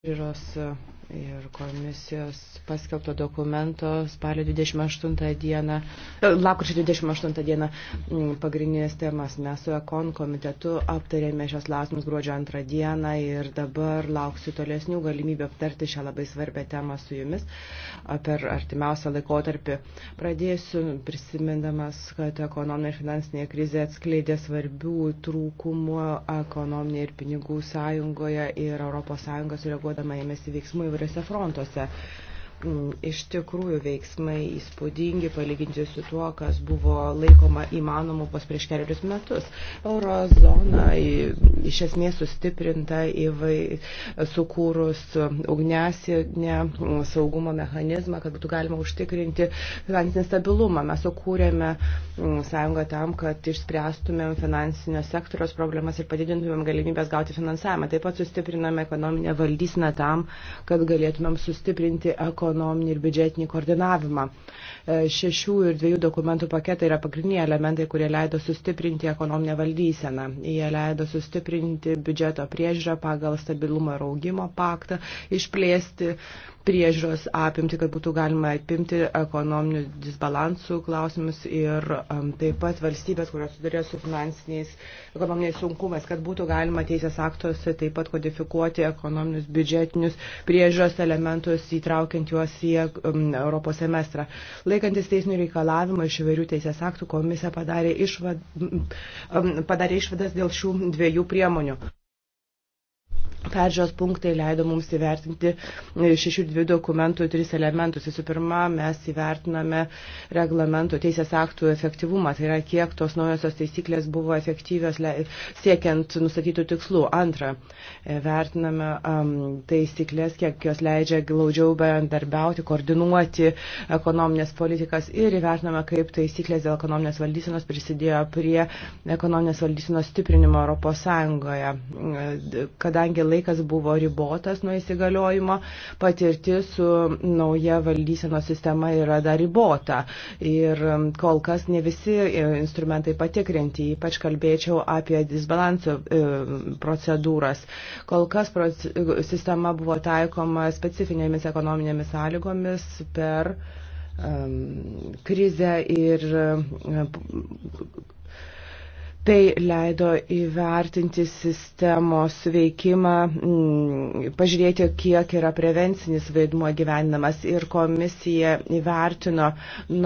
priežiūros ir komisijos paskelbto dokumento spalio 28 dieną, e, lapkričio 28 dieną pagrindinės temas. Mes su Ekon komitetu aptarėme šios lausimus gruodžio 2 dieną ir dabar lauksiu tolesnių galimybių aptarti šią labai svarbę temą su jumis per artimiausią laikotarpį. Pradėsiu prisimindamas, kad ekonominė ir finansinė krizė atskleidė svarbių trūkumų ekonominė ir pinigų sąjungoje ir ES reaguodama ėmėsi veiksmų įvairių įvairiose frontuose. Mm, iš tikrųjų veiksmai įspūdingi palyginti su tuo, kas buvo laikoma įmanomu pas prieš kelius metus. Eurozona iš esmės sustiprinta įvai, sukūrus ugnesienę mm, saugumo mechanizmą, kad būtų galima užtikrinti finansinį stabilumą. Mes sukūrėme mm, sąjungą tam, kad išspręstumėm finansinio sektoriaus problemas ir padidintumėm galimybės gauti finansavimą. Taip pat sustipriname ekonominę valdysiną tam, kad galėtumėm sustiprinti ekonomiką ekonominį ir biudžetinį koordinavimą. E, šešių ir dviejų dokumentų paketai yra pagrindiniai elementai, kurie leido sustiprinti ekonominę valdyseną. Jie leido sustiprinti biudžeto priežiūrą pagal stabilumo ir augimo paktą, išplėsti priežiūros apimti, kad būtų galima apimti ekonominių disbalansų klausimus ir um, taip pat valstybės, kurios sudarė su finansiniais ekonominiais sunkumais, kad būtų galima teisės aktuose taip pat kodifikuoti ekonominius biudžetinius priežiūros elementus, įtraukiant juos į um, Europos semestrą. Laikantis teisinių reikalavimų iš įvairių teisės aktų, komisija padarė, išvad, um, padarė išvadas dėl šių dviejų priemonių. Peržiūros punktai leido mums įvertinti šešių dvi dokumentų tris elementus. Visų pirma, mes įvertiname reglamento teisės aktų efektyvumą, tai yra kiek tos naujosios taisyklės buvo efektyvios siekiant nustatytų tikslų. Antra, vertiname um, taisyklės, kiek jos leidžia glaudžiau bendarbiauti, koordinuoti ekonominės politikas ir įvertiname, kaip taisyklės dėl ekonominės valdysenos prisidėjo prie ekonominės valdysenos stiprinimo Europos Sąjungoje. Kadangi laikas buvo ribotas nuo įsigaliojimo, patirtis su nauja valdysenos sistema yra dar ribota. Ir um, kol kas ne visi e, instrumentai patikrinti, ypač kalbėčiau apie disbalansų e, procedūras. Kol kas sistema buvo taikoma specifinėmis ekonominėmis sąlygomis per um, krizę ir um, Tai leido įvertinti sistemos veikimą, mm, pažiūrėti, kiek yra prevencinis vaidmuo gyvenimas ir komisija įvertino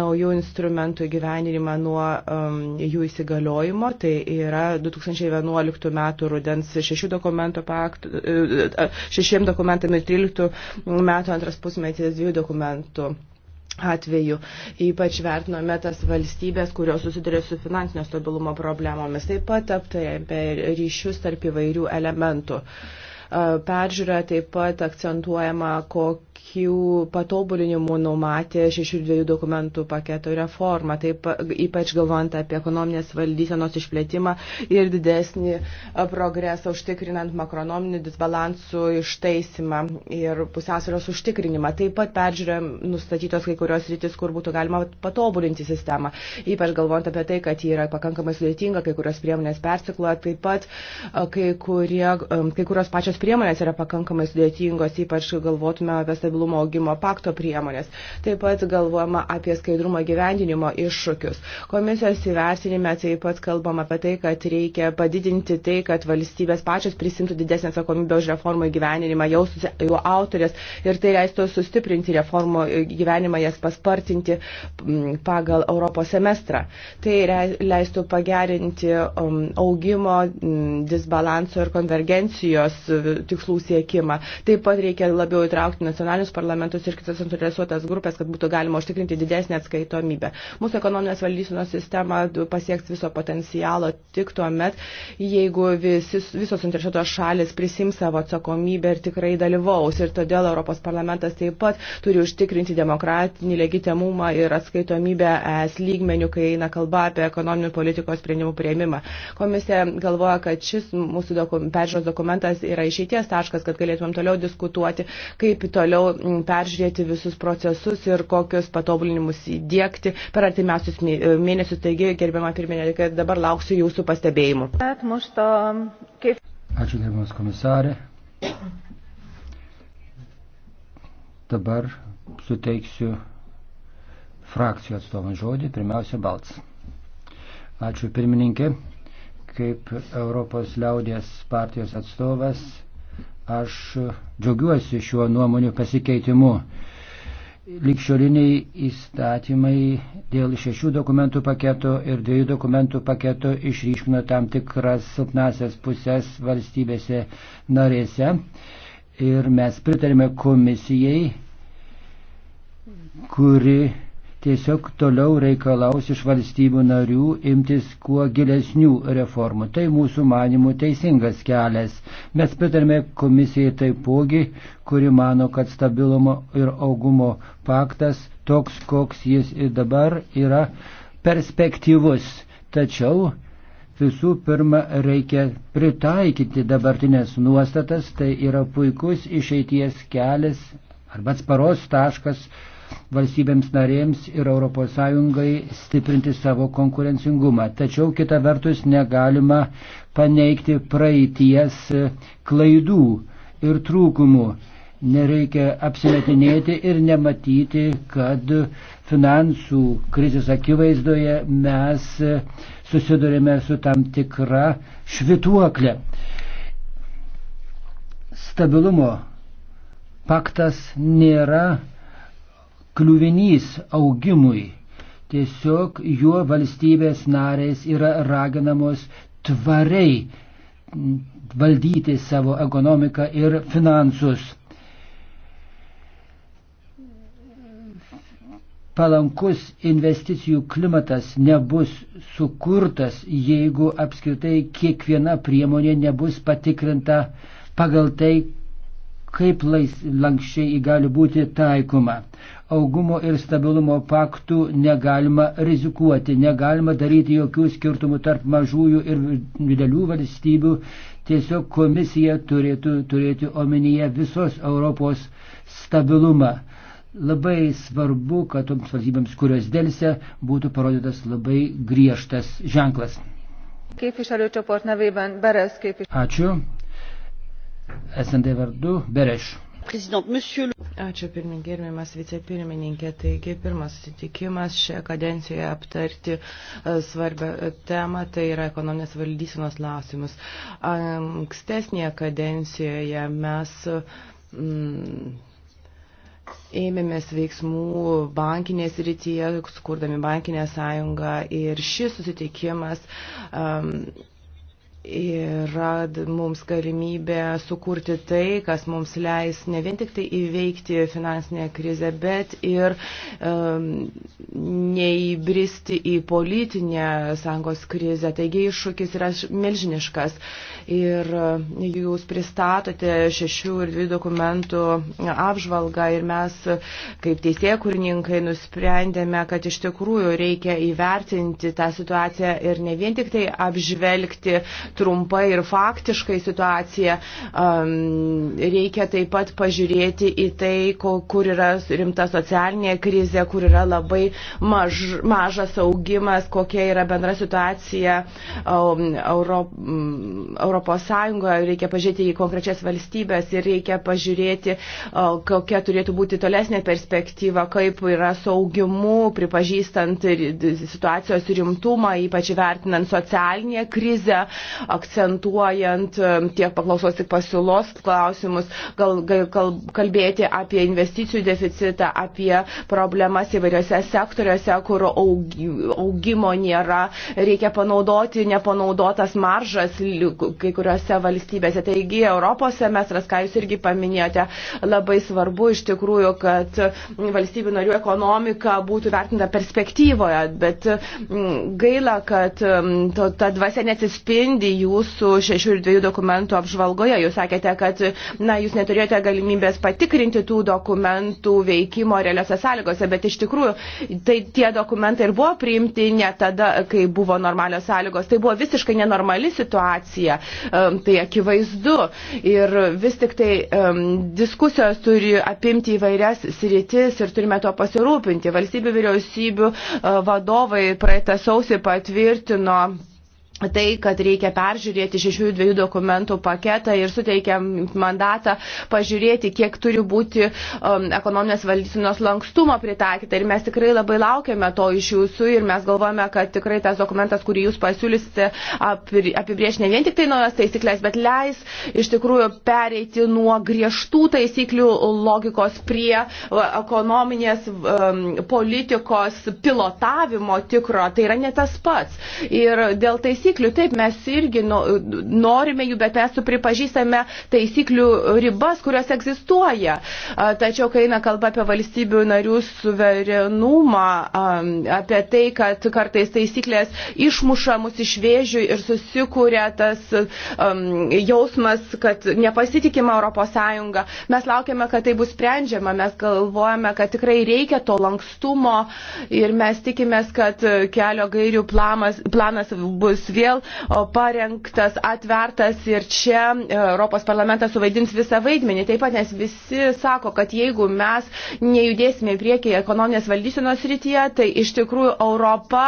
naujų instrumentų gyvenimą nuo um, jų įsigaliojimo. Tai yra 2011 m. rudens šešių dokumentų paktų, e, e, šešiem dokumentam ir 13 m. antras pusmetis dviejų dokumentų atveju. Ypač vertinome tas valstybės, kurios susiduria su finansinio stabilumo problemomis. Taip pat aptarėme ryšius tarp įvairių elementų. Uh, peržiūroje taip pat akcentuojama, kokių patobulinimų numatė šešių dviejų dokumentų paketo reforma, taip ypač galvojant apie ekonominės valdysenos išplėtimą ir didesnį progresą užtikrinant makronominių disbalansų ištaisimą ir pusiausvėros užtikrinimą. Taip pat peržiūrėjom nustatytos kai kurios rytis, kur būtų galima patobulinti sistemą, ypač galvojant apie tai, kad ji yra pakankamai sudėtinga, kai kurios priemonės persikloja, taip pat kai, kurie, kai kurios pačios pačios priemonės yra pakankamai sudėtingos, ypač galvotume apie stabilumo augimo pakto priemonės. Taip pat galvojama apie skaidrumo gyvendinimo iššūkius. Komisijos įvertinime taip pat kalbam apie tai, kad reikia padidinti tai, kad valstybės pačios prisimtų didesnį atsakomybę už reformų gyvenimą, jaustųsi jų autorės ir tai leistų sustiprinti reformų gyvenimą, jas paspartinti pagal Europos semestrą. Tai leistų pagerinti augimo, disbalanso ir konvergencijos tikslų siekimą. Taip pat reikia labiau įtraukti nacionalinius parlamentus ir kitas interesuotas grupės, kad būtų galima užtikrinti didesnį atskaitomybę. Mūsų ekonominės valdysenos sistema pasieks viso potencialo tik tuo met, jeigu visi, visos interesuotos šalis prisims savo atsakomybę ir tikrai dalyvaus. Ir todėl Europos parlamentas taip pat turi užtikrinti demokratinį legitimumą ir atskaitomybę es lygmenių, kai eina kalba apie ekonominių politikos sprendimų prieimimą. Komisija galvoja, kad šis mūsų dokum, peržiūros dokumentas yra iš išeities taškas, kad galėtumėm toliau diskutuoti, kaip toliau mm, peržiūrėti visus procesus ir kokius patobulinimus įdėkti per artimiausius e, mėnesius. Taigi, gerbiama pirmininkė, dabar lauksiu jūsų pastebėjimų. Ačiū, gerbiamas komisarė. Dabar suteiksiu frakcijų atstovą žodį, pirmiausia, Balts. Ačiū pirmininkė. Kaip Europos liaudės partijos atstovas, aš džiaugiuosi šiuo nuomonių pasikeitimu. Likščioliniai įstatymai dėl šešių dokumentų paketo ir dviejų dokumentų paketo išryškino tam tikras silpnasias pusės valstybėse narėse. Ir mes pritarėme komisijai, kuri tiesiog toliau reikalaus iš valstybių narių imtis kuo gilesnių reformų. Tai mūsų manimų teisingas kelias. Mes pritarme komisijai taipogi, kuri mano, kad stabilumo ir augumo paktas toks, koks jis ir dabar yra perspektyvus. Tačiau visų pirma reikia pritaikyti dabartinės nuostatas, tai yra puikus išeities kelias arba atsparos taškas valstybėms narėms ir ES stiprinti savo konkurencingumą. Tačiau kita vertus negalima paneigti praeities klaidų ir trūkumų. Nereikia apsimetinėti ir nematyti, kad finansų krizės akivaizdoje mes susidurime su tam tikra švituoklė. Stabilumo paktas nėra kliuvinys augimui. Tiesiog juo valstybės narės yra raginamos tvariai valdyti savo ekonomiką ir finansus. Palankus investicijų klimatas nebus sukurtas, jeigu apskritai kiekviena priemonė nebus patikrinta pagal tai, kaip lais, lankščiai ji gali būti taikoma augumo ir stabilumo paktų negalima rizikuoti, negalima daryti jokių skirtumų tarp mažųjų ir didelių valstybių. Tiesiog komisija turėtų turėti omenyje visos Europos stabilumą. Labai svarbu, kad toms valstybėms, kurios dėlse, būtų parodytas labai griežtas ženklas. Ačiū. SND vardu Bereš. Ačiū pirmininkė, gerbiamas vicepirmininkė. Taigi pirmas sutikimas šioje kadencijoje aptarti e, svarbią e, temą, tai yra ekonominės valdysenos klausimus. Ankstesnėje kadencijoje mes. Mm, ėmėmės veiksmų bankinės rytyje, skurdami bankinę sąjungą ir šis susitikimas um, yra mums galimybė sukurti tai, kas mums leis ne vien tik tai įveikti finansinę krizę, bet ir um, neįbristi į politinę sąjungos krizę. Taigi iššūkis yra milžiniškas. Ir e, jūs pristatote šešių ir dvi dokumentų apžvalgą ir mes kaip teisėkurininkai nusprendėme, kad iš tikrųjų reikia įvertinti tą situaciją ir ne vien tik tai apžvelgti trumpai ir faktiškai situaciją. Um, reikia taip pat pažiūrėti į tai, kur yra rimta socialinė krizė, kur yra labai maž, mažas augimas, kokia yra bendra situacija um, Euro, mm, Europos Sąjungoje. Reikia pažiūrėti į konkrečias valstybės ir reikia pažiūrėti, uh, kokia turėtų būti tolesnė perspektyva, kaip yra saugimu, pripažįstant situacijos rimtumą, ypač vertinant socialinę krizę, akcentuojant tiek paklausos, tiek pasiūlos klausimus, gal, gal kalbėti apie investicijų deficitą, apie problemas įvairiose sektoriuose, kur augimo nėra, reikia panaudoti nepanaudotas maržas kai kuriuose valstybėse. Taigi Europos semestras, ką jūs irgi paminėjote, labai svarbu iš tikrųjų, kad valstybių narių ekonomika būtų vertinta perspektyvoje, bet gaila, kad to, ta dvasia nesispindi jūsų šešių ir dviejų dokumentų apžvalgoje. Jūs sakėte, kad na, jūs neturėjote galimybės patikrinti tų dokumentų veikimo realiose sąlygose, bet iš tikrųjų tai tie dokumentai ir buvo priimti ne tada, kai buvo normalios sąlygos. Tai buvo visiškai nenormali situacija. Tai akivaizdu. Ir vis tik tai diskusijos turi apimti įvairias sritis ir turime to pasirūpinti. Valstybių vyriausybių e, vadovai praeitą sausį patvirtino tai, kad reikia peržiūrėti šešių dviejų dokumentų paketą ir suteikiam mandatą pažiūrėti, kiek turi būti um, ekonominės valdysinos lankstumo pritaikyta. Ir mes tikrai labai laukiame to iš jūsų ir mes galvojame, kad tikrai tas dokumentas, kurį jūs pasiūlysite, apibrieš ne vien tik tai naujas taisyklės, bet leis iš tikrųjų pereiti nuo griežtų taisyklių logikos prie ekonominės um, politikos pilotavimo tikro. Tai yra ne tas pats. Ir dėl taisyklių taisyklių. Taip, mes irgi norime jų, bet mes pripažįstame taisyklių ribas, kurios egzistuoja. Tačiau, kai eina kalba apie valstybių narių suverenumą, apie tai, kad kartais taisyklės išmuša mus iš vėžių ir susikūrė tas jausmas, kad nepasitikima ES, mes laukiame, kad tai bus sprendžiama, mes galvojame, kad tikrai reikia to lankstumo ir mes tikimės, kad kelio gairių planas, planas bus vėl parengtas, atvertas ir čia e, Europos parlamentas suvaidins visą vaidmenį. Taip pat, nes visi sako, kad jeigu mes nejudėsime į priekį ekonominės valdysenos rytyje, tai iš tikrųjų Europa,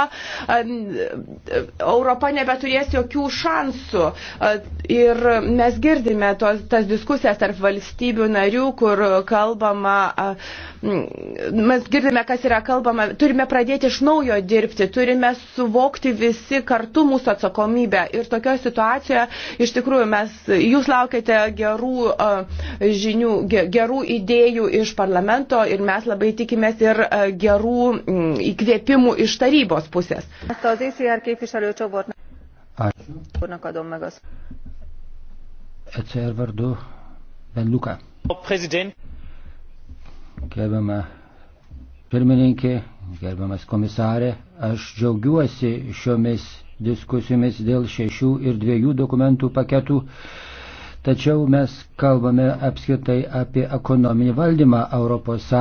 Europa nebeturės jokių šansų. E, ir mes girdime tos, tas diskusijas tarp valstybių narių, kur kalbama, e, mes girdime, kas yra kalbama, turime pradėti iš naujo dirbti, turime suvokti visi kartu mūsų atsakomybę. Ir tokioje situacijoje iš tikrųjų mes, jūs laukiate gerų žinių, gerų idėjų iš parlamento ir mes labai tikimės ir gerų įkvėpimų iš tarybos pusės. Ačiū. ECR vardu Ben Luka. Gerbiama pirmininkė, gerbiamas komisarė, aš džiaugiuosi šiomis diskusijomis dėl šešių ir dviejų dokumentų paketų. Tačiau mes kalbame apskritai apie ekonominį valdymą ES.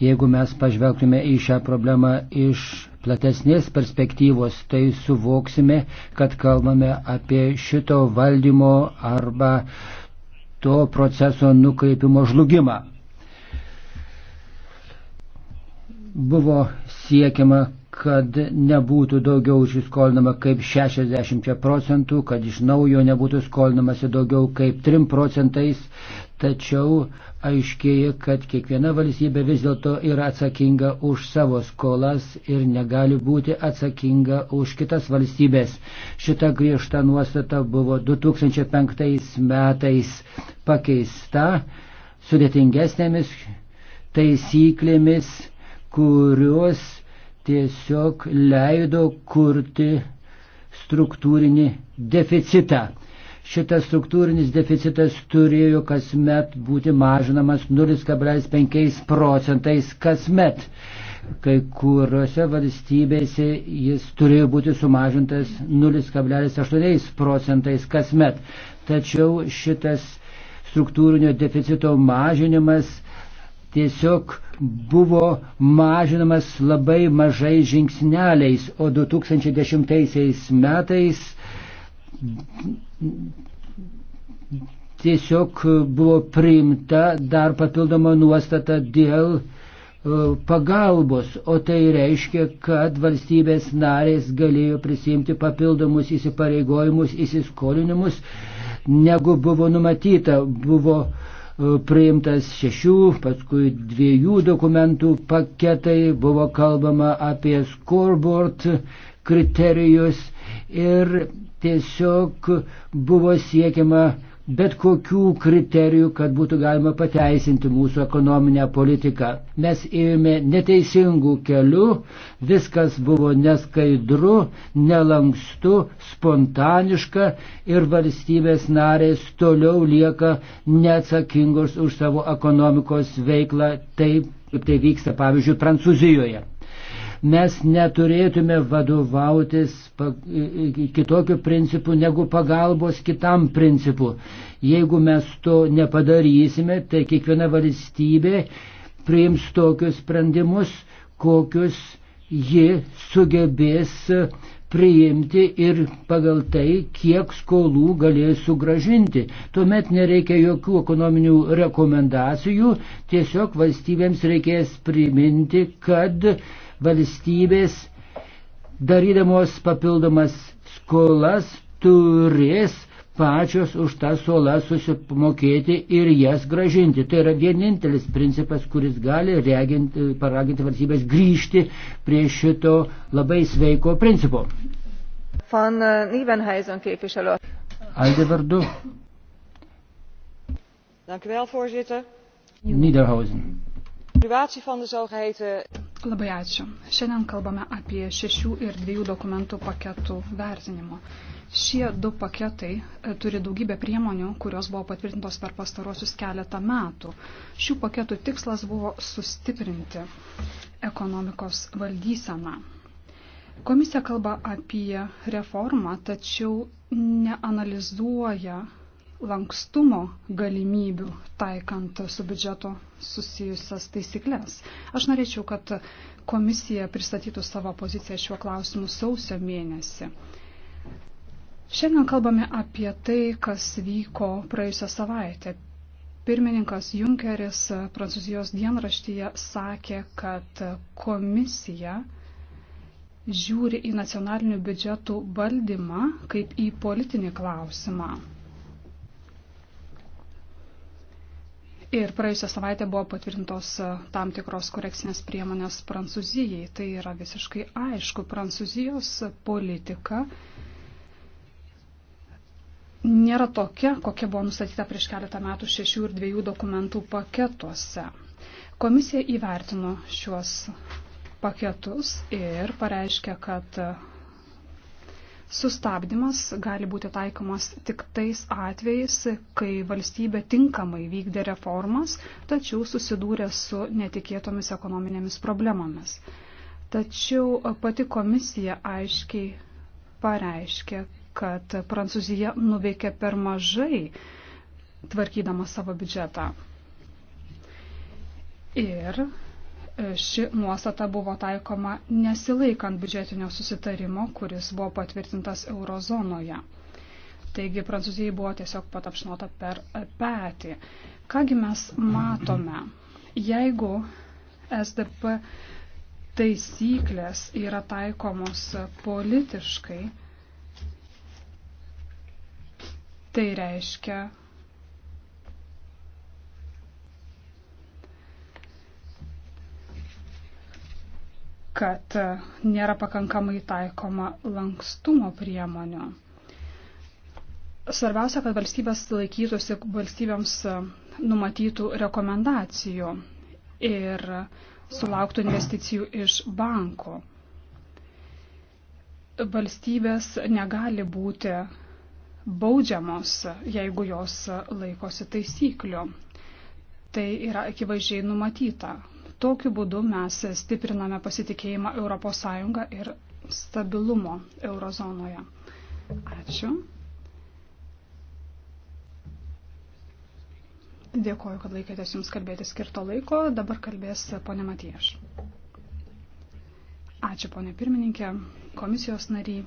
Jeigu mes pažvelgtume į šią problemą iš platesnės perspektyvos, tai suvoksime, kad kalbame apie šito valdymo arba to proceso nukreipimo žlugimą. Buvo siekiama, kad nebūtų daugiau išskolinama kaip 60 procentų, kad iš naujo nebūtų skolinamasi daugiau kaip 3 procentais, tačiau aiškėja, kad kiekviena valstybė vis dėlto yra atsakinga už savo skolas ir negali būti atsakinga už kitas valstybės. Šita griežta nuostata buvo 2005 metais pakeista sudėtingesnėmis taisyklėmis, kurios tiesiog leido kurti struktūrinį deficitą. Šitas struktūrinis deficitas turėjo kasmet būti mažinamas 0,5 procentais kasmet. Kai kuriuose valstybėse jis turėjo būti sumažintas 0,8 procentais kasmet. Tačiau šitas struktūrinio deficito mažinimas tiesiog buvo mažinamas labai mažai žingsneliais, o 2010 metais tiesiog buvo priimta dar papildoma nuostata dėl e, pagalbos, o tai reiškia, kad valstybės narės galėjo prisimti papildomus įsipareigojimus, įsiskolinimus, negu buvo numatyta. Buvo uh, priimtas šešių, paskui dviejų dokumentų paketai, buvo kalbama apie scoreboard kriterijus ir tiesiog buvo siekiama bet kokių kriterijų, kad būtų galima pateisinti mūsų ekonominę politiką. Mes ėjome neteisingų kelių, viskas buvo neskaidru, nelankstu, spontaniška ir valstybės narės toliau lieka neatsakingos už savo ekonomikos veiklą taip, kaip tai vyksta pavyzdžiui Prancūzijoje mes neturėtume vadovautis kitokiu principu negu pagalbos kitam principu. Jeigu mes to nepadarysime, tai kiekviena valstybė priims tokius sprendimus, kokius ji sugebės priimti ir pagal tai, kiek skolų galės sugražinti. Tuomet nereikia jokių ekonominių rekomendacijų, tiesiog valstybėms reikės priminti, kad valstybės, darydamos papildomas skolas, turės pačios už tą solą susimokėti ir jas gražinti. Tai yra vienintelis principas, kuris gali reaginti, paraginti valstybės grįžti prie šito labai sveiko principo. Van eh, Nieuwenhuizen képviselő. Alde Verdu. Dank u wel, voorzitter. Niederhausen. Situatie van de zogeheten Labai ačiū. Šiandien kalbame apie šešių ir dviejų dokumentų paketų vertinimo. Šie du paketai e, turi daugybę priemonių, kurios buvo patvirtintos per pastarosius keletą metų. Šių paketų tikslas buvo sustiprinti ekonomikos valdyseną. Komisija kalba apie reformą, tačiau neanalizuoja lankstumo galimybių taikant su biudžeto susijusias taisyklės. Aš norėčiau, kad komisija pristatytų savo poziciją šiuo klausimu sausio mėnesį. Šiandien kalbame apie tai, kas vyko praėjusią savaitę. Pirmininkas Junkeris Prancūzijos dienraštyje sakė, kad komisija žiūri į nacionalinių biudžetų valdymą kaip į politinį klausimą. Ir praėjusią savaitę buvo patvirtintos e, tam tikros korekcinės priemonės Prancūzijai. Tai yra visiškai aišku. Prancūzijos politika nėra tokia, kokia buvo nustatyta prieš keletą metų šešių ir dviejų dokumentų paketuose. Komisija įvertino šiuos paketus ir pareiškė, kad Sustabdymas gali būti taikomas tik tais atvejais, kai valstybė tinkamai vykdė reformas, tačiau susidūrė su netikėtomis ekonominėmis problemomis. Tačiau pati komisija aiškiai pareiškė, kad Prancūzija nuveikė per mažai tvarkydama savo biudžetą. Ir ši nuostata buvo taikoma nesilaikant biudžetinio susitarimo, kuris buvo patvirtintas eurozonoje. Taigi Prancūzijai buvo tiesiog patapšnota per petį. Kągi mes matome, jeigu SDP taisyklės yra taikomos politiškai, tai reiškia, kad e, nėra pakankamai taikoma lankstumo priemonių. Svarbiausia, kad valstybės laikytųsi valstybėms e, numatytų rekomendacijų ir sulauktų investicijų iš banko. Valstybės negali būti baudžiamos, e, jeigu jos laikosi taisyklių. Tai yra akivaizdžiai numatyta Tokiu būdu mes stipriname pasitikėjimą ES ir stabilumo eurozonoje. Ačiū. Dėkoju, kad laikėtės jums kalbėti skirto laiko. Dabar kalbės ponė Matieš. Ačiū, ponė pirmininkė, komisijos nariai.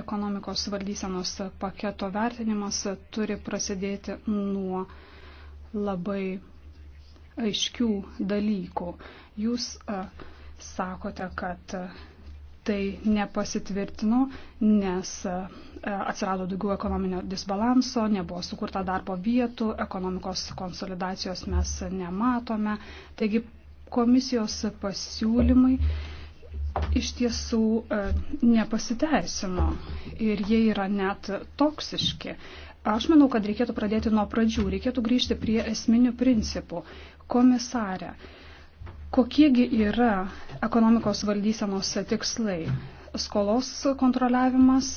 Ekonomikos valdysenos paketo vertinimas turi prasidėti nuo labai aiškių dalykų. Jūs sakote, kad tai nepasitvirtino, nes atsirado daugiau ekonominio disbalanso, nebuvo sukurta darbo vietų, ekonomikos konsolidacijos mes nematome. Taigi komisijos pasiūlymai iš tiesų nepasiteisino ir jie yra net toksiški. Aš manau, kad reikėtų pradėti nuo pradžių, reikėtų grįžti prie esminių principų. Komisarė, kokiegi yra ekonomikos valdysenos tikslai? Skolos kontroliavimas?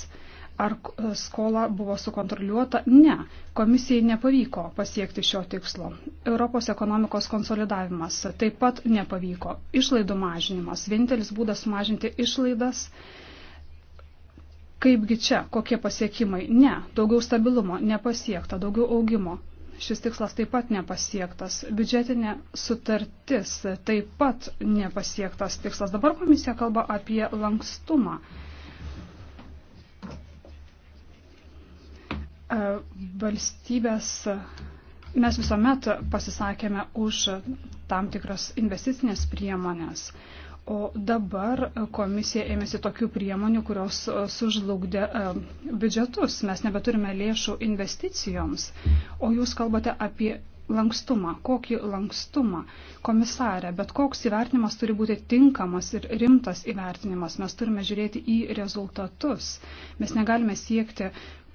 Ar skola buvo sukontroliuota? Ne, komisijai nepavyko pasiekti šio tikslo. Europos ekonomikos konsolidavimas taip pat nepavyko. Išlaidų mažinimas. Vienintelis būdas sumažinti išlaidas kaipgi čia, kokie pasiekimai. Ne, daugiau stabilumo nepasiekta, daugiau augimo šis tikslas taip pat nepasiektas. Biudžetinė sutartis taip pat nepasiektas tikslas. Dabar komisija kalba apie lankstumą. E, valstybės, mes visuomet pasisakėme už tam tikras investicinės priemonės. O dabar komisija ėmėsi tokių priemonių, kurios e, sužlugdė e, biudžetus. Mes nebeturime lėšų investicijoms. O jūs kalbate apie lankstumą. Kokį lankstumą? Komisarė, bet koks įvertinimas turi būti tinkamas ir rimtas įvertinimas. Mes turime žiūrėti į rezultatus. Mes negalime siekti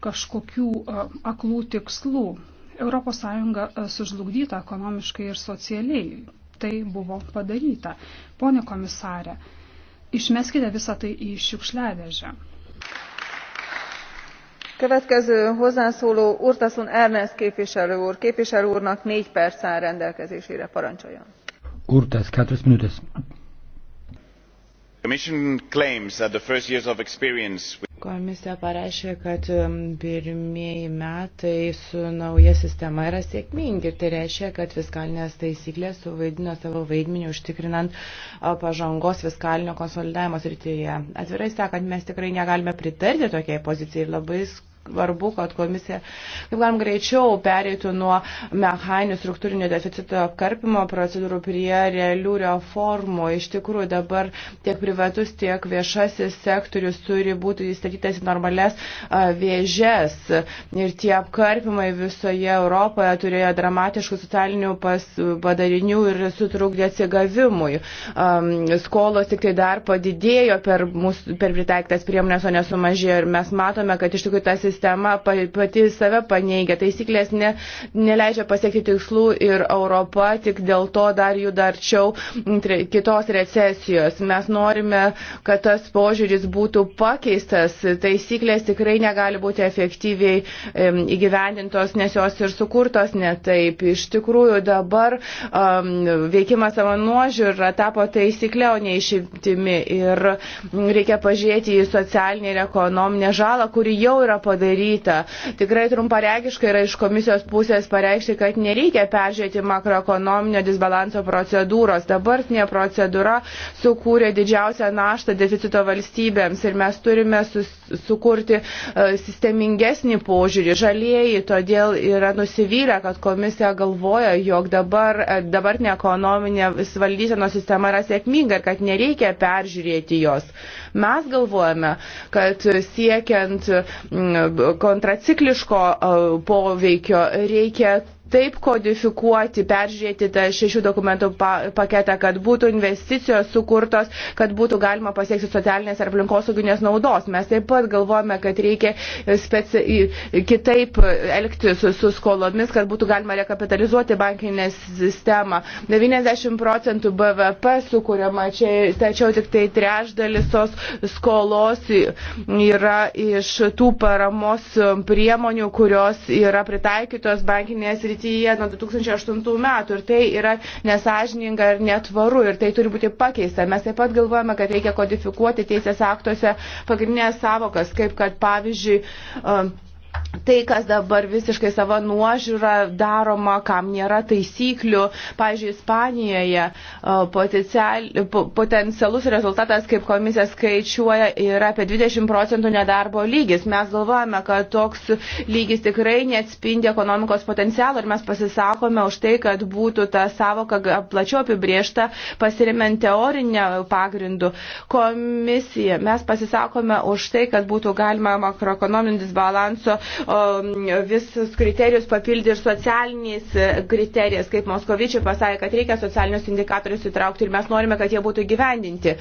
kažkokių e, aklų tikslų. ES sužlugdyta ekonomiškai ir socialiai tai buvo padaryta. Pone komisarė, išmeskite visą tai į šiukšliadežę. Következő hozzászóló Urtasun Ernest képviselő úr. Képviselő úrnak négy perc áll rendelkezésére parancsoljon. Urtas, 4 minutes. Komisija pareiškė, kad um, pirmieji metai su nauja sistema yra sėkmingi ir tai reiškia, kad fiskalinės taisyklės suvaidino savo vaidmenį užtikrinant uh, pažangos fiskalinio konsolidavimo srityje. Atvirai sakant, mes tikrai negalime pritarti tokiai pozicijai ir labai svarbu, kad komisija kaip galim greičiau pereitų nuo mechaninių struktūrinio deficito apkarpimo procedūrų prie realių reformų. Iš tikrųjų dabar tiek privatus, tiek viešasis sektorius turi būti įstatytas į normales vėžes. Ir tie apkarpimai visoje Europoje turėjo dramatiškų socialinių padarinių ir sutrukdė atsigavimui. Skolos tik tai dar padidėjo per, mūsų, per pritaiktas priemonės, o nesumažėjo. Ir mes matome, kad iš tikrųjų tas sistema pati save paneigia, taisyklės ne, neleidžia pasiekti tikslų ir Europa tik dėl to dar jų darčiau kitos recesijos. Mes norime, kad tas požiūris būtų pakeistas, taisyklės tikrai negali būti efektyviai įgyvendintos, nes jos ir sukurtos netaip. Iš tikrųjų dabar um, veikimas savo nuožiūrą tapo taisykle, o ne išimtimi. Ir reikia pažiūrėti į socialinę ir ekonominę žalą, kuri jau yra padaryta padaryta. Tikrai trumparegiškai yra iš komisijos pusės pareikšti, kad nereikia peržiūrėti makroekonominio disbalanso procedūros. Dabartinė procedūra sukūrė didžiausią naštą deficito valstybėms ir mes turime sus, sukurti uh, sistemingesnį požiūrį. Žalieji todėl yra nusivylę, kad komisija galvoja, jog dabar, e, dabartinė ekonominė valdysenos sistema yra sėkminga ir kad nereikia peržiūrėti jos. Mes galvojame, kad siekiant kontracikliško e, poveikio, reikia taip kodifikuoti, peržiūrėti tą šešių dokumentų pa paketą, kad būtų investicijos sukurtos, kad būtų galima pasiekti socialinės ar aplinkosauginės naudos. Mes taip pat galvojame, kad reikia speci... kitaip elgtis su, su skolomis, kad būtų galima rekapitalizuoti bankinę sistemą. 90 procentų BVP sukūriama čia, tačiau tik tai trešdalis tos skolos yra iš tų paramos priemonių, kurios yra pritaikytos bankinės rytis srityje nuo 2008 metų ir tai yra nesažininga ir netvaru ir tai turi būti pakeista. Mes taip pat galvojame, kad reikia kodifikuoti teisės aktuose pagrindinės savokas, kaip kad pavyzdžiui um, tai, kas dabar visiškai savo nuožiūrą daroma, kam nėra taisyklių. Pavyzdžiui, Ispanijoje potencialus rezultatas, kaip komisija skaičiuoja, yra apie 20 procentų nedarbo lygis. Mes galvojame, kad toks lygis tikrai neatspindi ekonomikos potencialą ir mes pasisakome už tai, kad būtų ta savoka plačiau apibriešta pasirimant teorinę pagrindų. Komisija, mes pasisakome už tai, kad būtų galima makroekonominio disbalanso Um, visus kriterijus papildė ir socialiniais e, kriterijais, kaip Moskovičiai pasakė, kad reikia socialinius indikatorius įtraukti ir mes norime, kad jie būtų gyvendinti.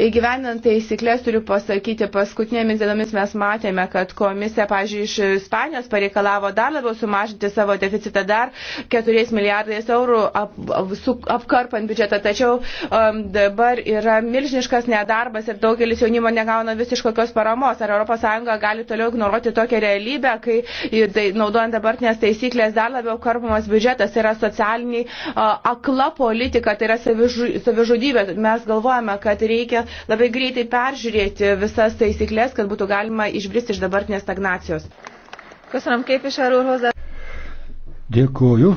Įgyvendant taisyklės turiu pasakyti, paskutinėmis dienomis mes matėme, kad komisija, pažiūrėjau, iš Ispanijos pareikalavo dar labiau sumažinti savo deficitą dar 4 milijardais eurų ap, su, apkarpant biudžetą. Tačiau um, dabar yra milžiniškas nedarbas ir daugelis jaunimo negauna visiškokios paramos. Ar ES gali toliau ignoruoti tokią realybę? krizę, kai tai, naudojant dabartinės taisyklės dar labiau karpamas biudžetas, tai yra socialiniai akla politika, tai yra savižudybė. Mes galvojame, kad reikia labai greitai peržiūrėti visas taisyklės, kad būtų galima išbristi iš dabartinės stagnacijos. Köszönöm képviselő úr hozzá. Dėkuoju.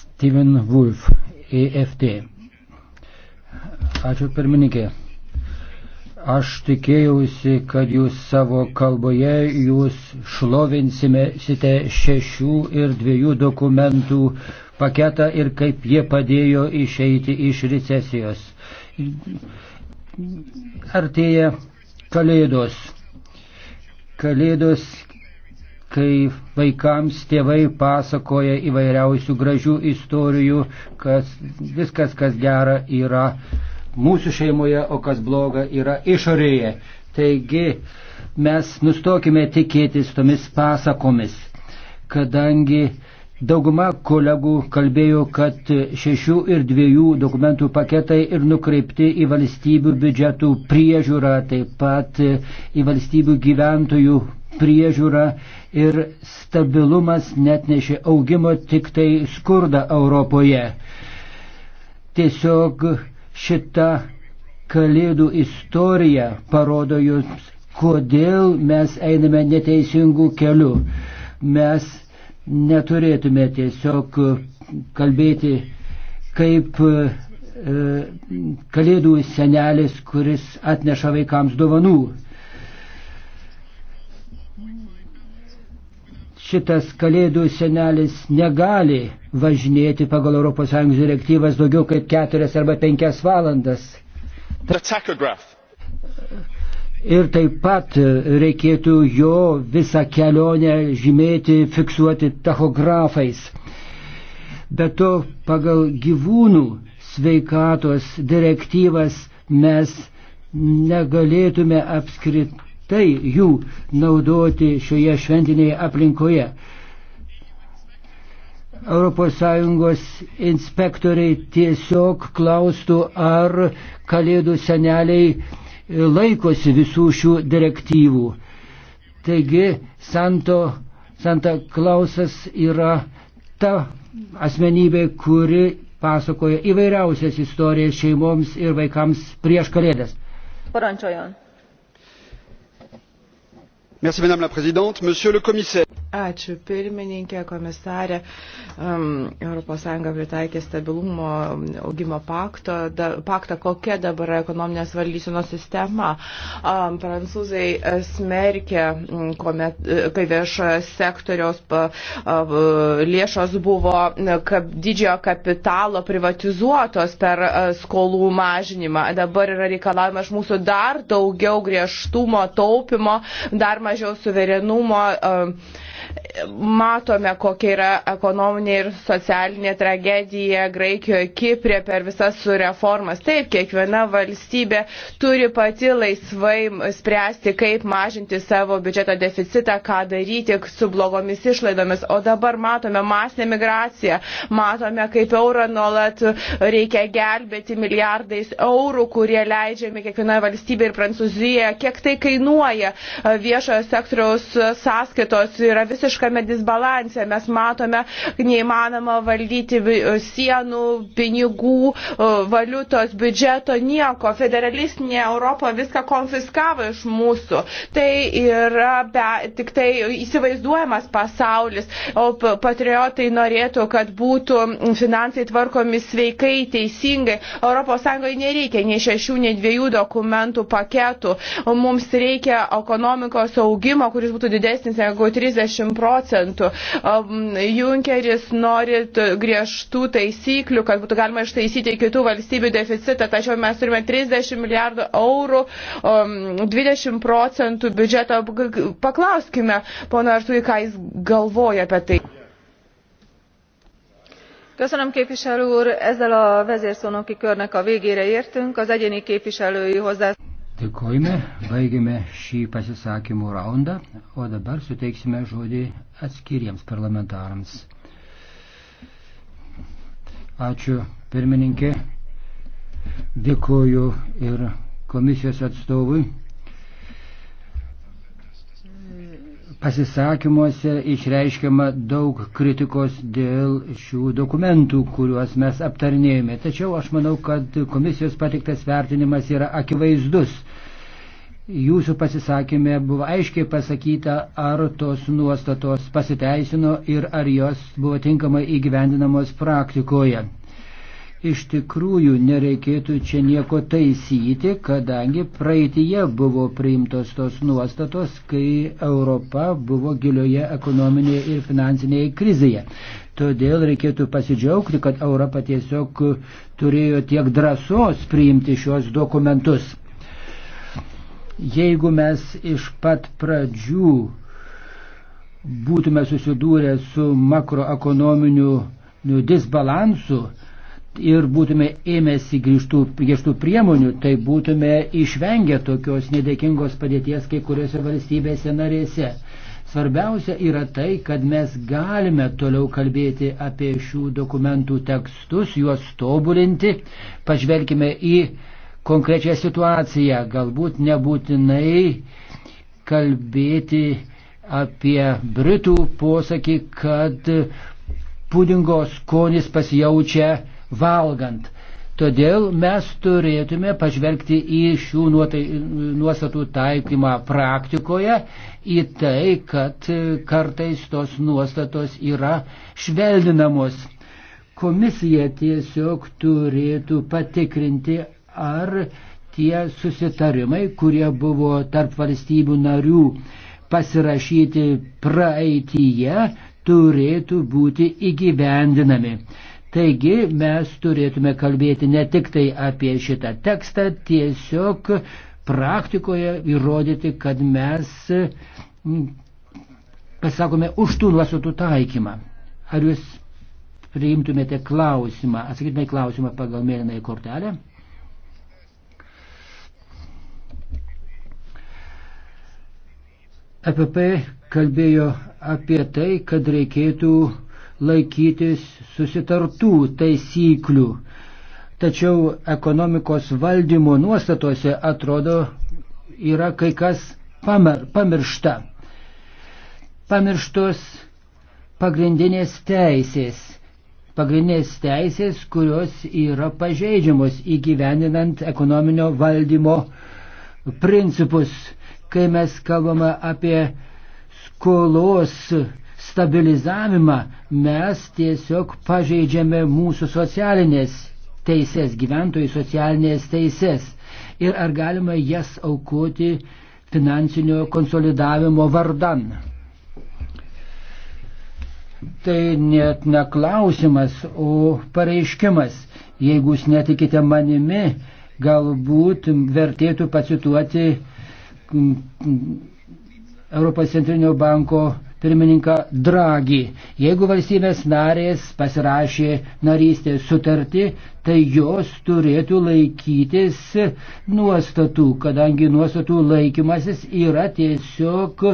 Steven Wolf, EFT. Ačiū pirmininkė. Aš tikėjausi, kad jūs savo kalboje jūs šlovinsimėsite šešių ir dviejų dokumentų paketą ir kaip jie padėjo išeiti iš recesijos. Artėja kalėdos. Kalėdos, kai vaikams tėvai pasakoja įvairiausių gražių istorijų, kad viskas, kas gera, yra mūsų šeimoje, o kas bloga yra išorėje. Taigi mes nustokime tikėtis tomis pasakomis, kadangi Dauguma kolegų kalbėjo, kad šešių ir dviejų dokumentų paketai ir nukreipti į valstybių biudžetų priežiūrą, taip pat į valstybių gyventojų priežiūrą ir stabilumas net nešė augimo tik tai skurdą Europoje. Tiesiog Šita kalėdų istorija parodo jums, kodėl mes einame neteisingų kelių. Mes neturėtume tiesiog kalbėti kaip e, kalėdų senelis, kuris atneša vaikams dovanų. šitas kalėdų senelis negali važinėti pagal ES direktyvas daugiau kaip keturias arba penkias valandas. Ir taip pat reikėtų jo visą kelionę žymėti, fiksuoti tachografais. Bet to pagal gyvūnų sveikatos direktyvas mes negalėtume apskritai tai jų naudoti šioje šventinėje aplinkoje. ES inspektoriai tiesiog klaustų, ar kalėdų seneliai laikosi visų šių direktyvų. Taigi Santo, Santa Klausas yra ta asmenybė, kuri pasakoja įvairiausias istorijas šeimoms ir vaikams prieš kalėdas. Parancsojon madame la présidente monsieur le commissaire Ačiū pirmininkė, komisarė. Um, ES pritaikė stabilumo um, augimo pakto, da, paktą, kokia dabar yra ekonominės valdysenos sistema. Um, prancūzai uh, smerkė, um, kuomet, uh, kai viešojo sektoriaus pa, uh, lėšos buvo uh, kap, didžiojo kapitalo privatizuotos per uh, skolų mažinimą. Dabar yra reikalavimas mūsų dar daugiau griežtumo, taupimo, dar mažiau suverenumo. Uh, matome, kokia yra ekonominė ir socialinė tragedija Graikijoje, Kiprė per visas reformas. Taip, kiekviena valstybė turi pati laisvai spręsti, kaip mažinti savo biudžeto deficitą, ką daryti su blogomis išlaidomis. O dabar matome masinę migraciją, matome, kaip eurą nuolat reikia gelbėti milijardais eurų, kurie leidžiami kiekvienoje valstybėje ir Prancūzijoje. Kiek tai kainuoja viešojo sektoriaus sąskaitos yra visiškame disbalanse. Mes matome neįmanoma valdyti sienų, pinigų, e, valiutos, biudžeto, nieko. Federalistinė Europa viską konfiskavo iš mūsų. Tai yra be, tik tai įsivaizduojamas pasaulis, o patriotai norėtų, kad būtų finansai tvarkomi sveikai, teisingai. ES nereikia nei šešių, nei dviejų dokumentų paketų. Mums reikia ekonomikos augimo, kuris būtų didesnis negu 30 80 procentų. Junkeris nori griežtų taisyklių, kad būtų galima ištaisyti kitų valstybių deficitą, tačiau mes turime 30 milijardų eurų, 20 procentų biudžeto. Paklauskime, pono Artui, ką jis galvoja apie tai. Köszönöm képviselő úr, ezzel a vezérszónoki körnek a végére értünk. Az egyéni képviselői hozzászólások. Dėkojame, baigėme šį pasisakymų raundą, o dabar suteiksime žodį atskiriems parlamentarams. Ačiū pirmininkė, dėkoju ir komisijos atstovui. pasisakymuose išreiškiama daug kritikos dėl šių dokumentų, kuriuos mes aptarnėjome. Tačiau aš manau, kad komisijos patiktas vertinimas yra akivaizdus. Jūsų pasisakymė buvo aiškiai pasakyta, ar tos nuostatos pasiteisino ir ar jos buvo tinkamai įgyvendinamos praktikoje iš tikrųjų nereikėtų čia nieko taisyti, kadangi praeitie buvo priimtos tos nuostatos, kai Europa buvo gilioje ekonominėje ir finansinėje krizėje. Todėl reikėtų pasidžiaugti, kad Europa tiesiog turėjo tiek drąsos priimti šios dokumentus. Jeigu mes iš pat pradžių būtume susidūrę su makroekonominiu disbalansu, ir būtume ėmėsi grįžtų, griežtų priemonių, tai būtume išvengę tokios nedėkingos padėties kai kuriuose valstybėse narėse. Svarbiausia yra tai, kad mes galime toliau kalbėti apie šių dokumentų tekstus, juos tobulinti, pažvelkime į konkrečią situaciją, galbūt nebūtinai kalbėti apie Britų posakį, kad pudingo skonis pasijaučia valgant. Todėl mes turėtume pažvelgti į šių nuostatų taikymą praktikoje, į tai, kad kartais tos nuostatos yra švelninamos. Komisija tiesiog turėtų patikrinti, ar tie susitarimai, kurie buvo tarp valstybių narių pasirašyti praeityje, turėtų būti įgyvendinami. Taigi mes turėtume kalbėti ne tik tai apie šitą tekstą, tiesiog praktikoje įrodyti, kad mes pasakome už tų nuostatų taikymą. Ar jūs priimtumėte klausimą, atsakytumėte klausimą pagal mėlynąją kortelę? EPP kalbėjo apie tai, kad reikėtų laikytis susitartų taisyklių. Tačiau ekonomikos valdymo nuostatose atrodo yra kai kas pamiršta. Pamirštos pagrindinės teisės. Pagrindinės teisės, kurios yra pažeidžiamos įgyveninant ekonominio valdymo principus. Kai mes kalbame apie skolos stabilizavimą mes tiesiog pažeidžiame mūsų socialinės teises, gyventojų socialinės teises. Ir ar galima jas aukoti finansinio konsolidavimo vardan? Tai net neklausimas, o pareiškimas. Jeigu jūs netikite manimi, galbūt vertėtų pacituoti mm, mm, Europos centrinio banko pirmininką Dragį. Jeigu valstybės narės pasirašė narystės sutartį, tai jos turėtų laikytis nuostatų, kadangi nuostatų laikymasis yra tiesiog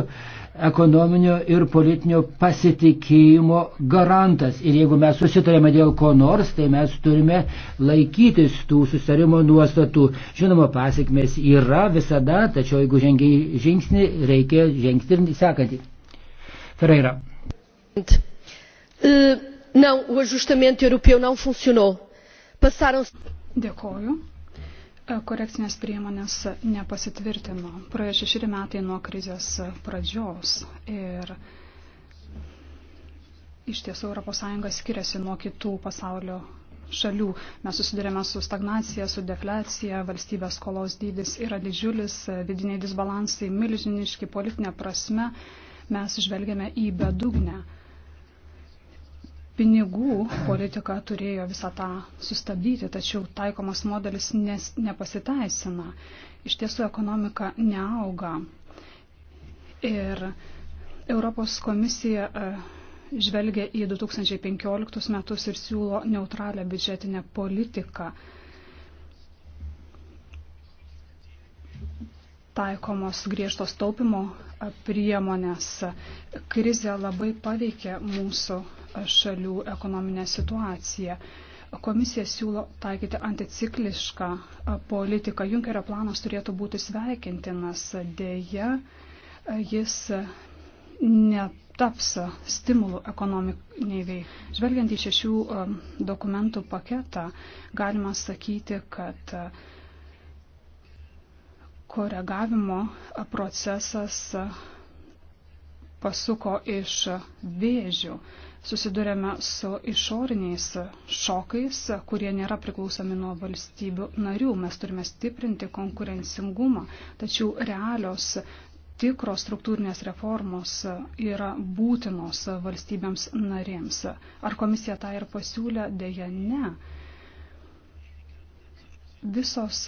ekonominio ir politinio pasitikėjimo garantas. Ir jeigu mes susitarėme dėl ko nors, tai mes turime laikytis tų susitarimo nuostatų. Žinoma, pasiekmes yra visada, tačiau jeigu žengiai žingsnį, reikia žengti ir sekantį. Ferreira. E, não, o ajustamento europeu não funcionou. Passaram. Dėkoju. E, korekcinės priemonės nepasitvirtino. Praėjo šešeri metai nuo krizės pradžios ir iš tiesų ES skiriasi nuo kitų pasaulio šalių. Mes susidurėme su stagnacija, su deflecija, valstybės skolos dydis yra didžiulis, vidiniai disbalansai milžiniški politinė prasme mes žvelgiame į bedugnę. Pinigų politika turėjo visą tą sustabdyti, tačiau taikomas modelis nes, nepasiteisina. Iš tiesų ekonomika neauga. Ir Europos komisija e, žvelgia į 2015 metus ir siūlo neutralią biudžetinę politiką. taikomos griežtos taupimo priemonės. Krizė labai paveikė mūsų šalių ekonominę situaciją. Komisija siūlo taikyti anticiklišką politiką. Junkerio planas turėtų būti sveikintinas. Deja, jis netaps stimulų ekonominiai vei. Žvelgiant į šešių um, dokumentų paketą, galima sakyti, kad koregavimo procesas pasuko iš vėžių. Susidurėme su išoriniais šokais, kurie nėra priklausomi nuo valstybių narių. Mes turime stiprinti konkurencingumą, tačiau realios tikros struktūrinės reformos yra būtinos valstybėms narėms. Ar komisija tą ir pasiūlė? Deja, ne. Visos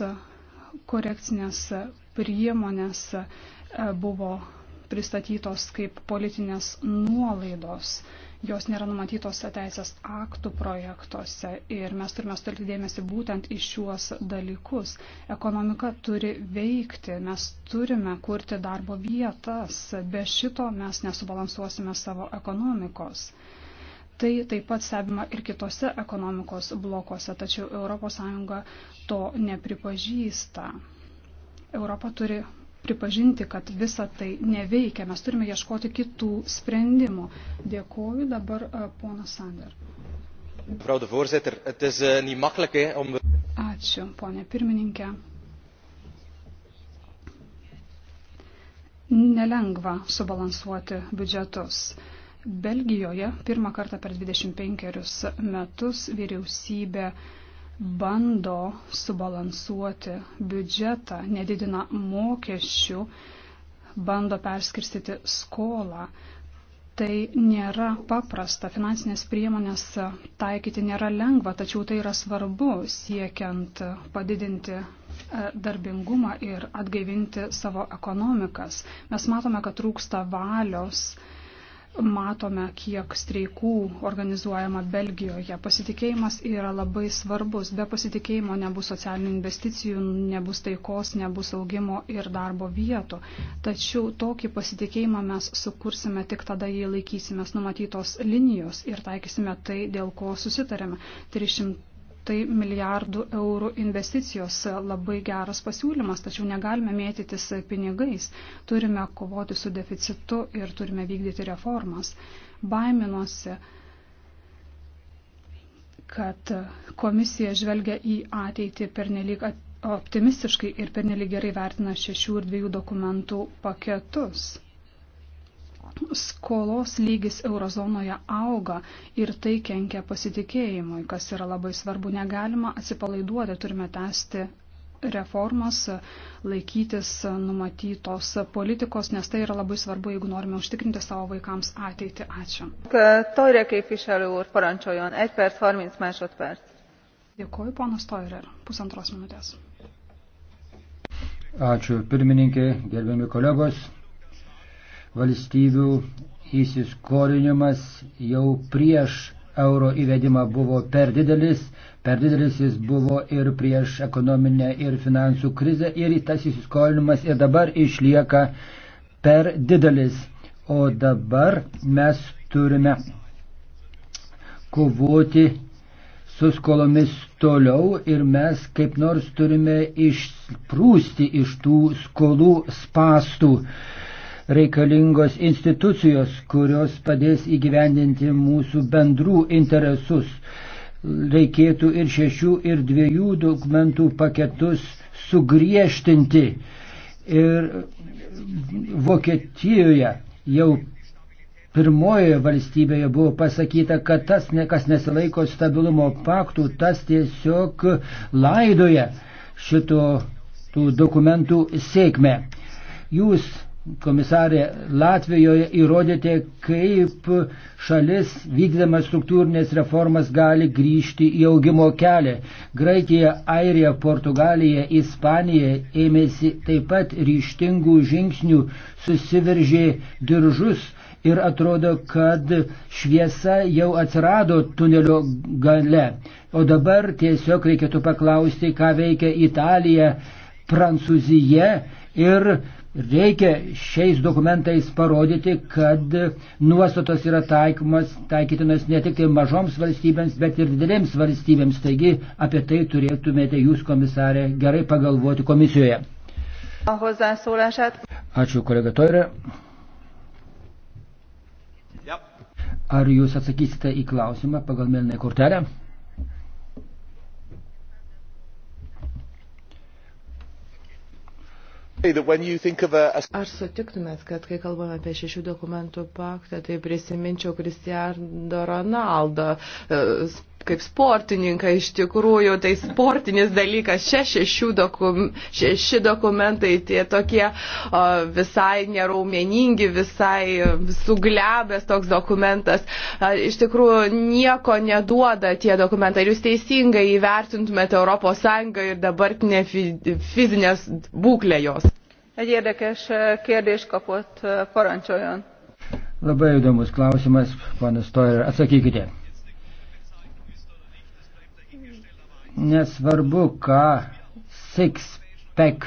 korekcinės priemonės e, buvo pristatytos kaip politinės nuolaidos. Jos nėra numatytos teisės aktų projektuose ir mes turime stelti dėmesį būtent į šiuos dalykus. Ekonomika turi veikti, mes turime kurti darbo vietas, be šito mes nesubalansuosime savo ekonomikos. Tai taip pat stebima ir kitose ekonomikos blokose, tačiau ES to nepripažįsta. Europa turi pripažinti, kad visa tai neveikia. Mes turime ieškoti kitų sprendimų. Dėkoju dabar ponas Sander. Eh, Ačiū, ponė pirmininkė. Nelengva subalansuoti biudžetus. Belgijoje pirmą kartą per 25 metus vyriausybė bando subalansuoti biudžetą, nedidina mokesčių, bando perskirstyti skolą. Tai nėra paprasta, finansinės priemonės taikyti nėra lengva, tačiau tai yra svarbu siekiant padidinti e, darbingumą ir atgaivinti savo ekonomikas. Mes matome, kad trūksta valios matome, kiek streikų organizuojama Belgijoje. Pasitikėjimas yra labai svarbus. Be pasitikėjimo nebus socialinių investicijų, nebus taikos, nebus augimo ir darbo vietų. Tačiau tokį pasitikėjimą mes sukursime tik tada, jei laikysimės numatytos linijos ir taikysime tai, dėl ko susitarėme. 300 šimtai milijardų eurų investicijos. Labai geras pasiūlymas, tačiau negalime mėtytis pinigais. Turime kovoti su deficitu ir turime vykdyti reformas. Baiminuosi, kad komisija žvelgia į ateitį pernelyg optimistiškai ir pernelyg gerai vertina šešių ir dviejų dokumentų paketus skolos lygis eurozonoje auga ir tai kenkia pasitikėjimui, kas yra labai svarbu. Negalima atsipalaiduoti, turime tęsti reformas, laikytis numatytos politikos, nes tai yra labai svarbu, jeigu norime užtikrinti savo vaikams ateitį. Ačiū. Toirė képviselő úr, parancsoljon. 1 perc 30 másodperc. Dėkuoju, ponas Toirer. Pusantros minutės. Ačiū pirmininkė, gerbiami kolegos valstybių įsiskolinimas jau prieš euro įvedimą buvo per didelis, per didelis jis buvo ir prieš ekonominę ir finansų krizę ir tas įsiskolinimas ir dabar išlieka per didelis. O dabar mes turime kovoti su skolomis toliau ir mes kaip nors turime išsprūsti iš tų skolų spastų reikalingos institucijos, kurios padės įgyvendinti mūsų bendrų interesus. Reikėtų ir šešių, ir dviejų dokumentų paketus sugriežtinti. Ir Vokietijoje jau pirmojoje valstybėje buvo pasakyta, kad tas, kas nesilaiko stabilumo paktų, tas tiesiog laidoja šito tų dokumentų sėkmę. Jūs komisarė, Latvijoje įrodėte, kaip šalis vykdamas struktūrinės reformas gali grįžti į augimo kelią. Graikija, Airija, Portugalija, Ispanija ėmėsi taip pat ryštingų žingsnių, susiveržė diržus ir atrodo, kad šviesa jau atsirado tunelio gale. O dabar tiesiog reikėtų paklausti, ką veikia Italija, Prancūzija ir Reikia šiais dokumentais parodyti, kad nuostatos yra taikomas, taikytinas ne tik tai mažoms valstybėms, bet ir didelėms valstybėms. Taigi apie tai turėtumėte jūs, komisarė, gerai pagalvoti komisijoje. Ačiū, kolega Toirė. Ar jūs atsakysite į klausimą pagal mėlynąją kortelę? Ar sutiktumėt, kad kai kalbame apie šešių dokumentų paktą, tai prisiminčiau Kristijan Ronaldo e, kaip sportininką iš tikrųjų, tai sportinis dalykas, čia šeši, dokum, šeši dokumentai, tie tokie o, visai neraumeningi, visai suglebęs toks dokumentas, a, iš tikrųjų nieko neduoda tie dokumentai. Ir jūs teisingai įvertintumėte ES ir dabartinę fi, fizinę būklę jos. Egy érdekes e, kérdés kapott, e, parancsoljon. Labai įdomus klausimas, panas Toiler, atsakykite. Nesvarbu, ką six-pack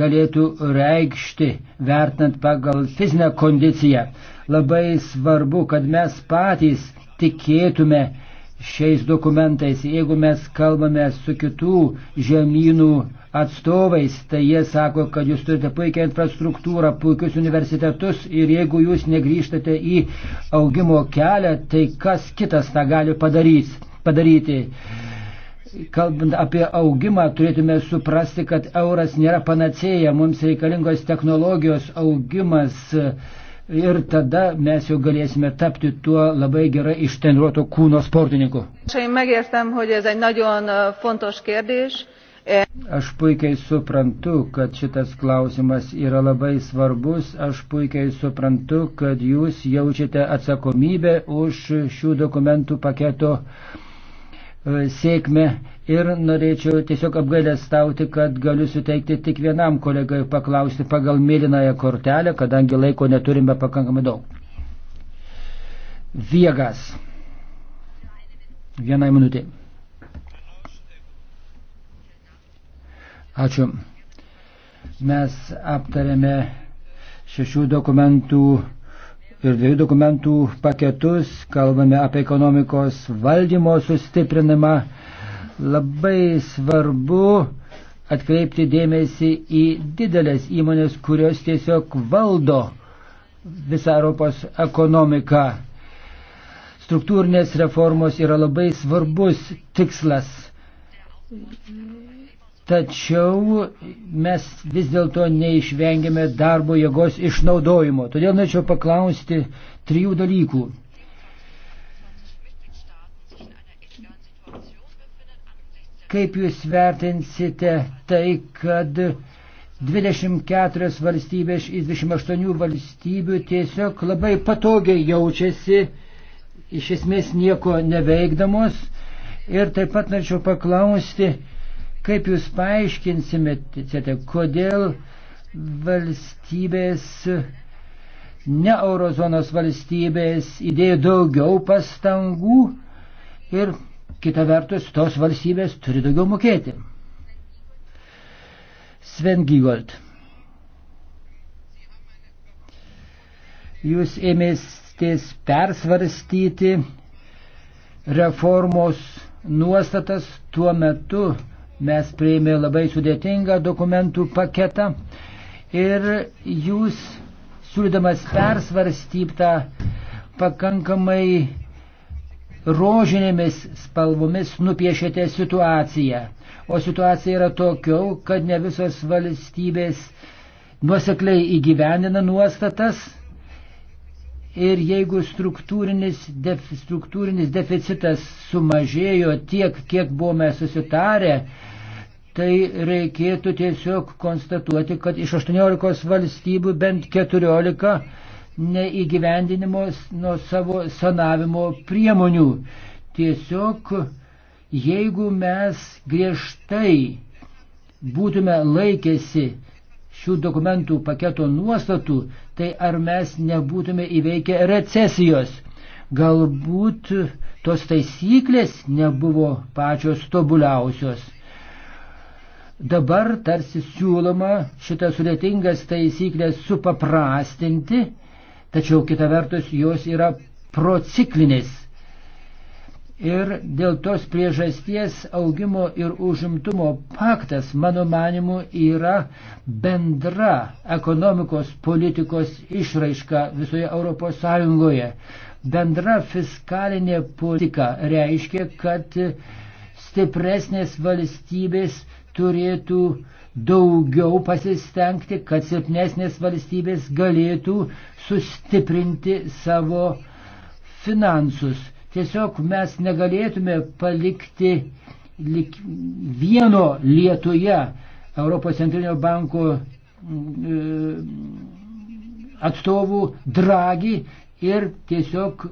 galėtų reikšti, vertinant pagal fizinę kondiciją. Labai svarbu, kad mes patys tikėtume šiais dokumentais. Jeigu mes kalbame su kitų žemynų atstovais, tai jie sako, kad jūs turite puikią infrastruktūrą, puikius universitetus ir jeigu jūs negryžtate į augimo kelią, tai kas kitas tą gali padarys, padaryti. padaryti kalbant apie augimą, turėtume suprasti, kad euras nėra panacėja, mums reikalingos technologijos augimas ir tada mes jau galėsime tapti tuo labai gerai ištenruoto kūno sportininku. E- aš puikiai suprantu, kad šitas klausimas yra labai svarbus, aš puikiai suprantu, kad jūs jaučiate atsakomybę už šių dokumentų paketo uh, E, sėkmę ir norėčiau tiesiog apgailestauti, kad galiu suteikti tik vienam kolegai paklausti pagal mėlynąją kortelę, kadangi laiko neturime pakankamai daug. Viegas. Vienai minutė. Ačiū. Mes aptarėme šešių dokumentų ir dviejų dokumentų paketus, kalbame apie ekonomikos valdymo sustiprinimą. Labai svarbu atkreipti dėmesį į didelės įmonės, kurios tiesiog valdo visą Europos ekonomiką. Struktūrinės reformos yra labai svarbus tikslas Tačiau mes vis dėlto neišvengiame darbo jėgos išnaudojimo. Todėl norėčiau paklausti trijų dalykų. Kaip jūs vertinsite tai, kad 24 valstybės iš 28 valstybių tiesiog labai patogiai jaučiasi, iš esmės nieko neveikdamos. Ir taip pat norėčiau paklausti, Kaip jūs paaiškinsimėte, kodėl valstybės, ne eurozonos valstybės įdėjo daugiau pastangų ir kita vertus tos valstybės turi daugiau mokėti? Sven Gygold. Jūs ėmėstės persvarstyti reformos nuostatas tuo metu Mes prieimė labai sudėtingą dokumentų paketą ir jūs, siūlydamas persvarstytą pakankamai rožinėmis spalvomis nupiešėte situaciją. O situacija yra tokia, kad ne visos valstybės nuosekliai įgyvendina nuostatas Ir jeigu struktūrinis, def, struktūrinis deficitas sumažėjo tiek, kiek buvome susitarę, tai reikėtų tiesiog konstatuoti, kad iš 18 valstybių bent 14 neįgyvendinimo nuo savo sanavimo priemonių. Tiesiog jeigu mes griežtai būtume laikėsi šių dokumentų paketo nuostatų, tai ar mes nebūtume įveikę recesijos. Galbūt tos taisyklės nebuvo pačios tobuliausios. Dabar tarsi siūloma šitas sudėtingas taisyklės supaprastinti, tačiau kita vertus jos yra prociklinės Ir dėl tos priežasties augimo ir užimtumo paktas, mano manimu, yra bendra ekonomikos politikos išraiška visoje ES. Bendra fiskalinė politika reiškia, kad stipresnės valstybės turėtų daugiau pasistengti, kad silpnesnės valstybės galėtų sustiprinti savo finansus. Tiesiog mes negalėtume palikti lik, vieno Lietuje Europos centrinio banko mm, e, atstovų dragi ir tiesiog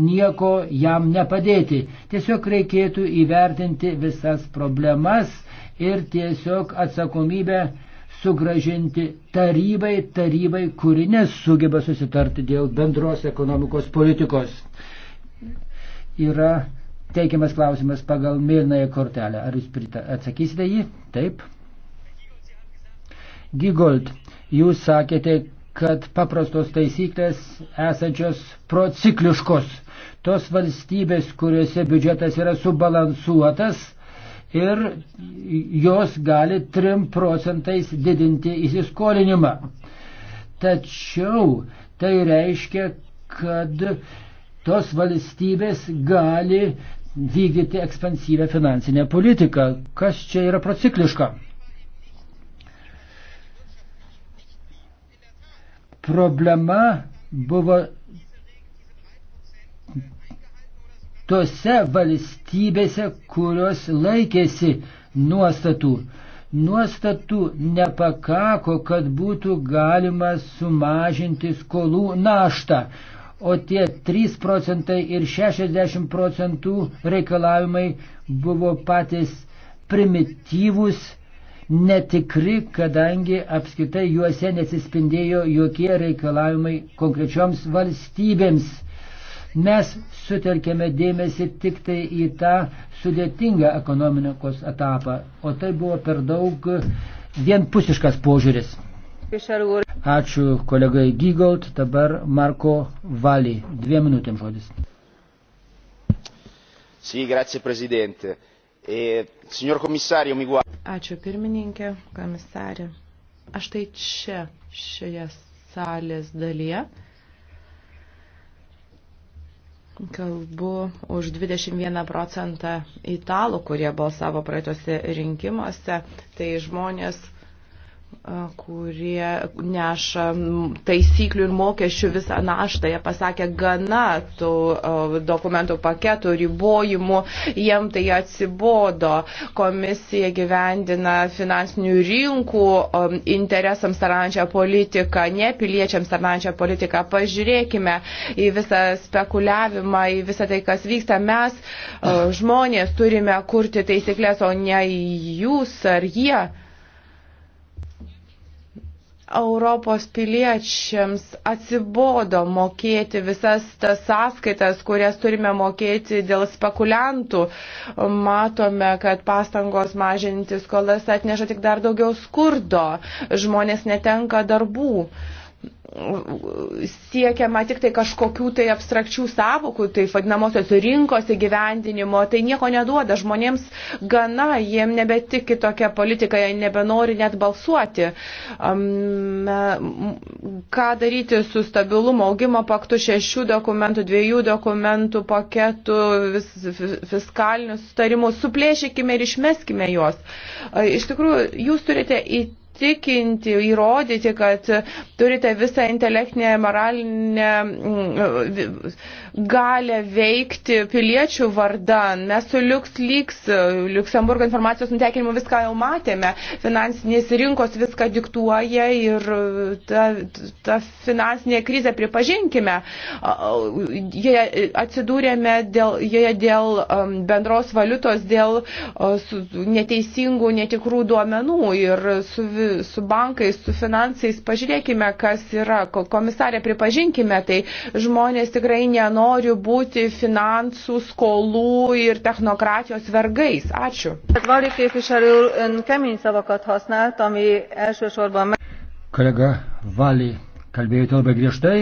nieko jam nepadėti. Tiesiog reikėtų įvertinti visas problemas ir tiesiog atsakomybę sugražinti tarybai, tarybai, kuri nesugeba susitarti dėl bendros ekonomikos politikos yra teikiamas klausimas pagal mėlynąją kortelę. Ar jūs prita, atsakysite jį? Taip. Gigold, jūs sakėte, kad paprastos taisyklės esančios procikliškos. Tos valstybės, kuriuose biudžetas yra subalansuotas ir jos gali 3 procentais didinti įsiskolinimą. Tačiau tai reiškia, kad tos valstybės gali vykdyti ekspansyvę finansinę politiką. Kas čia yra procikliška? Problema buvo tose valstybėse, kurios laikėsi nuostatų. Nuostatų nepakako, kad būtų galima sumažinti skolų naštą, o tie 3 procentai ir 60 procentų reikalavimai buvo patys primityvūs, netikri, kadangi apskritai juose nesispindėjo jokie reikalavimai konkrečioms valstybėms. Mes sutelkėme dėmesį tik tai į tą sudėtingą ekonomikos etapą, o tai buvo per daug vienpusiškas požiūris. Ačiū kolegai Gygold, dabar Marko Valį. Dviem minutėm žodis. Sì, grazie Presidente. E, signor Commissario, mi guarda. Ačiū pirmininkė, komisarė. Aš tai čia, šioje salės dalyje. Kalbu už 21 procentą italų, kurie balsavo praeitose rinkimuose. Tai žmonės kurie neša taisyklių ir mokesčių visą naštą. Jie pasakė, gana tų dokumentų paketų ribojimų, jiem tai atsibodo. Komisija gyvendina finansinių rinkų interesams tarančią politiką, ne piliečiams tarančią politiką. Pažiūrėkime į visą spekuliavimą, į visą tai, kas vyksta. Mes, žmonės, turime kurti taisyklės, o ne jūs ar jie. Europos piliečiams atsibodo mokėti visas tas sąskaitas, kurias turime mokėti dėl spekuliantų. Matome, kad pastangos mažinti skolas atneša tik dar daugiau skurdo. Žmonės netenka darbų siekiama tik tai kažkokių tai abstrakčių savokų, tai vadinamosios rinkos įgyvendinimo, tai nieko neduoda. Žmonėms gana, jiem nebetiki tokia politika, jie nebenori net balsuoti. Um, ką daryti su stabilumo augimo paktu šešių dokumentų, dviejų dokumentų paketų, vis, fiskalinių sustarimų, suplėšykime ir išmeskime juos. Iš tikrųjų, jūs turite įtikinti įtikinti, įrodyti, kad turite visą intelektinę, moralinę mm, galę veikti piliečių vardan. Mes su LuxLeaks, Luxemburgo informacijos nutekinimu viską jau matėme. Finansinės rinkos viską diktuoja ir ta, ta finansinė krizė, pripažinkime, jie atsidūrėme dėl, jie dėl um, bendros valiutos, dėl neteisingų, netikrų duomenų ir su, su bankais, su finansais pažiūrėkime, kas yra. Komisarė, pripažinkime, tai žmonės tikrai nenori nenoriu būti finansų, skolų ir technokratijos vergais. Ačiū. Kolega Valį, kalbėjote labai griežtai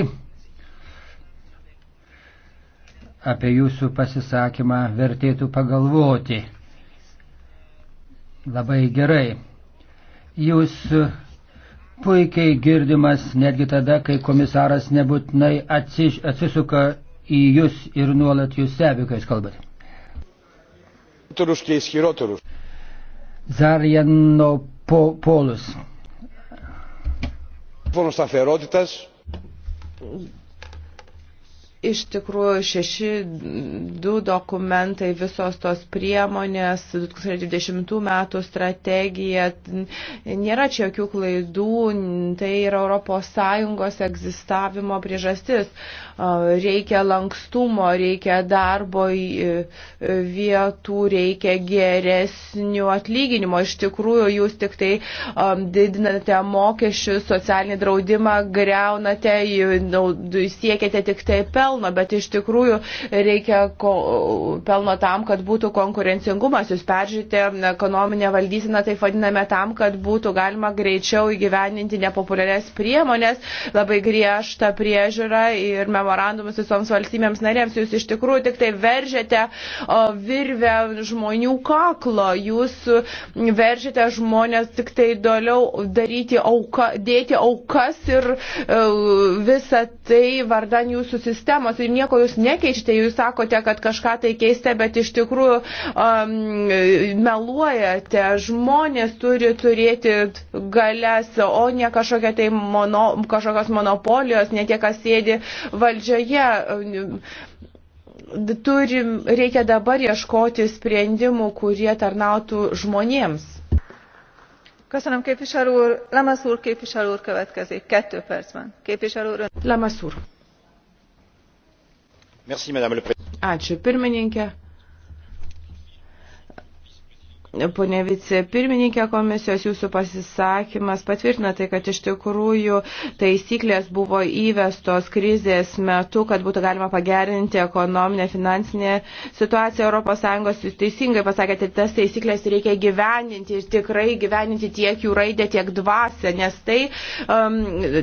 apie jūsų pasisakymą vertėtų pagalvoti. Labai gerai. Jūs puikiai girdimas netgi tada, kai komisaras nebūtinai atsisuka į jūs ir nuolat jūs stebi, kai jūs kalbate. Zariano po, Polus. Iš tikrųjų, šeši, du dokumentai, visos tos priemonės, 2020 metų strategija, nėra čia jokių klaidų, tai yra ES egzistavimo priežastis reikia lankstumo, reikia darbo e, e, vietų, reikia geresnių atlyginimo. Iš tikrųjų, jūs tik tai didinate mokesčius, socialinį draudimą greunate, nu, siekiate tik tai pelno, bet iš tikrųjų reikia pelno tam, kad būtų konkurencingumas. Jūs peržiūrite ekonominę valdysiną, tai vadiname tam, kad būtų galima greičiau įgyveninti nepopuliarias priemonės, labai griežtą priežiūrą ir memorandumą memorandumus visoms valstybėms narėms. Jūs iš tikrųjų tik tai veržiate virvę žmonių kaklo, jūs veržiate žmonės tik tai doliau daryti auka, dėti aukas ir e, visą tai vardan jūsų sistemos ir nieko jūs nekeičiate, jūs sakote, kad kažką tai keiste, bet iš tikrųjų um, meluojate, žmonės turi turėti galės, o ne kažkokia tai mono, kažkokios monopolijos, ne tie, kas sėdi valdžioje valdžioje e, turim, reikia dabar ieškoti sprendimų, kurie tarnautų žmonėms. Köszönöm képviselő úr. Lemesz úr képviselő úr következik. Kettő percben. Képviselő úr. Lemesz úr. Merci, Ačiū pirmininkė. Pone vicepirmininkė komisijos, jūsų pasisakymas patvirtina tai, kad iš tikrųjų taisyklės buvo įvestos krizės metu, kad būtų galima pagerinti ekonominę, finansinę situaciją ES. Jūs teisingai pasakėte, tas taisyklės reikia gyveninti ir tikrai gyveninti tiek jų raidę, tiek dvasę, nes tai, um,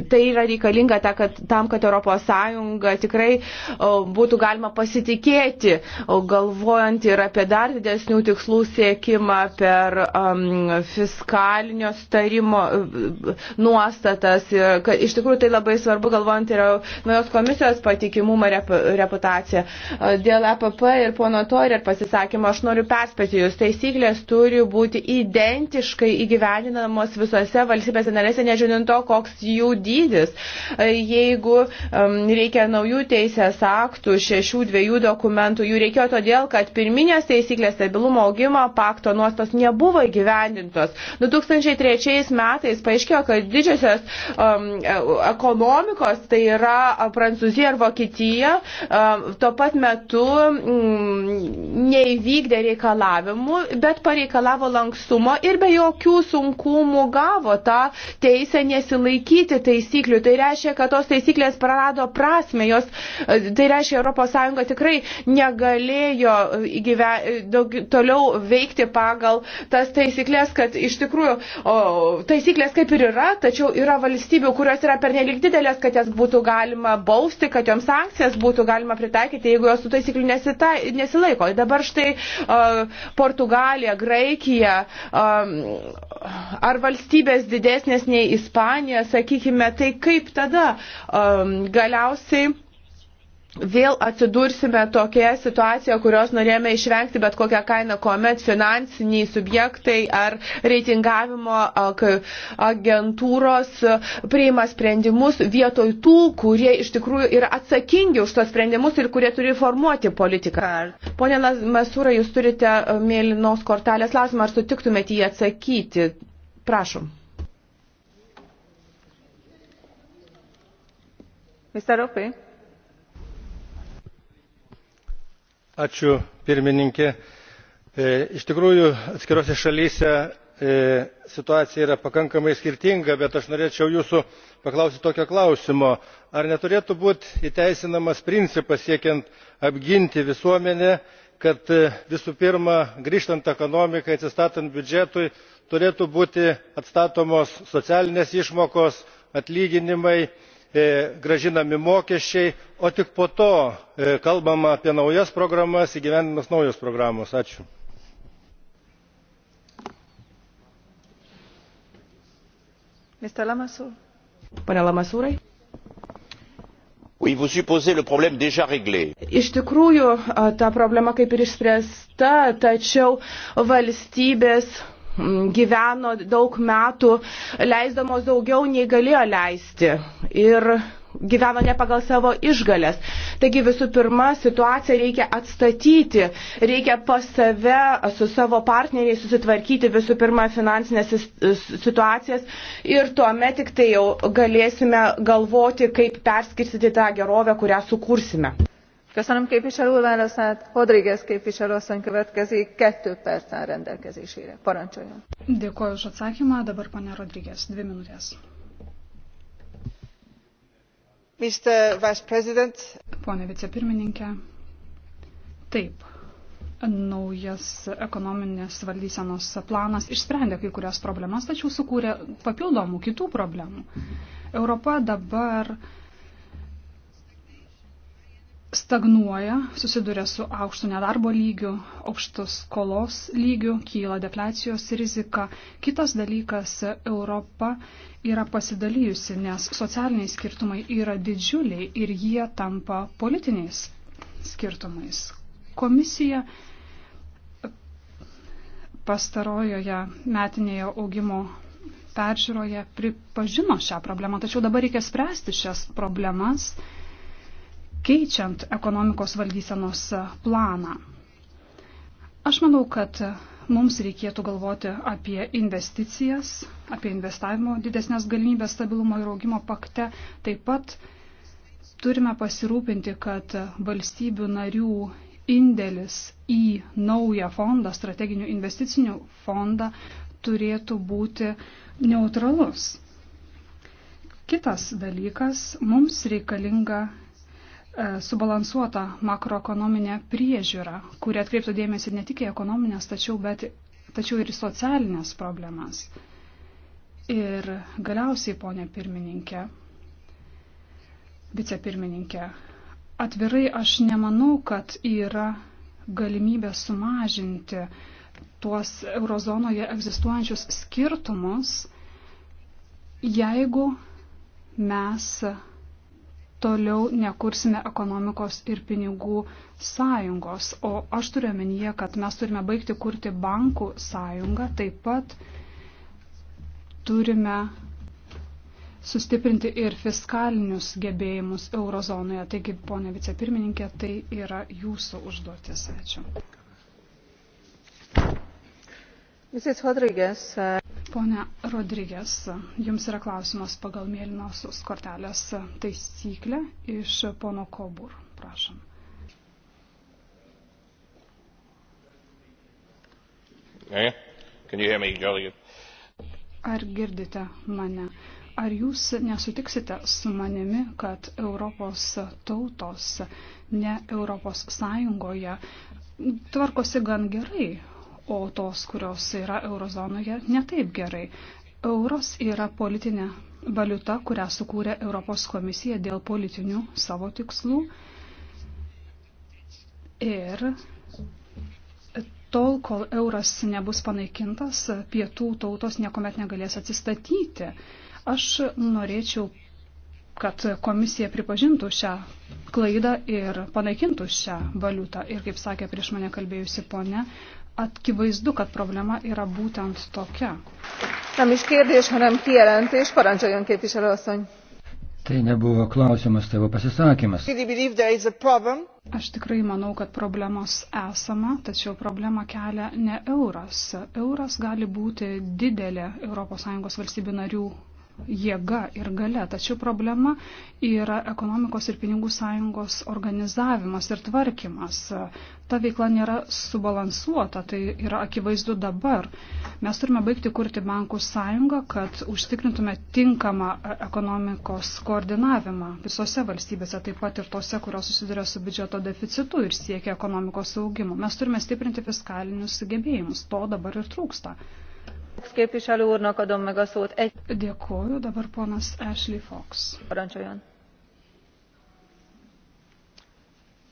tai yra reikalinga ta, kad, tam, kad ES tikrai um, būtų galima pasitikėti, galvojant ir apie dar didesnių tikslų siekimą per um, fiskalinio starimo uh, nuostatas. Ir, kad, iš tikrųjų tai labai svarbu, galvojant ir naujos komisijos patikimumą rep, reputaciją. Uh, dėl EPP ir pono Toirer pasisakymo aš noriu perspėti jūs. Taisyklės turi būti identiškai įgyvendinamos visose valstybėse narėse, nežinant to, koks jų dydis. Uh, jeigu um, reikia naujų teisės aktų, šešių, dviejų dokumentų, jų reikėjo todėl, kad pirminės taisyklės stabilumo augimo pakto nuo nuostos nebuvo įgyvendintos. 2003 metais paaiškėjo, kad didžiosios um, ekonomikos, tai yra Prancūzija ir Vokietija, um, tuo pat metu um, neįvykdė reikalavimų, bet pareikalavo lankstumo ir be jokių sunkumų gavo tą teisę nesilaikyti taisyklių. Tai reiškia, kad tos taisyklės prarado prasme, jos, tai reiškia, ES tikrai negalėjo įgyve, daug, toliau veikti pagal pagal tas taisyklės, kad iš tikrųjų o, taisyklės kaip ir yra, tačiau yra valstybių, kurios yra pernelik didelės, kad jas būtų galima bausti, kad joms sankcijas būtų galima pritaikyti, jeigu jos tų taisyklių nesita, nesilaiko. Dabar štai o, Portugalija, Graikija o, ar valstybės didesnės nei Ispanija, sakykime, tai kaip tada o, galiausiai vėl atsidursime tokioje situacijoje, kurios norėjome išvengti bet kokią kainą, kuomet finansiniai subjektai ar reitingavimo agentūros priima sprendimus vietoj tų, kurie iš tikrųjų yra atsakingi už tos sprendimus ir kurie turi formuoti politiką. Pone Masūra, jūs turite mėlynos kortelės klausimą, ar sutiktumėte jį atsakyti? Prašom. Mr. Opie. E, iš tikrųjų atskirose šalyse e, situacija yra pakankamai skirtinga bet aš norėčiau jūsų paklausti tokio klausimo ar neturėtų būti įteisinamas principas siekiant apginti visuomenę kad e, visų pirma grįžtant ekonomikai atsistatant biudžetui turėtų būti atstatomos socialinės išmokos atlyginimai E, grąžinami mokesčiai o tik po to e, kalbama apie naujas programas įgyvendinamos naujos programos. vous supposez le problème déjà réglé. Iš tikrųjų, ta problema kaip ir išspręsta, tačiau valstybės gyveno daug metų, leisdamos daugiau nei galėjo leisti. Ir gyveno ne pagal savo išgalės. Taigi visų pirma, situaciją reikia atstatyti, reikia pas save, su savo partneriai susitvarkyti visų pirma finansinės situacijas ir tuomet tik tai jau galėsime galvoti, kaip perskirstyti tą gerovę, kurią sukursime köszönöm képviselő úr válaszát rodrigues képviselő asszony következik kettő perc áll rendelkezésére parancsoljon! dėkoju už atsakymą dabar ponia rodrigues dvi minutės. pone vicepirmininke taip naujas ekonominės valdysenos planas išsprendė kai kurias problemas tačiau sukūrė papildomų kitų problemų. europa dabar stagnuoja, susiduria su aukštu nedarbo lygiu, aukštus skolos lygiu, kyla defliacijos rizika. Kitas dalykas - Europa yra pasidalyjusi, nes socialiniai skirtumai yra didžiuliai ir jie tampa politiniais skirtumais. Komisija pastarojoje metinėje augimo peržiūroje pripažino šią problemą, tačiau dabar reikia spręsti šias problemas keičiant ekonomikos valdysenos planą. Aš manau, kad mums reikėtų galvoti apie investicijas, apie investavimo didesnės galimybės stabilumo ir augimo pakte. Taip pat turime pasirūpinti, kad valstybių narių indėlis į naują fondą, strateginių investicinių fondą, turėtų būti neutralus. Kitas dalykas, mums reikalinga E, subalansuota makroekonominė priežiūra, kuri atkreiptų dėmesį ne tik į ekonominės, tačiau, bet, tačiau ir į socialinės problemas. Ir galiausiai, ponė pirmininkė, vicepirmininkė, atvirai aš nemanau, kad yra galimybė sumažinti tuos eurozonoje egzistuojančius skirtumus, jeigu mes toliau nekursime ekonomikos ir pinigų sąjungos. O aš turiu omenyje, kad mes turime baigti kurti bankų sąjungą, taip pat turime sustiprinti ir fiskalinius gebėjimus eurozonoje. Taigi, ponė vicepirmininkė, tai yra jūsų užduotis. Ačiū. Uh, Pone Rodrygės, jums yra klausimas pagal mėlynosios kortelės taisyklę iš pono Kobur. Prašom. Eh? Ar girdite mane? Ar jūs nesutiksite su manimi, kad Europos tautos ne Europos Sąjungoje tvarkosi gan gerai? o tos, kurios yra eurozonoje, netaip gerai. Euros yra politinė valiuta, kurią sukūrė Europos komisija dėl politinių savo tikslų. Ir tol, kol euras nebus panaikintas, pietų tautos niekuomet negalės atsistatyti. Aš norėčiau, kad komisija pripažintų šią klaidą ir panaikintų šią valiutą. Ir kaip sakė prieš mane kalbėjusi ponė, akivaizdu, kad problema yra būtent tokia. Nem is kérdés, hanem kijelentés. Parancsoljon képviselő asszony. Tai nebuvo klausimas, tai buvo pasisakymas. Aš tikrai manau, kad problemos esama, tačiau problema kelia ne euras. Euras gali būti didelė ES valstybių narių jėga ir gale. Tačiau problema yra ekonomikos ir pinigų sąjungos organizavimas ir tvarkymas. Ta veikla nėra subalansuota, tai yra akivaizdu dabar. Mes turime baigti kurti bankų sąjungą, kad užtikrintume tinkamą ekonomikos koordinavimą visose valstybėse, taip pat ir tose, kurios susiduria su biudžeto deficitu ir siekia ekonomikos augimo. Mes turime stiprinti fiskalinius gebėjimus. To dabar ir trūksta. Képviselő úrnak adom meg a szót. Egy... Dėkuoju, dabar ponas Ashley Fox. Parancsoljon.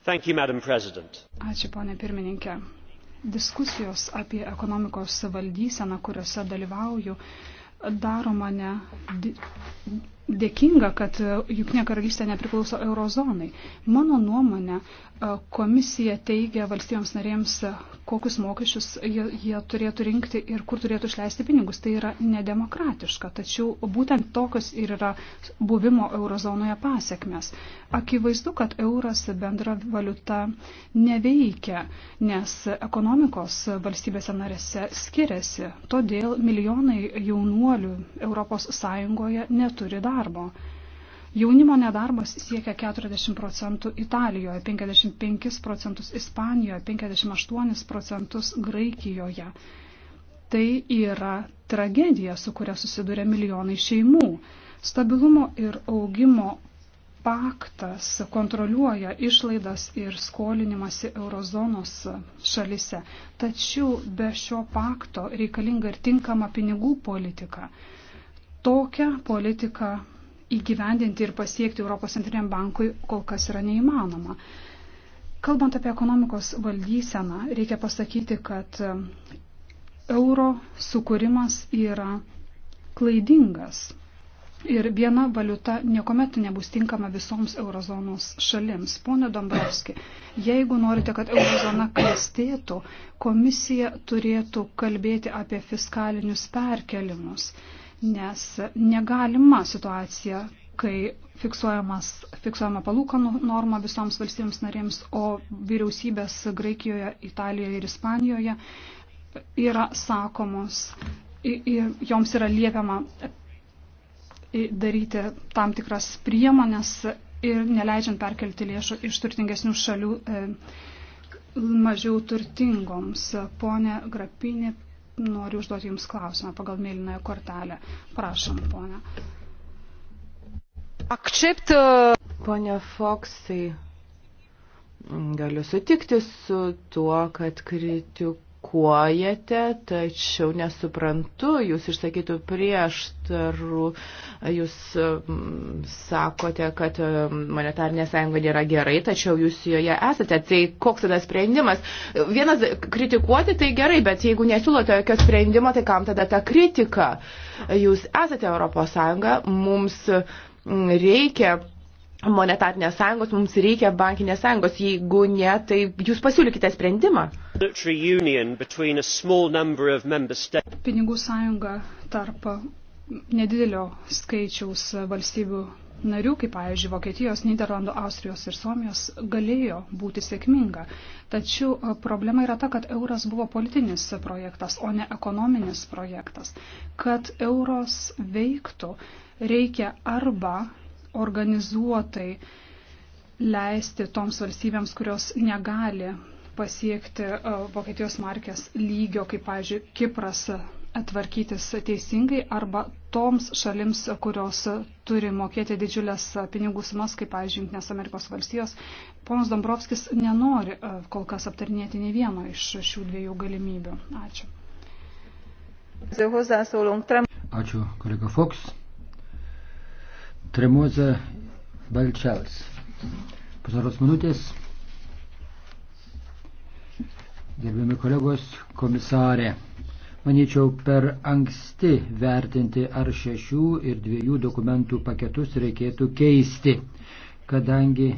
Thank you, Madam President. Ačiū, ponė pirmininkė. Diskusijos apie ekonomikos valdyseną, kuriuose dalyvauju, daro mane dėkinga, kad Junktinė karalystė nepriklauso eurozonai. Mano nuomonė, komisija teigia valstybėms narėms, kokius mokesčius jie, jie turėtų rinkti ir kur turėtų išleisti pinigus. Tai yra nedemokratiška, tačiau būtent tokios ir yra buvimo eurozonoje pasiekmes. Akivaizdu, kad euras bendra valiuta neveikia, nes ekonomikos valstybėse narėse skiriasi. Todėl milijonai jaunuolių ES neturi darbo. Jaunimo nedarbas siekia 40 procentų Italijoje, 55 procentus Ispanijoje, 58 procentus Graikijoje. Tai yra tragedija, su kuria susiduria milijonai šeimų. Stabilumo ir augimo paktas kontroliuoja išlaidas ir skolinimasi eurozonos šalise. Tačiau be šio pakto reikalinga ir tinkama pinigų politika. Tokią politiką įgyvendinti ir pasiekti Europos centriniam bankui kol kas yra neįmanoma. Kalbant apie ekonomikos valdyseną, reikia pasakyti, kad e, euro sukūrimas yra klaidingas. Ir viena valiuta niekuomet nebus tinkama visoms eurozonos šalims. Pone Dombrovski, jeigu norite, kad eurozona klestėtų, komisija turėtų kalbėti apie fiskalinius perkelimus nes negalima situacija, kai fiksuojama palūkanų norma visoms valstybėms narėms, o vyriausybės Graikijoje, Italijoje ir Ispanijoje yra sakomos, joms yra liepiama daryti tam tikras priemonės ir neleidžiant perkelti lėšų iš turtingesnių šalių e, mažiau turtingoms. Pone Grapinė, noriu užduoti Jums klausimą pagal mėlynąją kortelę. Prašom, ponia. Akcept. Pone Foksai, galiu sutikti su tuo, kad kritikų kritikuojate, tačiau nesuprantu, jūs išsakytų prieštarų, jūs mm, sakote, kad mm, monetarinė sąjunga nėra gerai, tačiau jūs joje esate. Tai koks tada sprendimas? Vienas kritikuoti tai gerai, bet jeigu nesiūlote jokio sprendimo, tai kam tada ta kritika? Jūs esate Europos sąjunga, mums mm, reikia monetarnės sąjungos, mums reikia bankinės sąjungos. Jeigu ne, tai jūs pasiūlykite sprendimą. Pinigų sąjunga tarp nedidelio skaičiaus valstybių narių, kaip pavyzdžiui Vokietijos, Niderlandų, Austrijos ir Suomijos, galėjo būti sėkminga. Tačiau e, problema yra ta, kad euras buvo politinis projektas, o ne ekonominis projektas. Kad euros veiktų, reikia arba organizuotai leisti toms valstybėms, kurios negali pasiekti e, Vokietijos markės lygio, kaip, pavyzdžiui, Kipras e, tvarkytis teisingai arba toms šalims, kurios turi mokėti didžiulės e, pinigų sumas, kaip, pavyzdžiui, Junktinės Amerikos valstijos. Ponas Dombrovskis nenori kol kas aptarinėti nei vieno iš šių dviejų galimybių. Ačiū. Ačiū, kolega Foks. Tremoza Balčelis. Pasaros minutės. Gerbiami kolegos komisarė, manyčiau per anksti vertinti, ar šešių ir dviejų dokumentų paketus reikėtų keisti, kadangi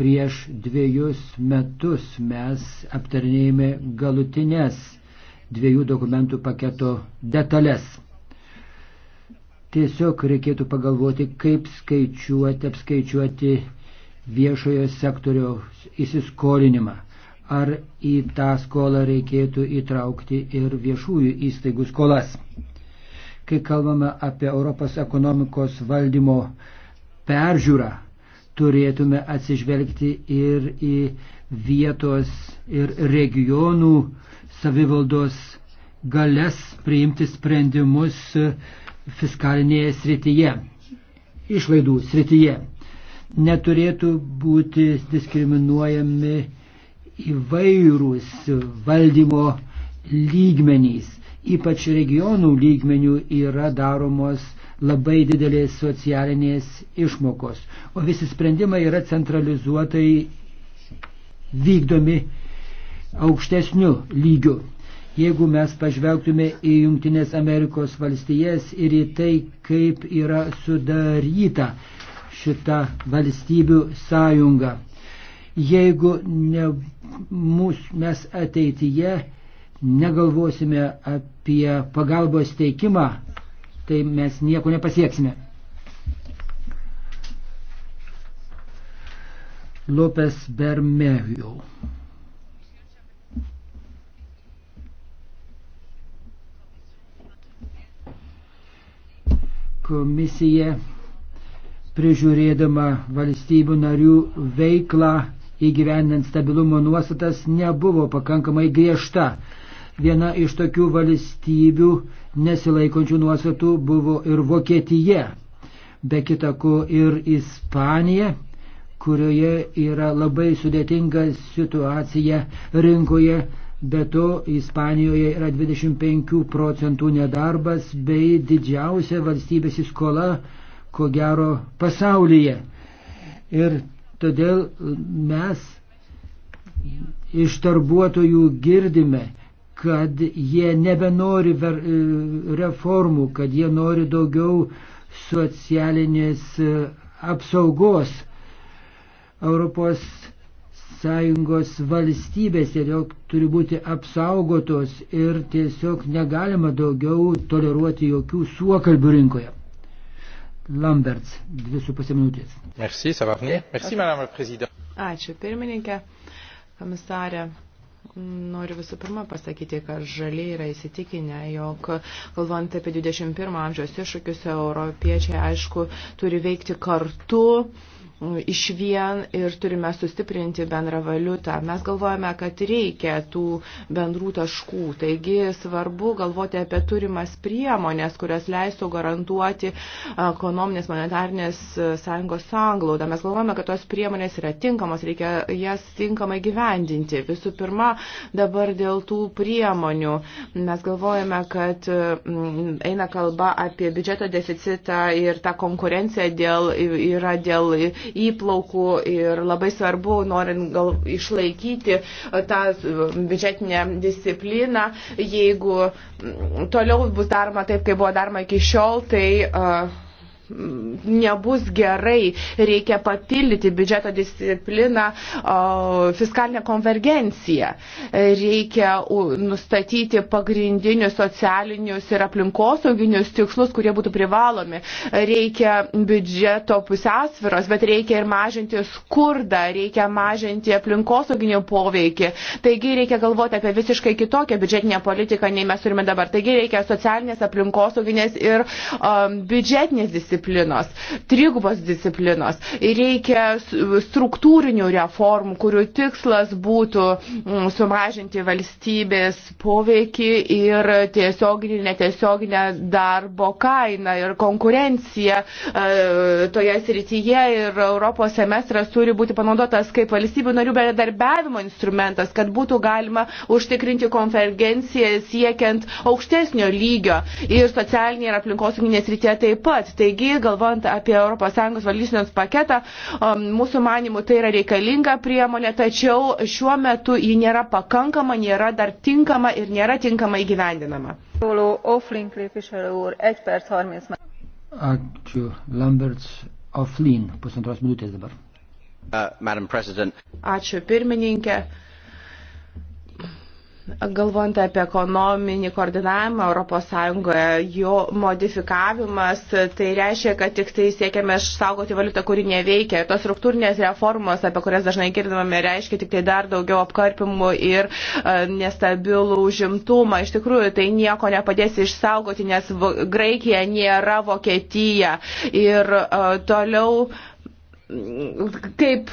prieš dviejus metus mes aptarnėjome galutinės dviejų dokumentų paketo detalės. Tiesiog reikėtų pagalvoti, kaip skaičiuoti, apskaičiuoti viešojo sektoriaus įsiskolinimą. Ar į tą skolą reikėtų įtraukti ir viešųjų įstaigų skolas. Kai kalbame apie Europos ekonomikos valdymo peržiūrą, turėtume atsižvelgti ir į vietos ir regionų savivaldos galės priimti sprendimus fiskalinėje srityje, išlaidų srityje. Neturėtų būti diskriminuojami įvairūs valdymo lygmenys. Ypač regionų lygmenių yra daromos labai didelės socialinės išmokos, o visi sprendimai yra centralizuotai vykdomi aukštesniu lygiu. Jeigu mes pažvelgtume į Junktinės Amerikos valstijas ir į tai, kaip yra sudaryta šita valstybių sąjunga. Jeigu ne, mūs, mes ateityje negalvosime apie pagalbos teikimą, tai mes nieko nepasieksime. Lopes Bermejų. Komisija prižiūrėdama valstybių narių veiklą įgyvendant stabilumo nuostatas nebuvo pakankamai griežta. Viena iš tokių valstybių nesilaikančių nuostatų buvo ir Vokietija, be kitako ir Ispanija, kurioje yra labai sudėtinga situacija rinkoje Be to, Ispanijoje yra 25 procentų nedarbas bei didžiausia valstybės įskola, ko gero, pasaulyje. Ir todėl mes iš darbuotojų girdime, kad jie nebenori e, reformų, kad jie nori daugiau socialinės e, apsaugos. Europos sąjungos valstybės tiesiog turi būti apsaugotos ir tiesiog negalima daugiau toleruoti jokių suokalbių rinkoje. Lamberts, dvi su pusė minutės. Merci, savarnė. Merci, madame prezident. Ačiū, pirmininkė, komisarė. Noriu visų pirma pasakyti, kad žaliai yra įsitikinę, jog galvojant apie 21 amžiaus iššūkius, europiečiai aišku turi veikti kartu iš vien ir turime sustiprinti bendrą valiutą. Mes galvojame, kad reikia tų bendrų taškų. Taigi svarbu galvoti apie turimas priemonės, kurios leistų garantuoti ekonominės monetarnės sąjungos sanglaudą. Mes galvojame, kad tos priemonės yra tinkamos, reikia jas tinkamai gyvendinti. Visų pirma, dabar dėl tų priemonių. Mes galvojame, kad mm, eina kalba apie biudžeto deficitą ir tą konkurenciją dėl, yra dėl įplaukų ir labai svarbu, norint gal išlaikyti e, tą e, biudžetinę discipliną, jeigu toliau bus daroma taip, kaip buvo daroma iki šiol, tai uh, nebus gerai, reikia papildyti biudžeto discipliną fiskalinę konvergenciją, reikia nustatyti pagrindinius socialinius ir aplinkosauginius tikslus, kurie būtų privalomi, reikia biudžeto pusiausviros, bet reikia ir mažinti skurdą, reikia mažinti aplinkosauginį poveikį. Taigi reikia galvoti apie visiškai kitokią biudžetinę politiką, nei mes turime dabar. Taigi reikia socialinės, aplinkosauginės ir um, biudžetinės disciplinos disciplinos, trigubos disciplinos. Reikia struktūrinių reformų, kurių tikslas būtų mm, sumažinti valstybės poveikį ir tiesioginį, netiesioginę darbo kainą ir konkurenciją e, toje srityje. Ir Europos semestras turi būti panaudotas kaip valstybių narių bendradarbiavimo instrumentas, kad būtų galima užtikrinti konvergenciją siekiant aukštesnio lygio ir socialinėje ir aplinkosauginėje srityje taip pat. Taigi, Taigi, galvojant apie ES valdysenos paketą, um, mūsų manimų tai yra reikalinga priemonė, tačiau šiuo metu ji nėra pakankama, nėra dar tinkama ir nėra tinkamai gyvendinama. Ačiū, Lamberts Oflin, pusantros minutės dabar. Uh, Ačiū, pirmininkė Galvojant apie ekonominį koordinavimą ES, jo modifikavimas, tai reiškia, kad tik tai siekiame išsaugoti valiutą, kuri neveikia. Tos struktūrinės reformos, apie kurias dažnai girdame, reiškia tik tai dar daugiau apkarpimų ir uh, nestabilų užimtumą. Iš tikrųjų, tai nieko nepadės išsaugoti, nes Graikija nėra Vokietija. Ir uh, toliau uh, kaip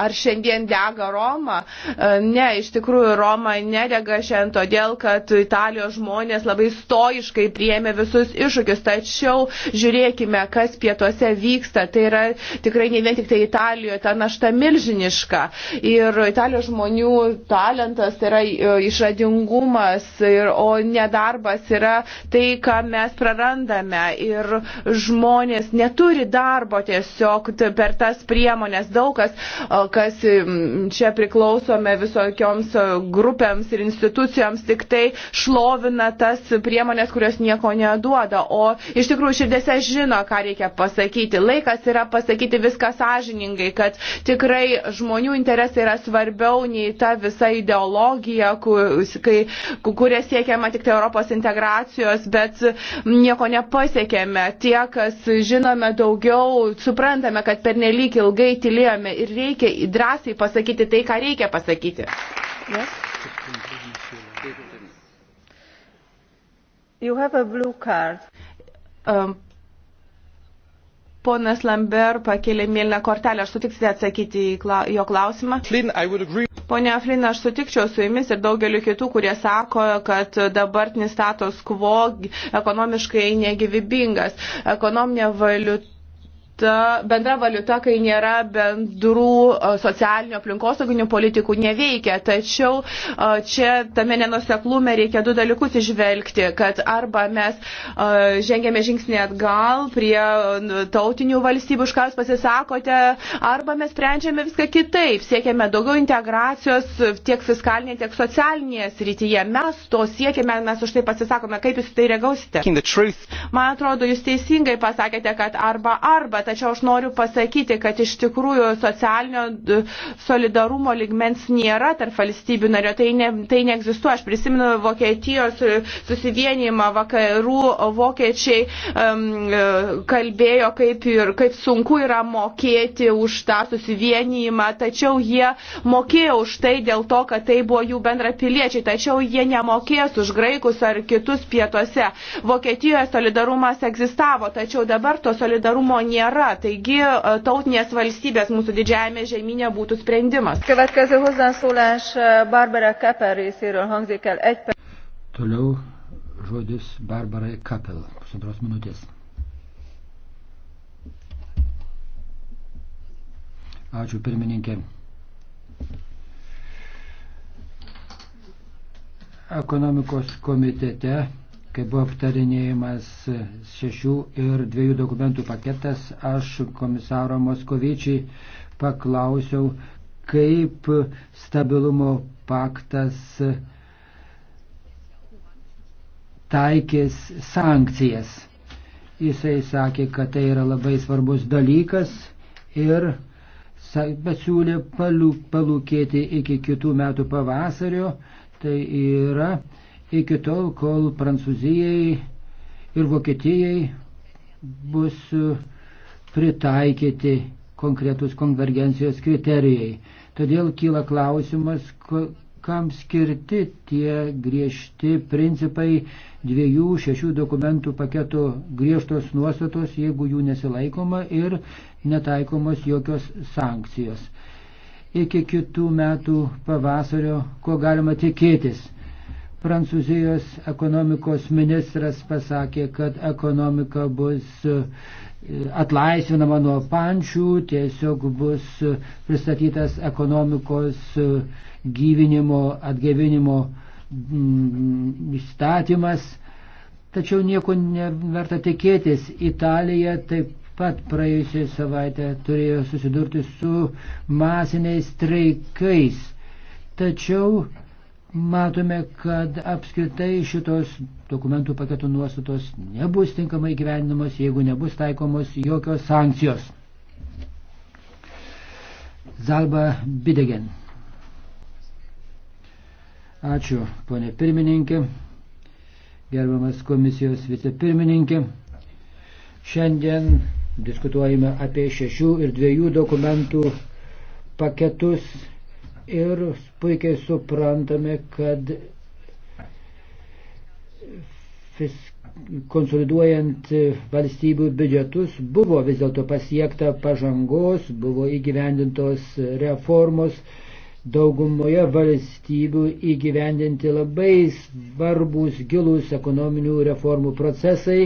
ar šiandien dega Roma. E, ne, iš tikrųjų Roma nedega šiandien todėl, kad Italijos žmonės labai stoiškai priėmė visus iššūkius. Tačiau žiūrėkime, kas pietuose vyksta. Tai yra tikrai ne vien tik tai Italijoje, ta našta milžiniška. Ir Italijos žmonių talentas tai yra e, išradingumas, ir, o nedarbas yra tai, ką mes prarandame. Ir žmonės neturi darbo tiesiog per tą visas priemonės. Daug kas, kas čia priklausome visokioms grupėms ir institucijoms, tik tai šlovina tas priemonės, kurios nieko neduoda. O iš tikrųjų širdėse žino, ką reikia pasakyti. Laikas yra pasakyti viską sąžiningai, kad tikrai žmonių interesai yra svarbiau nei ta visa ideologija, kai, kuria siekiama tik tai Europos integracijos, bet nieko nepasiekėme. Tie, kas žinome daugiau, suprantame, kad per nelik pernelyg ilgai tylėjome ir reikia drąsiai pasakyti tai, ką reikia pasakyti. Yes. You have a blue card. Um, ponas Lambert pakėlė mėlyną kortelę. Aš sutiksite atsakyti į kla jo klausimą? Flynn, Pone Flynn, aš sutikčiau su jumis ir daugeliu kitų, kurie sako, kad dabartinis status quo ekonomiškai negyvybingas. Ekonominė valiuta valiuta, bendra valiuta, kai nėra bendrų e, socialinių aplinkosauginių politikų, neveikia. Tačiau e, čia tame nenuseklume reikia du dalykus išvelgti, kad arba mes e, žengėme žingsnį atgal prie tautinių valstybių, už ką jūs pasisakote, arba mes sprendžiame viską kitaip, siekiame daugiau integracijos tiek fiskalinėje, tiek socialinėje srityje. Mes to siekiame, mes už tai pasisakome. Kaip jūs tai reagausite? Man atrodo, jūs teisingai pasakėte, kad arba arba tačiau aš noriu pasakyti, kad iš tikrųjų socialinio solidarumo ligmens nėra tarp valstybių nario, tai, ne, tai neegzistuoja. Aš prisimenu Vokietijos e, susivienimą, vakarų vokiečiai um, kalbėjo, kaip, ir, kaip sunku yra mokėti už tą susivienimą, tačiau jie mokėjo už tai dėl to, kad tai buvo jų bendrapiliečiai, tačiau jie nemokės už graikus ar kitus pietuose. Vokietijoje solidarumas egzistavo, tačiau dabar to solidarumo nėra nėra. Taigi e, tautinės valstybės mūsų didžiajame žemynė būtų sprendimas. E, Toliau žodis Barbarai Kapel, pusantros minutės. Ačiū pirmininkė. Ekonomikos komitete kai buvo aptarinėjimas šešių ir dviejų dokumentų paketas, aš komisaro Moskovičiai paklausiau, kaip stabilumo paktas taikės sankcijas. Jisai sakė, kad tai yra labai svarbus dalykas ir pasiūlė palūkėti iki kitų metų pavasario. Tai yra iki tol, kol Prancūzijai ir Vokietijai bus e, pritaikyti konkretus konvergencijos kriterijai. Todėl kyla klausimas, kam skirti tie griežti principai dviejų šešių dokumentų paketo griežtos nuostatos, jeigu jų nesilaikoma ir netaikomos jokios sankcijos. Iki kitų metų pavasario, ko galima tikėtis Prancūzijos ekonomikos ministras pasakė, kad ekonomika bus e, atlaisvinama nuo pančių, tiesiog bus pristatytas ekonomikos e, gyvinimo, atgevinimo mm, įstatymas. Tačiau nieko neverta tikėtis. Italija taip pat praėjusią savaitę turėjo susidurti su masiniais streikais. Tačiau matome, kad apskritai šitos dokumentų paketo nuostatos nebus tinkamai gyvenimos, jeigu nebus taikomos jokios sankcijos. Zalba Bidegen. Ačiū, ponė pirmininkė, gerbiamas komisijos vicepirmininkė. Šiandien diskutuojame apie šešių ir dviejų dokumentų paketus ir puikiai suprantame, kad konsoliduojant valstybių biudžetus buvo vis dėlto pasiekta pažangos, buvo įgyvendintos reformos, daugumoje valstybių įgyvendinti labai svarbus gilus ekonominių reformų procesai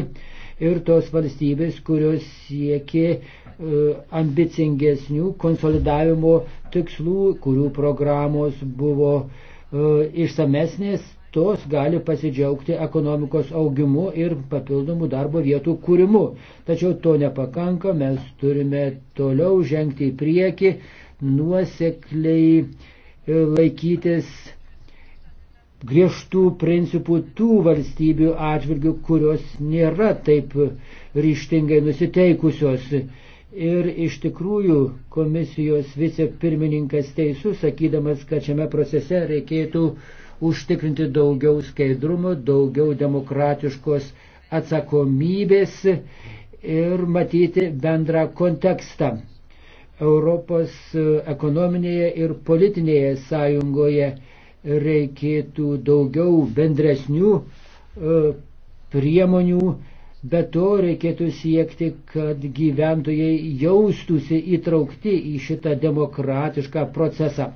ir tos valstybės, kurios siekė E, ambicingesnių konsolidavimo tikslų, kurių programos buvo e, išsamesnės, tos gali pasidžiaugti ekonomikos augimu ir papildomų darbo vietų kūrimu. Tačiau to nepakanka, mes turime toliau žengti į priekį, nuosekliai e, laikytis griežtų principų tų valstybių atžvilgių, kurios nėra taip ryštingai nusiteikusios. Ir iš tikrųjų komisijos vicepirmininkas teisus, sakydamas, kad šiame procese reikėtų užtikrinti daugiau skaidrumo, daugiau demokratiškos atsakomybės ir matyti bendrą kontekstą. Europos ekonominėje ir politinėje sąjungoje reikėtų daugiau bendresnių e, priemonių Bet to reikėtų siekti, kad gyventojai jaustųsi įtraukti į šitą demokratišką procesą.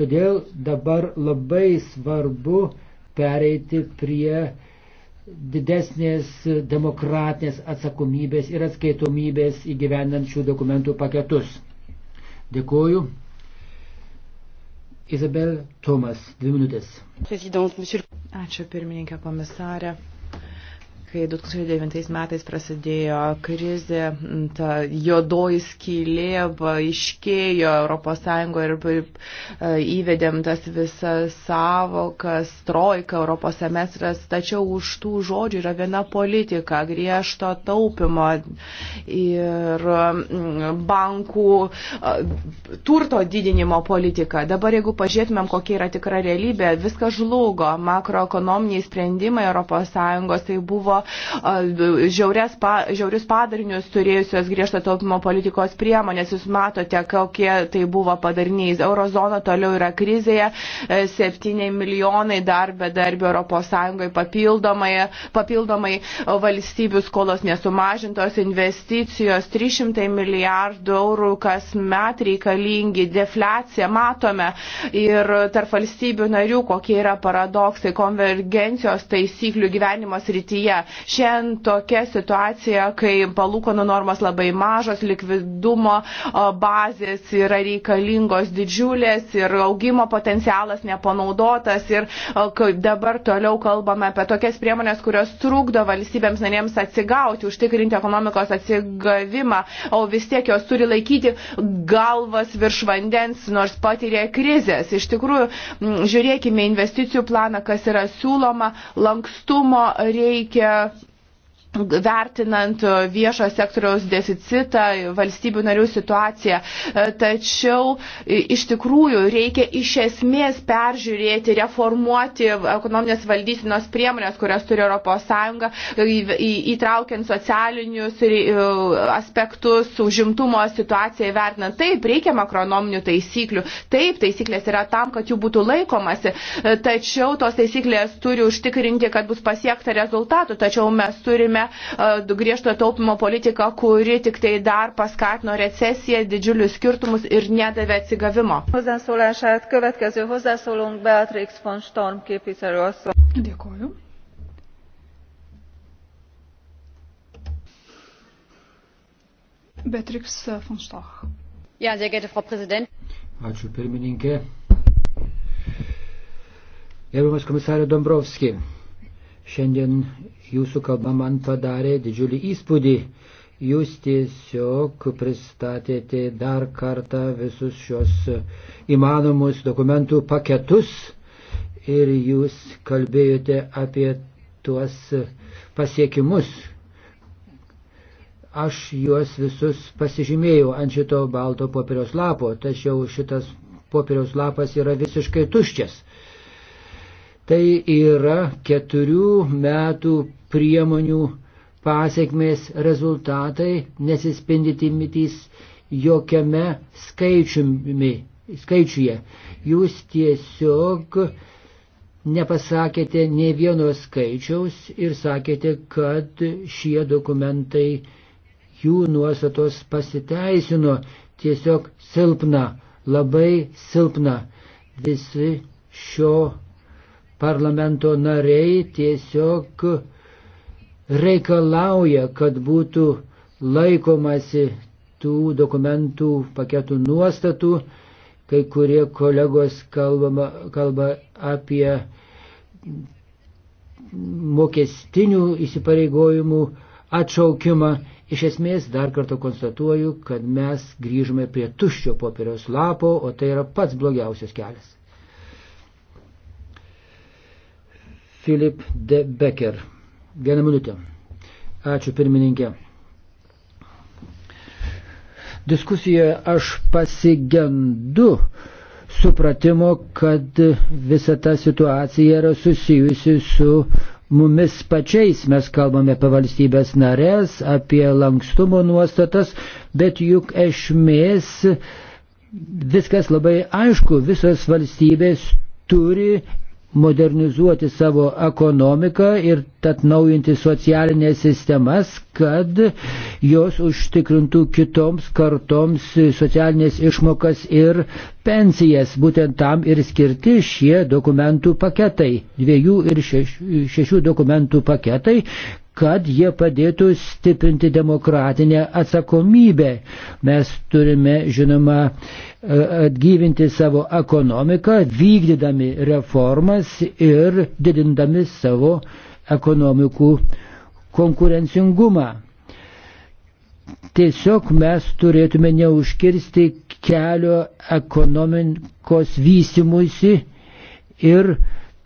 Todėl dabar labai svarbu pereiti prie didesnės demokratinės atsakomybės ir atskaitomybės įgyvendant šių dokumentų paketus. Dėkuoju. Izabel Tomas, dvi minutės. Ačiū pirmininkė komisarė kai 2009 metais prasidėjo krizė, ta jodoji skylė iškėjo ES ir e, įvedėm tas visas savokas, trojka, Europos semestras, tačiau už tų žodžių yra viena politika griežto taupimo ir bankų e, turto didinimo politika. Dabar jeigu pažiūrėtumėm, kokia yra tikra realybė, viskas žlugo, makroekonominiai sprendimai ES tai buvo žiaurias, pa, žiaurius padarinius turėjusios griežto taupimo politikos priemonės. Jūs matote, kokie tai buvo padariniais. Eurozona toliau yra krizėje, 7 e, milijonai dar bedarbių Europos Sąjungoje papildomai, papildomai valstybių skolos nesumažintos, investicijos 300 milijardų eurų kas met reikalingi, defliacija matome ir tarp valstybių narių, kokie yra paradoksai konvergencijos taisyklių gyvenimo srityje. Šiandien tokia situacija, kai palūkonų normas labai mažos, likvidumo bazės yra reikalingos didžiulės ir augimo potencialas nepanaudotas ir dabar toliau kalbame apie tokias priemonės, kurios trukdo valstybėms narėms atsigauti, užtikrinti ekonomikos atsigavimą, o vis tiek jos turi laikyti galvas virš vandens, nors patiria krizės. Iš tikrųjų, žiūrėkime investicijų planą, kas yra siūloma, lankstumo reikia, yra vertinant viešo sektoriaus deficitą, valstybių narių situaciją. Tačiau iš tikrųjų reikia iš esmės peržiūrėti, reformuoti ekonominės valdysinos priemonės, kurias turi ES, įtraukiant socialinius e, aspektus, užimtumo situaciją įvertinant. Taip, reikia makronominių taisyklių. Taip, taisyklės yra tam, kad jų būtų laikomasi. Tačiau tos taisyklės turi užtikrinti, kad bus pasiekta rezultatų. Tačiau mes turime turime e, griežto taupimo politiką, kuri tik tai dar paskatino recesiją, didžiulius skirtumus ir nedavė atsigavimo. Dėkuoju. Beatrix von Storch. Ja, sehr geehrte Frau Präsidentin. Ačiū pirmininkė. Gerbiamas komisarė Dombrovski, šiandien Jūsų kalba man padarė didžiulį įspūdį. Jūs tiesiog pristatėte dar kartą visus šios įmanomus dokumentų paketus ir jūs kalbėjote apie tuos pasiekimus. Aš juos visus pasižymėjau ant šito balto popieriaus lapo, tačiau šitas popieriaus lapas yra visiškai tuščias. Tai yra keturių metų priemonių pasiekmės rezultatai nesispindi timitys jokiame skaičiumi, skaičiuje. Jūs tiesiog nepasakėte ne vieno skaičiaus ir sakėte, kad šie dokumentai jų nuostatos pasiteisino tiesiog silpna, labai silpna. Visi šio parlamento nariai tiesiog reikalauja, kad būtų laikomasi tų dokumentų paketų nuostatų, kai kurie kolegos kalbama, kalba apie mokestinių įsipareigojimų atšaukimą. Iš esmės dar kartą konstatuoju, kad mes grįžome prie tuščio popieriaus lapo, o tai yra pats blogiausias kelias. Filip de Becker. Vieną minutę. Ačiū pirmininkė. Diskusijoje aš pasigendu supratimo, kad visa ta situacija yra susijusi su mumis pačiais. Mes kalbame apie valstybės narės, apie lankstumo nuostatas, bet juk esmės viskas labai aišku, visos valstybės turi modernizuoti savo ekonomiką ir atnaujinti socialinės sistemas, kad jos užtikrintų kitoms kartoms socialinės išmokas ir pensijas. Būtent tam ir skirti šie dokumentų paketai, dviejų ir šešių dokumentų paketai, kad jie padėtų stiprinti demokratinę atsakomybę. Mes turime, žinoma, e, atgyvinti savo ekonomiką, vykdydami reformas ir didindami savo ekonomikų konkurencingumą. Tiesiog mes turėtume neužkirsti kelio ekonomikos vystimuisi ir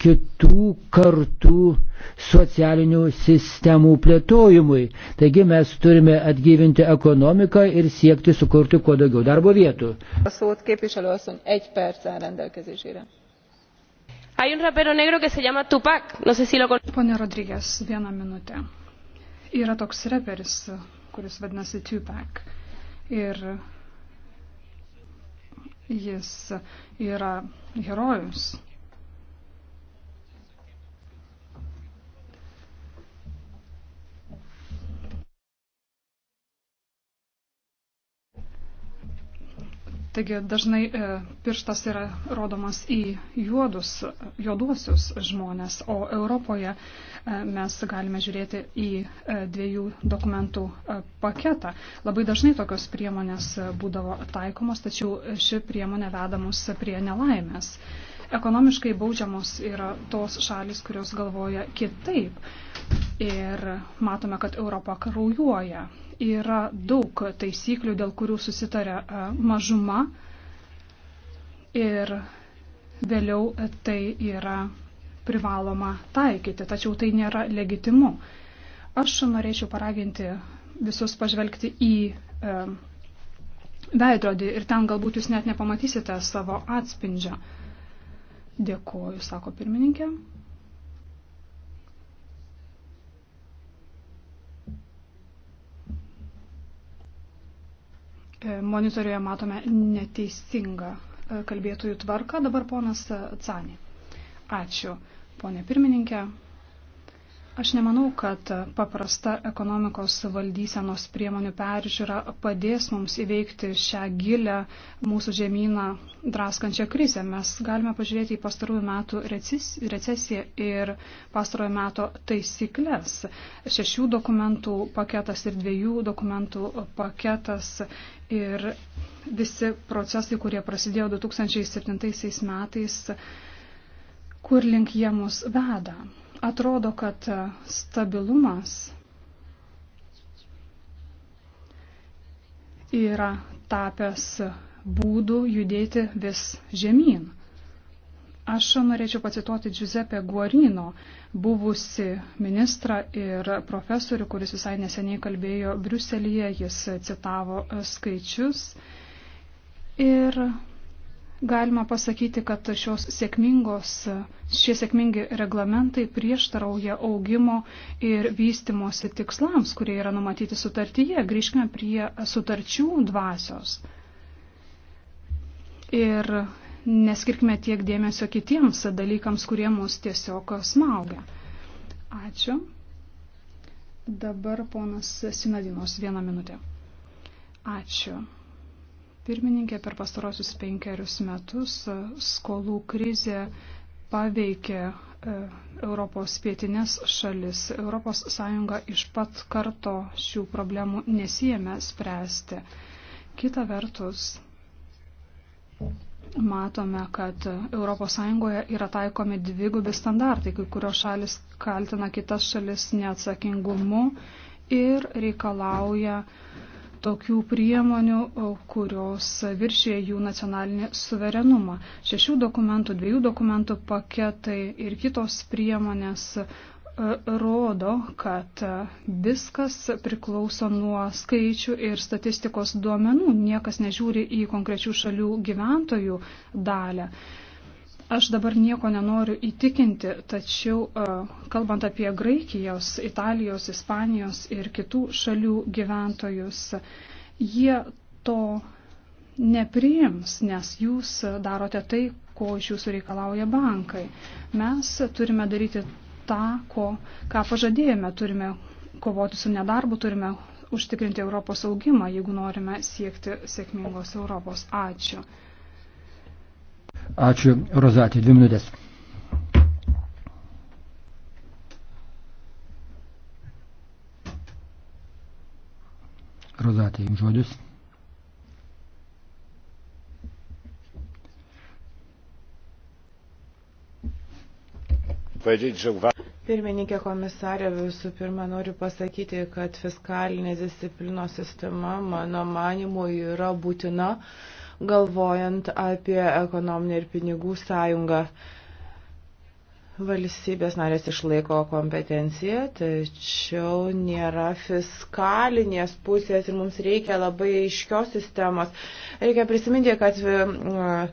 kitų kartų socialinių sistemų plėtojimui. Taigi mes turime atgyvinti ekonomiką ir siekti sukurti kuo daugiau darbo vietų. Hay un rapero negro que se llama Tupac. No sé si lo Pone Rodriguez, vieną minutę. Yra toks reperis, kuris vadinasi Tupac. Ir jis yra herojus Taigi dažnai e, pirštas yra rodomas į juodus, juoduosius žmonės, o Europoje e, mes galime žiūrėti į e, dviejų dokumentų paketą. Labai dažnai tokios priemonės būdavo taikomos, tačiau ši priemonė veda mus prie nelaimės. Ekonomiškai baudžiamos yra tos šalis, kurios galvoja kitaip. Ir matome, kad Europa kraujuoja yra daug taisyklių, dėl kurių susitarė e, mažuma ir vėliau tai yra privaloma taikyti, tačiau tai nėra legitimu. Aš norėčiau paraginti visus pažvelgti į e, veidrodį ir ten galbūt jūs net nepamatysite savo atspindžio. Dėkuoju, sako pirmininkė. E, monitoriuje matome neteisingą e, kalbėtojų tvarką. Dabar ponas e, Cani. Ačiū, ponė pirmininkė. Aš nemanau, kad paprasta ekonomikos valdysenos priemonių peržiūra padės mums įveikti šią gilę mūsų žemyną draskančią krizę. Mes galime pažiūrėti į pastarųjų metų recesiją ir pastarojo meto taisyklės. Šešių dokumentų paketas ir dviejų dokumentų paketas ir visi procesai, kurie prasidėjo 2007 metais, kur link jie mus veda. Atrodo, kad stabilumas yra tapęs būdų judėti vis žemyn. Aš norėčiau pacituoti Giuseppe Guarino, buvusi ministrą ir profesorių, kuris visai neseniai kalbėjo Briuselyje, jis citavo e, skaičius. Ir galima pasakyti, kad šios sėkmingos, šie sėkmingi reglamentai prieštarauja augimo ir vystimosi tikslams, kurie yra numatyti sutartyje. Grįžkime prie sutarčių dvasios. Ir neskirkime tiek dėmesio kitiems dalykams, kurie mus tiesiog smaugia. Ačiū. Dabar ponas Sinadinos vieną minutę. Ačiū. Pirmininkė per pastarosius penkerius metus skolų krizė paveikė e, Europos pietinės šalis. ES iš pat karto šių problemų nesijėmė spręsti. Kita vertus, matome, kad ES yra taikomi dvigubi standartai, kai kurios šalis kaltina kitas šalis neatsakingumu ir reikalauja tokių priemonių, kurios viršė jų nacionalinį suverenumą. Šešių dokumentų, dviejų dokumentų paketai ir kitos priemonės rodo, kad viskas priklauso nuo skaičių ir statistikos duomenų. Niekas nežiūri į konkrečių šalių gyventojų dalę. Aš dabar nieko nenoriu įtikinti, tačiau e, kalbant apie Graikijos, Italijos, Ispanijos ir kitų šalių gyventojus, jie to nepriims, nes jūs darote tai, ko iš jūsų reikalauja bankai. Mes turime daryti tą, ko, ką pažadėjome. Turime kovoti su nedarbu, turime užtikrinti Europos augimą, jeigu norime siekti sėkmingos Europos. Ačiū. Ačiū, Rozatė, dvi minutės. Rozatė, jums žodis. Pirmininkė komisarė, visų pirma, noriu pasakyti, kad fiskalinės disciplinos sistema, mano manimu, yra būtina, galvojant apie ekonominę ir pinigų sąjungą. Valstybės narės išlaiko kompetenciją, tačiau nėra fiskalinės pusės ir mums reikia labai aiškios sistemos. Reikia prisiminti, kad uh,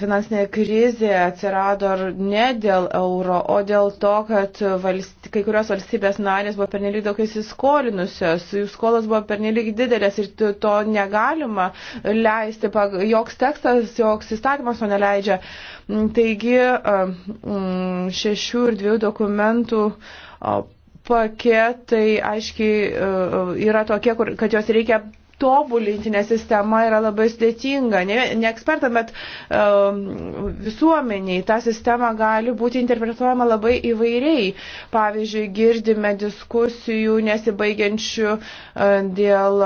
finansinė krizė atsirado ar ne dėl euro, o dėl to, kad valst, kai kurios valstybės narės buvo pernelyg daug įsiskolinusios, jų skolas buvo pernelyg didelės ir to negalima leisti, joks tekstas, joks įstatymas to neleidžia. Taigi šešių ir dviejų dokumentų paketai aiškiai yra tokie, kur, kad juos reikia tobulinti, nes sistema yra labai sudėtinga. Ne, ne ekspertam, bet um, visuomeniai ta sistema gali būti interpretuojama labai įvairiai. Pavyzdžiui, girdime diskusijų nesibaigiančių uh, dėl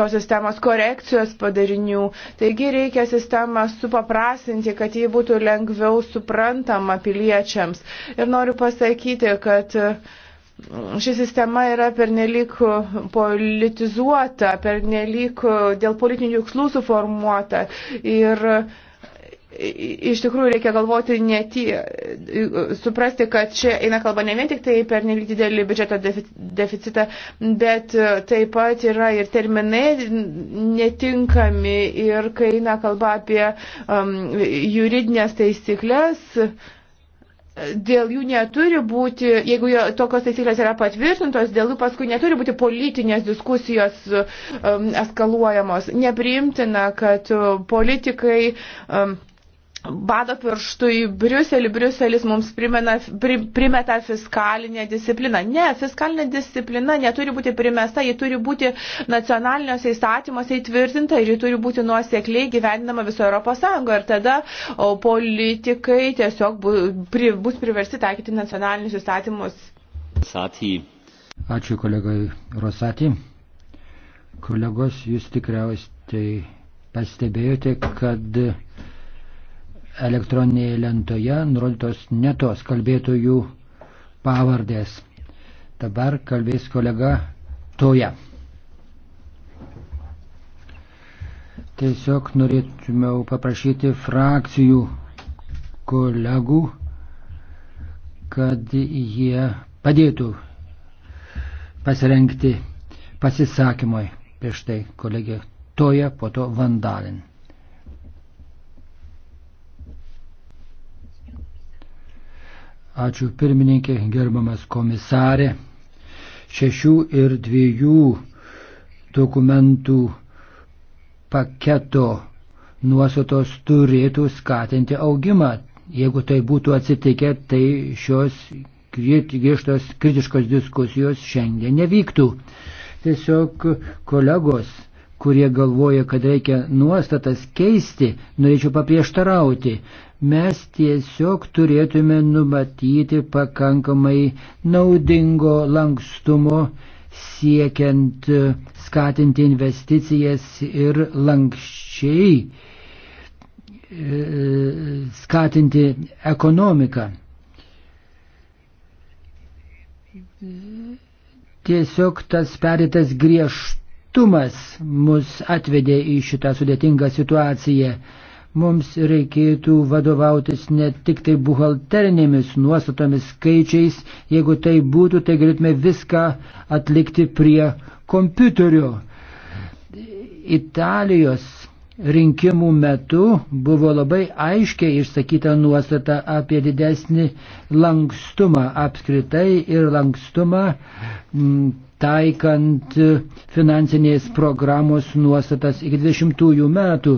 tos sistemos korekcijos padarinių. Taigi reikia sistemą supaprasinti, kad ji būtų lengviau suprantama piliečiams. Ir noriu pasakyti, kad uh, ši sistema yra pernelyg politizuota, pernelyg dėl politinių tikslų suformuota. Ir iš tikrųjų reikia galvoti ne tie, suprasti, kad čia eina kalba ne vien tik tai per nelik didelį biudžeto deficitą, bet taip pat yra ir terminai netinkami ir kai eina kalba apie um, juridinės taisyklės, uh, dėl jų neturi būti, jeigu jo, tokios taisyklės yra patvirtintos, dėl jų paskui neturi būti politinės diskusijos um, eskaluojamos. Nepriimtina, kad uh, politikai um, bado pirštų į Briuselį, Briuselis mums primena, pri, primeta fiskalinę discipliną. Ne, fiskalinė disciplina neturi būti primesta, ji turi būti nacionaliniuose įstatymuose įtvirtinta ir ji turi būti nuosekliai gyvendinama viso Europos Sąjungoje. Ir tada o, politikai tiesiog bu, pri, bus priversti taikyti nacionalinius įstatymus. Satį. Ačiū kolegai Rosati. Kolegos, jūs tikriausiai pastebėjote, kad elektroninėje lentoje nurodytos netos kalbėtojų pavardės. Dabar kalbės kolega Toja. Tiesiog norėtumiau paprašyti frakcijų kolegų, kad jie padėtų pasirengti pasisakymui prieš tai kolegė Toja, po to Vandalin. Ačiū pirmininkė, gerbamas komisarė. Šešių ir dviejų dokumentų paketo nuostatos turėtų skatinti augimą. Jeigu tai būtų atsitikę, tai šios griežtos kritiškos diskusijos šiandien nevyktų. Tiesiog kolegos, kurie galvoja, kad reikia nuostatas keisti, norėčiau paprieštarauti. Mes tiesiog turėtume numatyti pakankamai naudingo lankstumo siekiant skatinti investicijas ir lankščiai e, skatinti ekonomiką. Tiesiog tas perėtas griežtumas mus atvedė į šitą sudėtingą situaciją. Mums reikėtų vadovautis ne tik tai buhalterinėmis nuostatomis skaičiais, jeigu tai būtų, tai galėtume viską atlikti prie kompiuterio. Italijos rinkimų metu buvo labai aiškiai išsakyta nuostata apie didesnį lankstumą apskritai ir lankstumą m, mm, taikant finansinės programos nuostatas iki 20 metų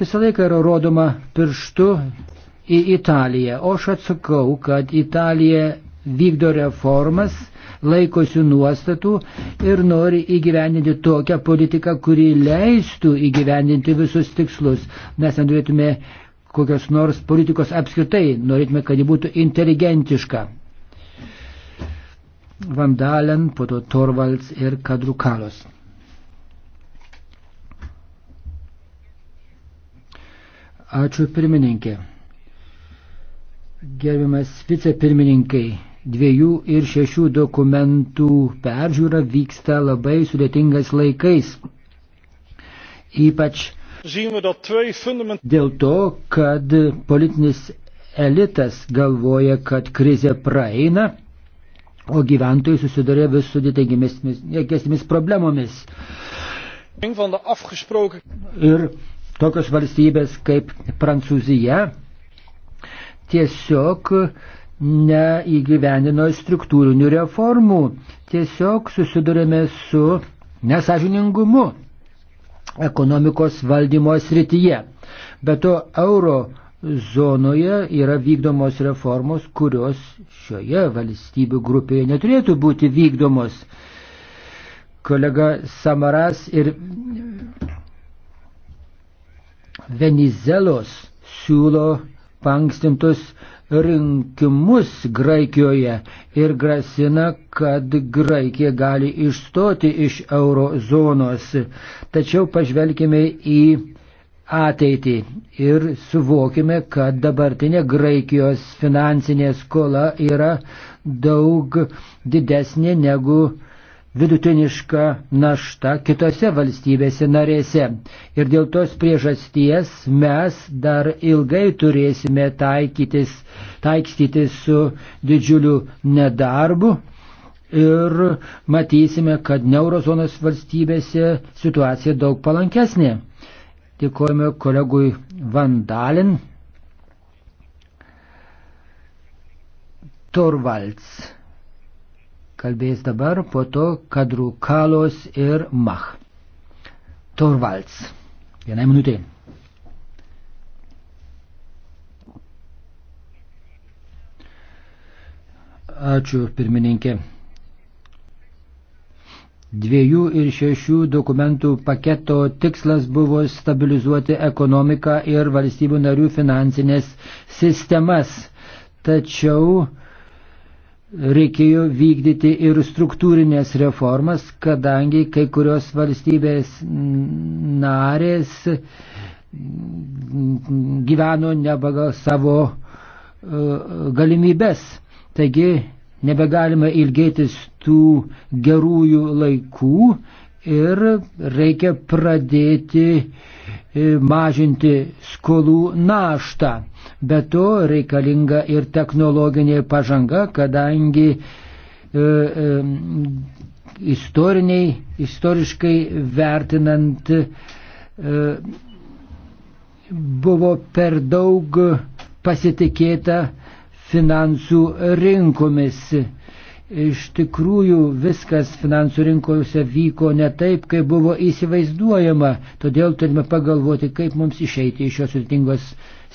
visą laiką yra rodoma pirštu į Italiją. O aš atsakau, kad Italija vykdo reformas, laikosi nuostatų ir nori įgyvendinti tokią politiką, kuri leistų įgyvendinti visus tikslus. Mes nenorėtume kokios nors politikos apskritai, norėtume, kad ji būtų inteligentiška. Vandalen, po to Torvalds ir Kadrukalos. Ačiū pirmininkė. Gerbiamas vicepirmininkai, dviejų ir šešių dokumentų peržiūra vyksta labai sudėtingais laikais. Ypač dėl to, kad politinis elitas galvoja, kad krizė praeina, o gyventojai susiduria vis sudėtingesnėmis problemomis. Ir tokios valstybės kaip Prancūzija tiesiog neįgyvendino struktūrinių reformų. Tiesiog susidurėme su nesažiningumu ekonomikos valdymo srityje. Be to, euro zonoje yra vykdomos reformos, kurios šioje valstybių grupėje neturėtų būti vykdomos. Kolega Samaras ir Venizelos siūlo pankstintus rinkimus Graikijoje ir grasina, kad Graikija gali išstoti iš eurozonos. Tačiau pažvelkime į ateitį ir suvokime, kad dabartinė Graikijos finansinė skola yra daug didesnė negu vidutiniška našta kitose valstybėse narėse. Ir dėl tos priežasties mes dar ilgai turėsime taikytis, taikstytis su didžiuliu nedarbu. Ir matysime, kad neurozonos valstybėse situacija daug palankesnė. Dėkojame kolegui Vandalin. Torvalds kalbės dabar, po to Kadrų Kalos ir Mach. Torvalds. Vienai minutė. Ačiū, pirmininkė. Dviejų ir šešių dokumentų paketo tikslas buvo stabilizuoti ekonomiką ir valstybių narių finansinės sistemas. Tačiau uh, reikėjo vykdyti ir struktūrinės reformas, kadangi kai kurios valstybės narės gyveno nebaga savo e, galimybės. Taigi nebegalima ilgėtis tų gerųjų laikų ir reikia pradėti uh, E, mažinti skolų naštą. Be to reikalinga ir technologinė pažanga, kadangi e, e, istoriniai, istoriškai vertinant e, buvo per daug pasitikėta finansų rinkomis iš tikrųjų viskas finansų rinkose vyko ne taip, kaip buvo įsivaizduojama. Todėl turime pagalvoti, kaip mums išeiti iš šios sudėtingos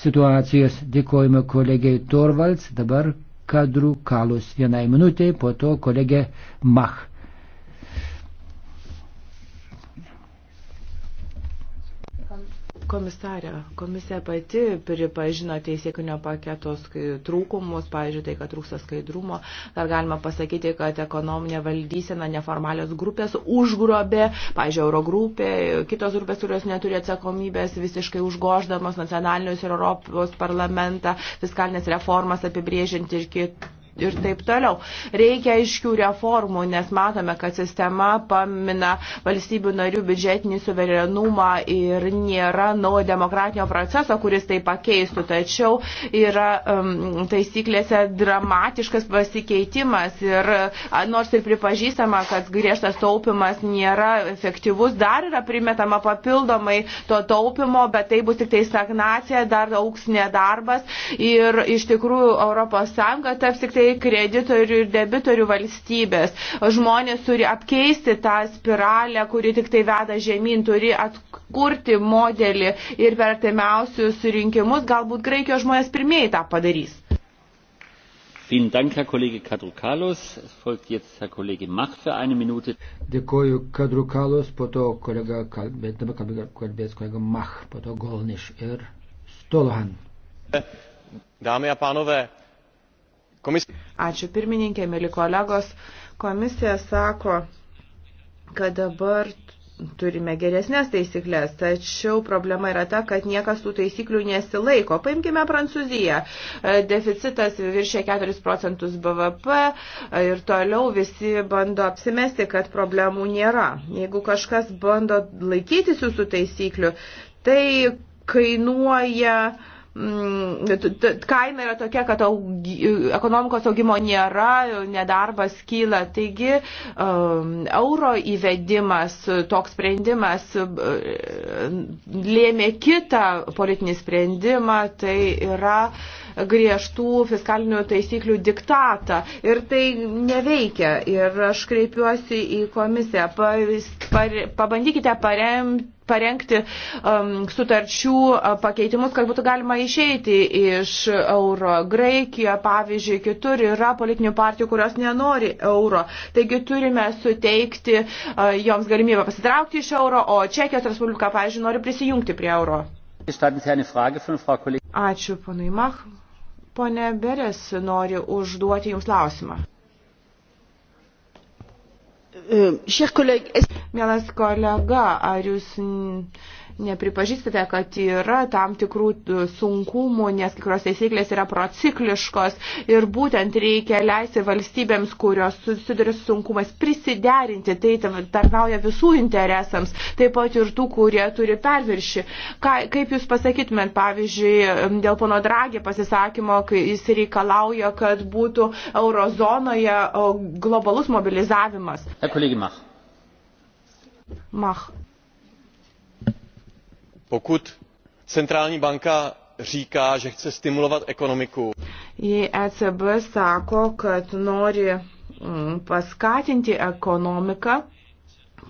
situacijos. Dėkojame kolegiai Torvalds, dabar kadrų kalus vienai minutiai, po to kolegė Mach. Komisarė, komisija pati pripažino teisėkinio paketo trūkumus, pavyzdžiui, tai, kad trūksta skaidrumo. Dar galima pasakyti, kad ekonominė valdysena neformalios grupės užgrobė, pavyzdžiui, Eurogrupė, kitos grupės, kurios neturi atsakomybės, visiškai užgoždamos nacionalinius ir Europos parlamentą, fiskalinės reformas apibrėžinti ir kitus ir taip toliau. Reikia aiškių reformų, nes matome, kad sistema pamina valstybių narių biudžetinį suverenumą ir nėra naujo demokratinio proceso, kuris tai pakeistų. Tačiau yra um, taisyklėse dramatiškas pasikeitimas ir nors ir pripažįstama, kad griežtas taupimas nėra efektyvus, dar yra primetama papildomai to taupimo, bet tai bus tik tai stagnacija, dar auks nedarbas ir iš tikrųjų ES taps tik tai tai kreditorių ir debitorių valstybės. Žmonės turi apkeisti tą spiralę, kuri tik tai veda žemyn, turi atkurti modelį ir per artimiausius rinkimus galbūt Graikijos žmonės pirmieji tą padarys. Dėkoju Kadrukalos, po to kolega, dabar kalbės kolega Mach, po to Golniš ir Stolohan. Dámy a pánové, Komis... Ačiū pirmininkė, mėly kolegos. Komisija sako, kad dabar turime geresnės taisyklės, tačiau problema yra ta, kad niekas tų taisyklių nesilaiko. Paimkime Prancūziją. E, deficitas viršė 4 procentus BVP ir toliau visi bando apsimesti, kad problemų nėra. Jeigu kažkas bando laikytis jūsų taisyklių, tai kainuoja uh, Mm, kaina yra tokia, kad ekonomikos augimo nėra, nedarbas kyla. Taigi um, euro įvedimas, toks sprendimas e, lėmė kitą politinį sprendimą, tai yra griežtų fiskalinių taisyklių diktatą. Ir tai neveikia. Ir aš kreipiuosi į komisiją. Pa, par, pabandykite paremti parengti um, sutarčių uh, pakeitimus, kad būtų galima išeiti iš euro. Graikija, pavyzdžiui, kitur yra politinių partijų, kurios nenori euro. Taigi turime suteikti uh, joms galimybę pasitraukti iš euro, o Čekijos Respublika, pavyzdžiui, nori prisijungti prie euro. Ačiū, ponai Mach. Pone Beres nori užduoti Jums klausimą. Mielas kolega, ar Jūs nepripažįstate, kad yra tam tikrų e, sunkumų, nes kai kurios teisyklės yra procikliškos ir būtent reikia leisti valstybėms, kurios susiduria su sunkumas, prisiderinti, tai tarnauja visų interesams, taip pat ir tų, kurie turi perviršį. Ka, kaip Jūs pasakytumėt, pavyzdžiui, dėl pono Dragė pasisakymo, kai jis reikalauja, kad būtų eurozonoje globalus mobilizavimas? Herr Kollege Mach. Mach pokud centrální banka říká že chce stimulovat ekonomiku jei ecb sako kad nori mm, paskatinti ekonomiką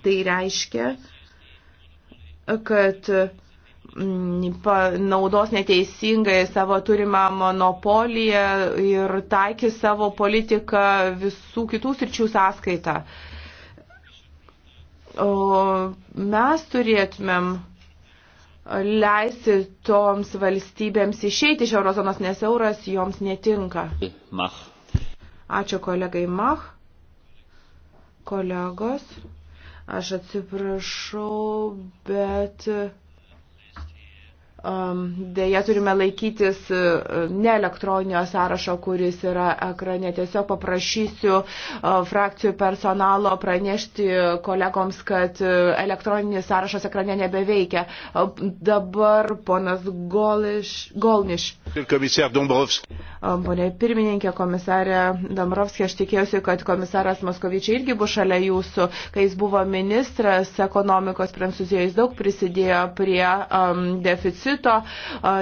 tai reiškia kad mm, panaudos neteisingai savo turimą monopoliją ir taikys savo politiką visų kitų sričių sąskaitą. O mes turėtumėm leisti toms valstybėms išeiti iš eurozonos, nes euras joms netinka. Mach. Ačiū kolegai Mach. Kolegos, aš atsiprašau, bet. Deja, turime laikytis e, ne elektroninio sąrašo, kuris yra ekrane. Tiesiog paprašysiu e, frakcijų personalo pranešti kolegoms, kad e, elektroninis sąrašas ekrane nebeveikia. Dabar ponas Goliš, Golniš. Pone pirmininkė, komisarė Dombrovskė, aš tikėjausi, kad komisaras Moskovičiai irgi bus šalia jūsų. Kai jis buvo ministras ekonomikos Prancūzijoje, jis daug prisidėjo prie um, deficito vizito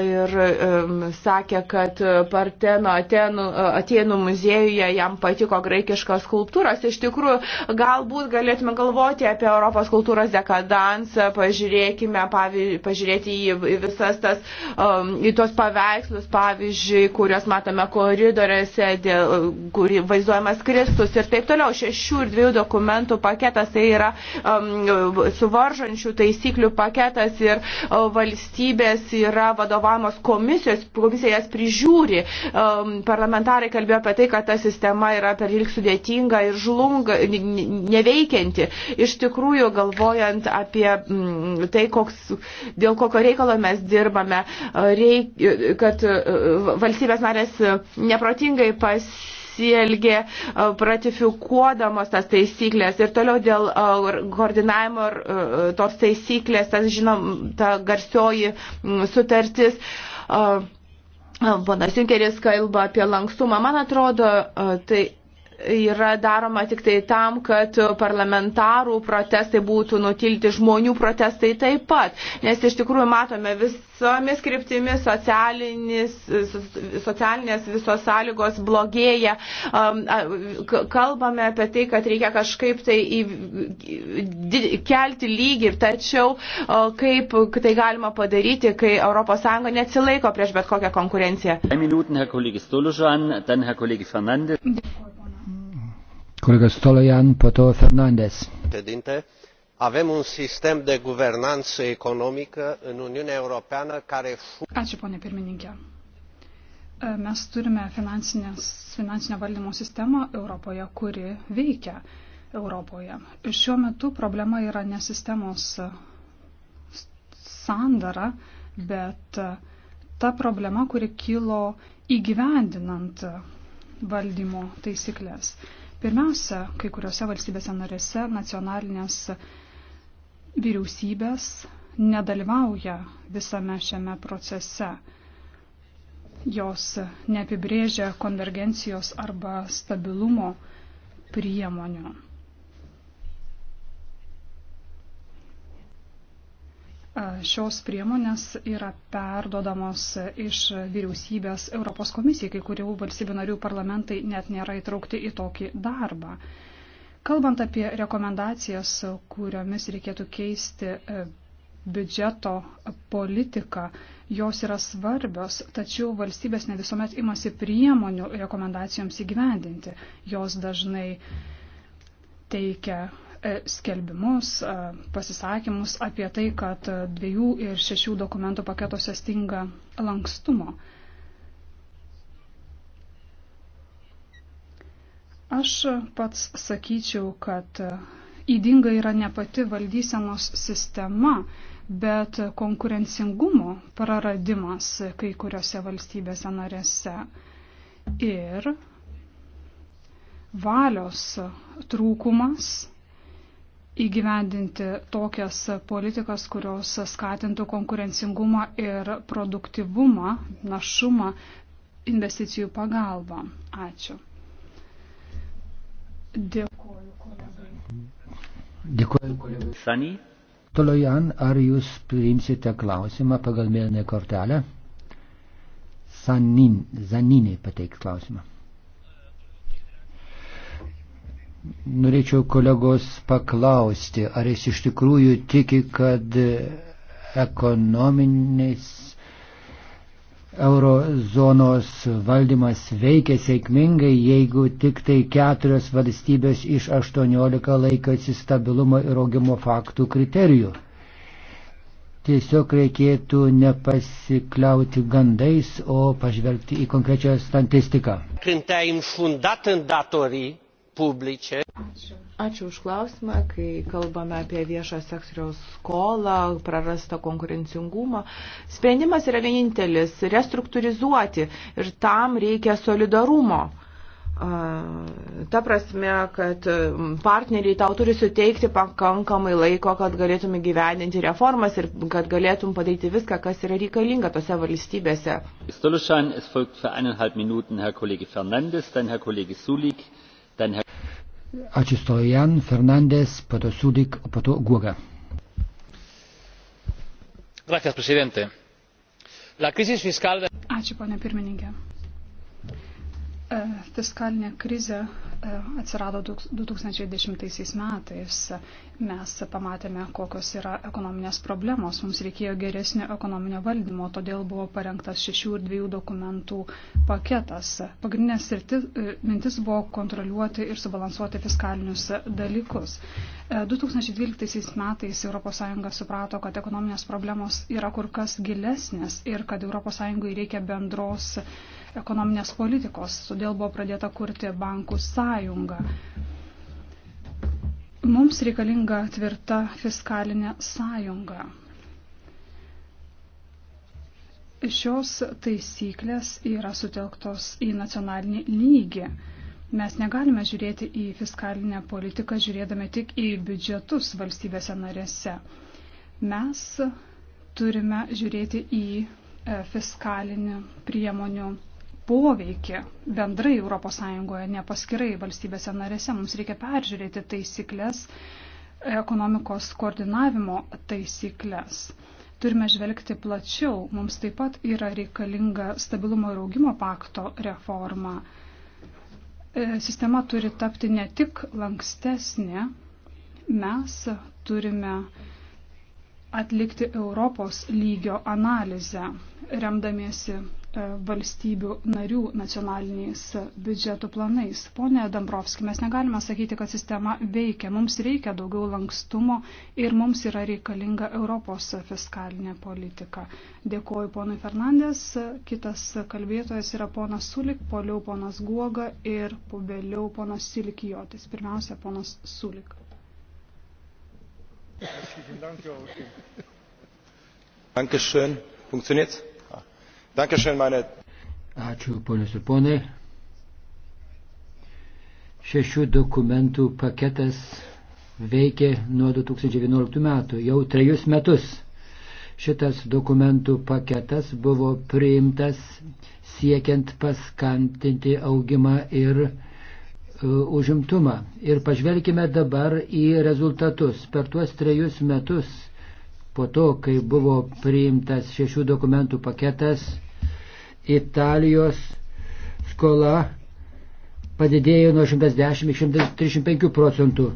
ir sakė, kad Parteno Atenų, Atenų muziejuje jam patiko graikiškos skulptūros. Iš tikrųjų, galbūt galėtume galvoti apie Europos kultūros dekadansą, pažiūrėkime, pavyzdžiui, pažiūrėti į visas tas, į tos paveikslus, pavyzdžiui, kuriuos matome koridoriuose, dėl, kur vaizduojamas Kristus ir taip toliau. Šešių ir dviejų dokumentų paketas tai yra um, suvaržančių taisyklių paketas ir e, valstybės parlamentas yra vadovamos komisijos, komisija jas prižiūri. Parlamentarai kalbėjo apie tai, kad ta sistema yra perlik sudėtinga ir žlunga, neveikianti. Iš tikrųjų, galvojant apie mm, tai, koks, dėl kokio reikalo mes dirbame, e, reik, kad e, valstybės narės neprotingai pasiūlė pasielgė pratifikuodamos tas taisyklės ir toliau dėl koordinavimo tos taisyklės, tas žinom, ta garsioji sutartis. Ponas Junkeris kalba apie lankstumą. Man atrodo, tai yra daroma tik tai tam, kad parlamentarų protestai būtų nutilti, žmonių protestai taip pat. Nes iš tikrųjų matome visomis kryptimis socialinės visos sąlygos blogėja. Um, kalbame apie tai, kad reikia kažkaip tai į, kelti lygį, tačiau kaip tai galima padaryti, kai ES neatsilaiko prieš bet kokią konkurenciją. Minuten, Herr Kollege Stolužan, dann Herr Kollege Fernandes. Colega Stolojan, po to Fernandez. Președinte, avem un sistem de guvernanță economică în Uniunea Europeană care... Ačiū, ponė pirmininkė. E, mes turime finansinio valdymo sistemą Europoje, kuri veikia Europoje. Šiuo metu problema yra ne sistemos sandara, bet ta problema, kuri kilo įgyvendinant valdymo taisyklės. Pirmiausia, kai kuriuose valstybėse narėse nacionalinės vyriausybės nedalyvauja visame šiame procese. Jos neapibrėžia konvergencijos arba stabilumo priemonių. Šios priemonės yra perdodamos iš vyriausybės Europos komisijai, kai kurių valstybių narių parlamentai net nėra įtraukti į tokį darbą. Kalbant apie rekomendacijas, kuriomis reikėtų keisti e, biudžeto politiką, jos yra svarbios, tačiau valstybės ne visuomet imasi priemonių rekomendacijoms įgyvendinti. Jos dažnai teikia E, skelbimus, e, pasisakymus apie tai, kad e, dviejų ir šešių dokumentų paketuose stinga lankstumo. Aš pats sakyčiau, kad įdinga yra ne pati valdysenos sistema, bet konkurencingumo praradimas kai kuriuose valstybėse narėse ir valios trūkumas įgyvendinti tokias politikas, kurios skatintų konkurencingumą ir produktivumą, našumą investicijų pagalba. Ačiū. Dėkuoju kolegai. Dėkuoju kolegai. Sani. Tolojan, ar jūs priimsite klausimą pagal mėlynę kortelę? Sanin, Zaninė pateiks klausimą. norėčiau kolegos paklausti, ar jis iš tikrųjų tiki, kad ekonominis eurozonos valdymas veikia sėkmingai, jeigu tik tai keturios valstybės iš 18 laikosi stabilumo ir augimo faktų kriterijų. Tiesiog reikėtų nepasikliauti gandais, o pažvelgti į konkrečią statistiką. Când te-ai înfundat în datorii, publice. Ačiū. Ačiū už klausimą, kai kalbame apie viešo sektoriaus skolą, prarastą konkurencingumą. Sprendimas yra vienintelis - restruktūrizuoti ir tam reikia solidarumo. Ta prasme, kad partneriai tau turi suteikti pakankamai laiko, kad galėtum įgyvendinti reformas ir kad galėtum padaryti viską, kas yra reikalinga tose valstybėse. Stolušan, es folgt für eineinhalb Minuten Herr Kollege Fernandes, dann Herr Kollege Sulik. Ačiū Stolojan, Fernandės, pato Sudik, pato Guoga. Gracias, presidente. La crisis fiscal. Ačiū, ponė pirmininkė. E, fiskalinė krizė e, atsirado 2010 metais. Mes pamatėme, kokios yra ekonominės problemos. Mums reikėjo geresnio ekonominio valdymo, todėl buvo parengtas šešių ir dviejų dokumentų paketas. Pagrindinės e, mintis buvo kontroliuoti ir subalansuoti fiskalinius dalykus. 2012 metais ES suprato, kad ekonominės problemos yra kur kas gilesnės ir kad ES reikia bendros ekonominės politikos, todėl buvo pradėta kurti bankų sąjungą. Mums reikalinga tvirta fiskalinė sąjunga. Šios taisyklės yra sutelktos į nacionalinį lygį. Mes negalime žiūrėti į fiskalinę politiką, žiūrėdami tik į biudžetus valstybėse narėse. Mes turime žiūrėti į e, fiskalinių priemonių poveikį bendrai ES, ne paskirai valstybėse narėse. Mums reikia peržiūrėti taisyklės, ekonomikos koordinavimo taisyklės. Turime žvelgti plačiau. Mums taip pat yra reikalinga stabilumo ir augimo pakto reforma. E, sistema turi tapti ne tik lankstesnė, mes turime atlikti Europos lygio analizę, remdamiesi E, valstybių narių nacionaliniais biudžeto planais. Pone Dambrovski, mes negalime sakyti, kad sistema veikia. Mums reikia daugiau lankstumo ir mums yra reikalinga Europos fiskalinė politika. Dėkoju ponui Fernandės. Kitas kalbėtojas yra ponas Sulik, poliau ponas Guoga ir vėliau ponas Silikijotis. Pirmiausia, ponas Sulik. Dankeschön. Funktioniert's? Ačiū, ponios ir ponai. Šešių dokumentų paketas veikia nuo 2011 metų, jau trejus metus. Šitas dokumentų paketas buvo priimtas siekiant paskantinti augimą ir uh, užimtumą. Ir pažvelkime dabar į rezultatus. Per tuos trejus metus po to, kai buvo priimtas šešių dokumentų paketas, Italijos skola padidėjo nuo 110 iki 135 procentų,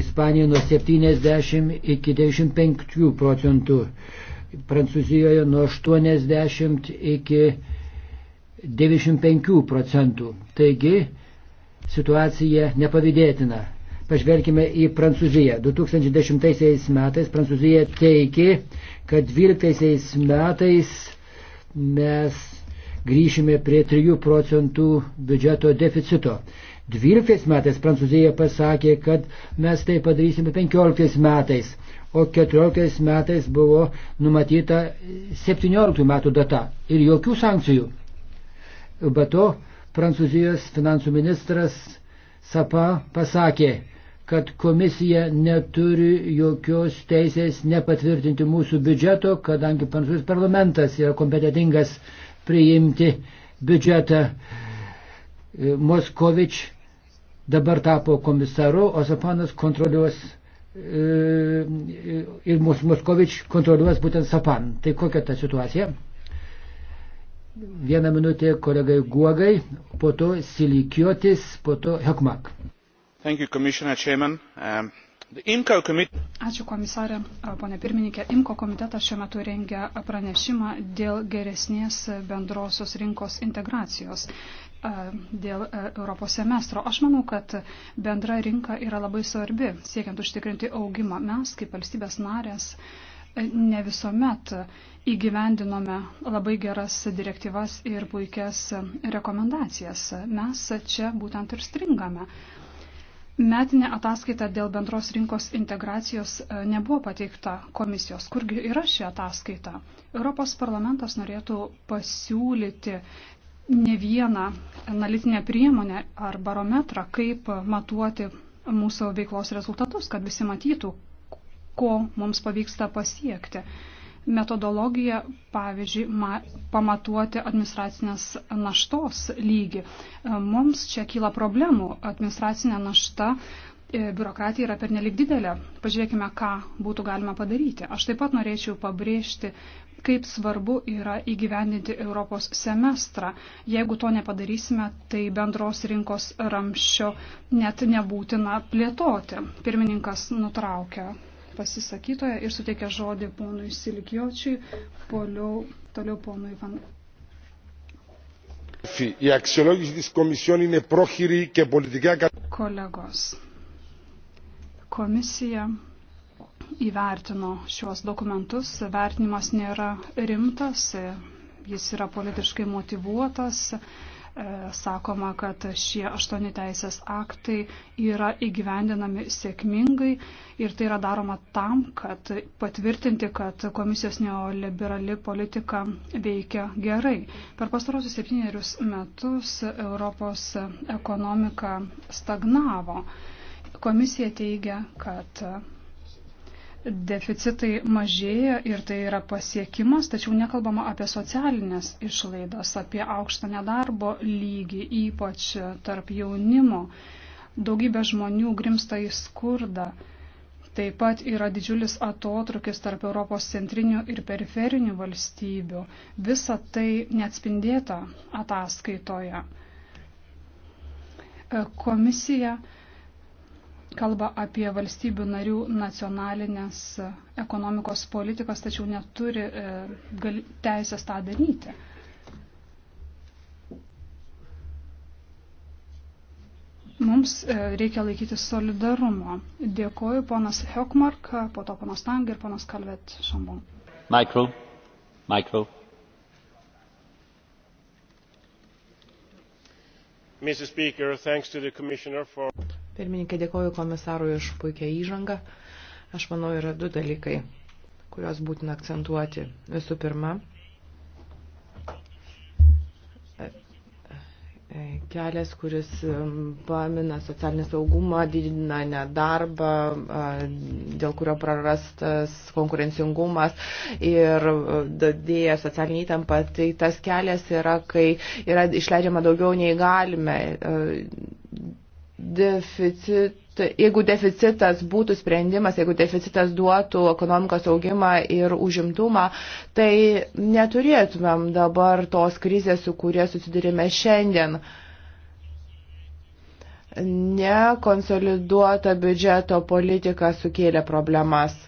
Ispanija nuo 70 iki 95 procentų, Prancūzijoje nuo 80 iki 95 procentų. Taigi situacija nepavydėtina. Pažvelkime į Prancūziją. 2010 metais Prancūzija teikė, kad 12 metais mes grįšime prie 3 procentų biudžeto deficito. 12 metais Prancūzija pasakė, kad mes tai padarysime 15 metais, o 14 metais buvo numatyta 17 metų data ir jokių sankcijų. Be to, Prancūzijos finansų ministras Sapa pasakė, kad komisija neturi jokios teisės nepatvirtinti mūsų biudžeto, kadangi prancūzijos parlamentas yra kompetitingas priimti biudžetą. E, Moskovič dabar tapo komisaru, o Sapanas kontroliuos e, e, ir Moskovič kontroliuos būtent Sapan. Tai kokia ta situacija? Vieną minutę kolegai Guogai, po to Silikiotis, po to Hekmak. You, um, committee... Ačiū komisarė, ponė pirmininkė. IMCO komitetas šiuo metu rengia pranešimą dėl geresnės bendrosios rinkos integracijos dėl Europos semestro. Aš manau, kad bendra rinka yra labai svarbi, siekiant užtikrinti augimą. Mes, kaip valstybės narės, ne visuomet įgyvendinome labai geras direktyvas ir puikias rekomendacijas. Mes čia būtent ir stringame. Metinė ataskaita dėl bendros rinkos integracijos e, nebuvo pateikta komisijos. Kurgi yra ši ataskaita? Europos parlamentas norėtų pasiūlyti ne vieną analitinę priemonę ar barometrą, kaip matuoti mūsų veiklos rezultatus, kad visi matytų, ko mums pavyksta pasiekti metodologiją, pavyzdžiui, ma, pamatuoti administracinės naštos lygį. E, mums čia kyla problemų. Administracinė našta e, biurokratija yra pernelik didelė. Pažiūrėkime, ką būtų galima padaryti. Aš taip pat norėčiau pabrėžti, kaip svarbu yra įgyvendinti Europos semestrą. Jeigu to nepadarysime, tai bendros rinkos ramščio net nebūtina plėtoti. Pirmininkas nutraukia pasisakytoją ir suteikia žodį ponui Silikiočiui, poliau, toliau ponui Van. Kolegos, komisija įvertino šiuos dokumentus, vertinimas nėra rimtas, jis yra politiškai motivuotas. E, sakoma, kad šie aštuoni teisės aktai yra įgyvendinami sėkmingai ir tai yra daroma tam, kad patvirtinti, kad komisijos neoliberali politika veikia gerai. Per pastarosius septynerius metus Europos ekonomika stagnavo. Komisija teigia, kad deficitai mažėja ir tai yra pasiekimas, tačiau nekalbama apie socialinės išlaidas, apie aukštą nedarbo lygį, ypač tarp jaunimo. Daugybė žmonių grimsta į skurdą. Taip pat yra didžiulis atotrukis tarp Europos centrinių ir periferinių valstybių. Visa tai neatspindėta ataskaitoje. Komisija kalba apie valstybių narių nacionalinės ekonomikos politikas, tačiau neturi e, teisės tą daryti. Mums e, reikia laikyti solidarumo. Dėkoju ponas Hekmark, po to ponas Tang ir ponas Kalvet Šambon. Micro. Micro. Mr. Speaker, thanks to the Commissioner for Pirmininkai, dėkoju komisarui už puikią įžangą. Aš manau, yra du dalykai, kuriuos būtina akcentuoti. Visų pirma, kelias, kuris um, pamina socialinį saugumą, didina nedarbą, dėl kurio prarastas konkurencingumas ir didėja socialinė įtampa. Tai tas kelias yra, kai yra išleidžiama daugiau nei galime deficit, jeigu deficitas būtų sprendimas, jeigu deficitas duotų ekonomikos augimą ir užimtumą, tai neturėtumėm dabar tos krizės, su kuria susidurime šiandien nekonsoliduota biudžeto politika sukėlė problemas.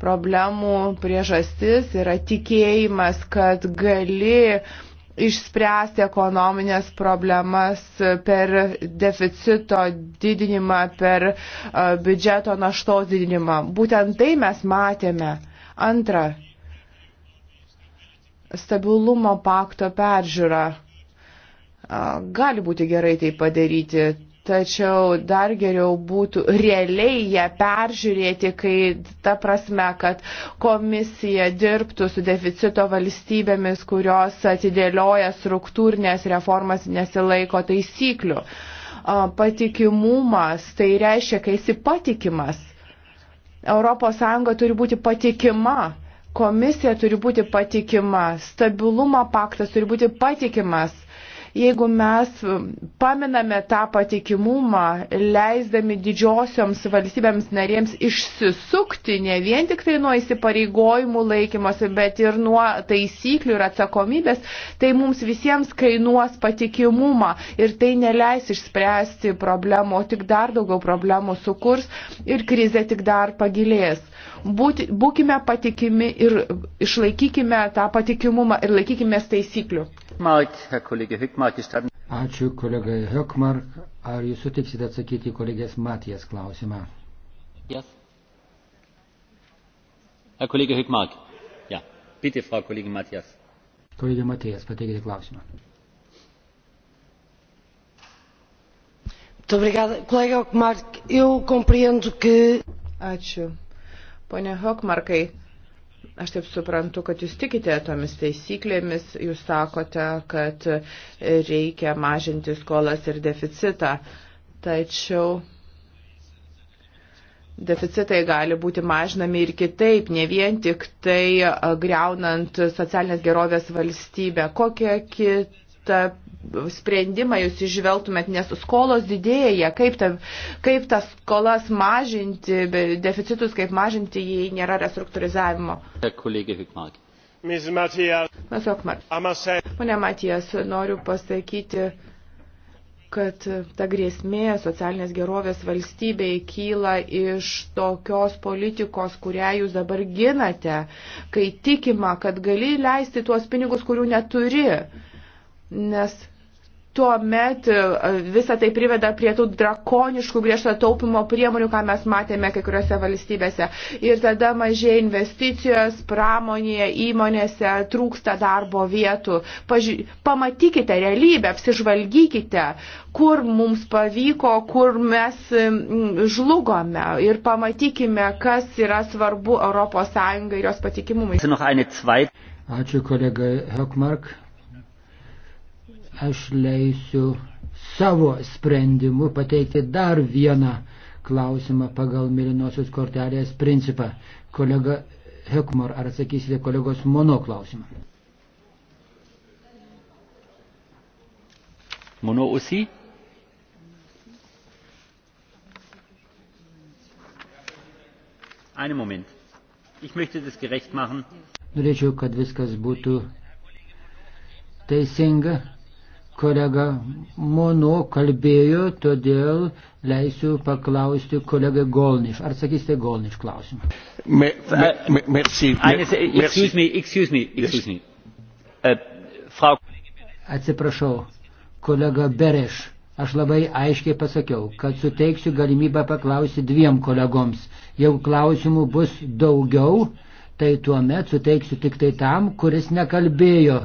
Problemų priežastis yra tikėjimas, kad gali uh, išspręsti ekonominės problemas per deficito didinimą, per e, biudžeto naštos didinimą. Būtent tai mes matėme. Antra, stabilumo pakto peržiūra. E, gali būti gerai tai padaryti tačiau dar geriau būtų realiai ją peržiūrėti, kai ta prasme, kad komisija dirbtų su deficito valstybėmis, kurios atidėlioja struktūrinės reformas nesilaiko taisyklių. Patikimumas, tai reiškia, kai esi patikimas. ES turi būti patikima komisija turi būti patikima, stabilumo paktas turi būti patikimas. Jeigu mes um, paminame tą patikimumą, leisdami didžiosioms valstybėms narėms išsisukti ne vien tik tai nuo įsipareigojimų laikymosi, bet ir nuo taisyklių ir atsakomybės, tai mums visiems kainuos patikimumą ir tai neleis išspręsti problemų, o tik dar daugiau problemų sukurs ir krizė tik dar pagilės. Būti, būkime patikimi ir išlaikykime tą patikimumą ir laikykime taisyklių. Ačiū kolegai Hökmar. Ar jūs sutiksite atsakyti į kolegės Matijas klausimą? Yes. Herr Kollege Hökmark. Ja, bitte, Frau Kollegin Matthias. Kollege Matthias, pateikite klausimą. Muito obrigada. Colega Hökmark, eu compreendo que. Ačiū. Pone Hökmarkai, Aš taip suprantu, kad jūs tikite tomis taisyklėmis, jūs sakote, kad reikia mažinti skolas ir deficitą, tačiau deficitai gali būti mažinami ir kitaip, ne vien tik tai greunant socialinės gerovės valstybę. Kokia kita tą sprendimą jūs išvelgtumėt, nes skolos didėja, kaip, ta, kaip tas skolas mažinti, deficitus kaip mažinti, jei nėra restruktūrizavimo. Pane Matijas, noriu pasakyti, kad ta grėsmė socialinės gerovės valstybei kyla iš tokios politikos, kurią jūs dabar ginate, kai tikima, kad gali leisti tuos pinigus, kurių neturi nes tuomet e, visą tai priveda prie tų drakoniškų griežto taupimo priemonių, ką mes matėme kai kuriuose valstybėse. Ir tada mažėja investicijos, pramonėje, įmonėse trūksta darbo vietų. Paži pamatykite realybę, apsižvalgykite, kur mums pavyko, kur mes žlugome ir pamatykime, kas yra svarbu ES ir jos patikimumui. Ačiū kolega Hökmark aš leisiu savo sprendimu pateikti dar vieną klausimą pagal mėlynosios kortelės principą. Kolega Hekmor, ar atsakysite kolegos Mono klausimą? Mono aussi Einen Moment. Ich möchte das gerecht machen. Norėčiau, kad viskas būtų teisinga kolega Mono kalbėjo, todėl leisiu paklausti kolegai Golniš. Ar sakysite Golniš klausimą? Me, me, uh, me, merci. merci. Excuse me, excuse me, excuse me. Uh, frau... Atsiprašau, kolega Bereš. Aš labai aiškiai pasakiau, kad suteiksiu galimybę paklausyti dviem kolegoms. Jeigu klausimų bus daugiau, tai tuomet suteiksiu tik tai tam, kuris nekalbėjo.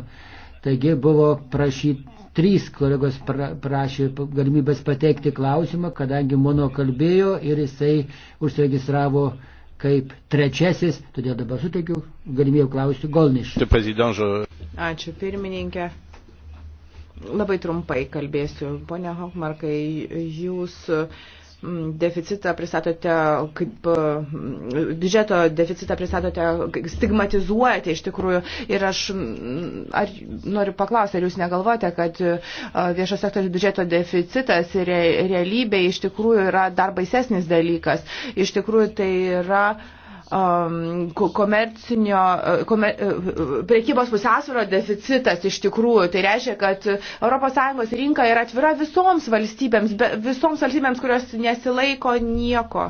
Taigi buvo prašyt, Trys kolegos pra, prašė galimybės pateikti klausimą, kadangi mano kalbėjo ir jisai užsiregistravo kaip trečiasis, todėl dabar suteikiu galimybę klausti Golniš. Ačiū pirmininkė. Labai trumpai kalbėsiu. Pone Hokmarkai, jūs uh, deficitą pristatote kaip biudžeto deficitą pristatote, stigmatizuojate iš tikrųjų. Ir aš ar, noriu paklausti, ar jūs negalvojate, kad e, viešo sektoriaus biudžeto deficitas re, realybėje iš tikrųjų yra dar baisesnis dalykas. Iš tikrųjų tai yra Um, komercinio, uh, komer, uh, prekybos pusiausvėro deficitas iš tikrųjų. Tai reiškia, kad ES rinka yra atvira visoms valstybėms, visoms valstybėms, kurios nesilaiko nieko.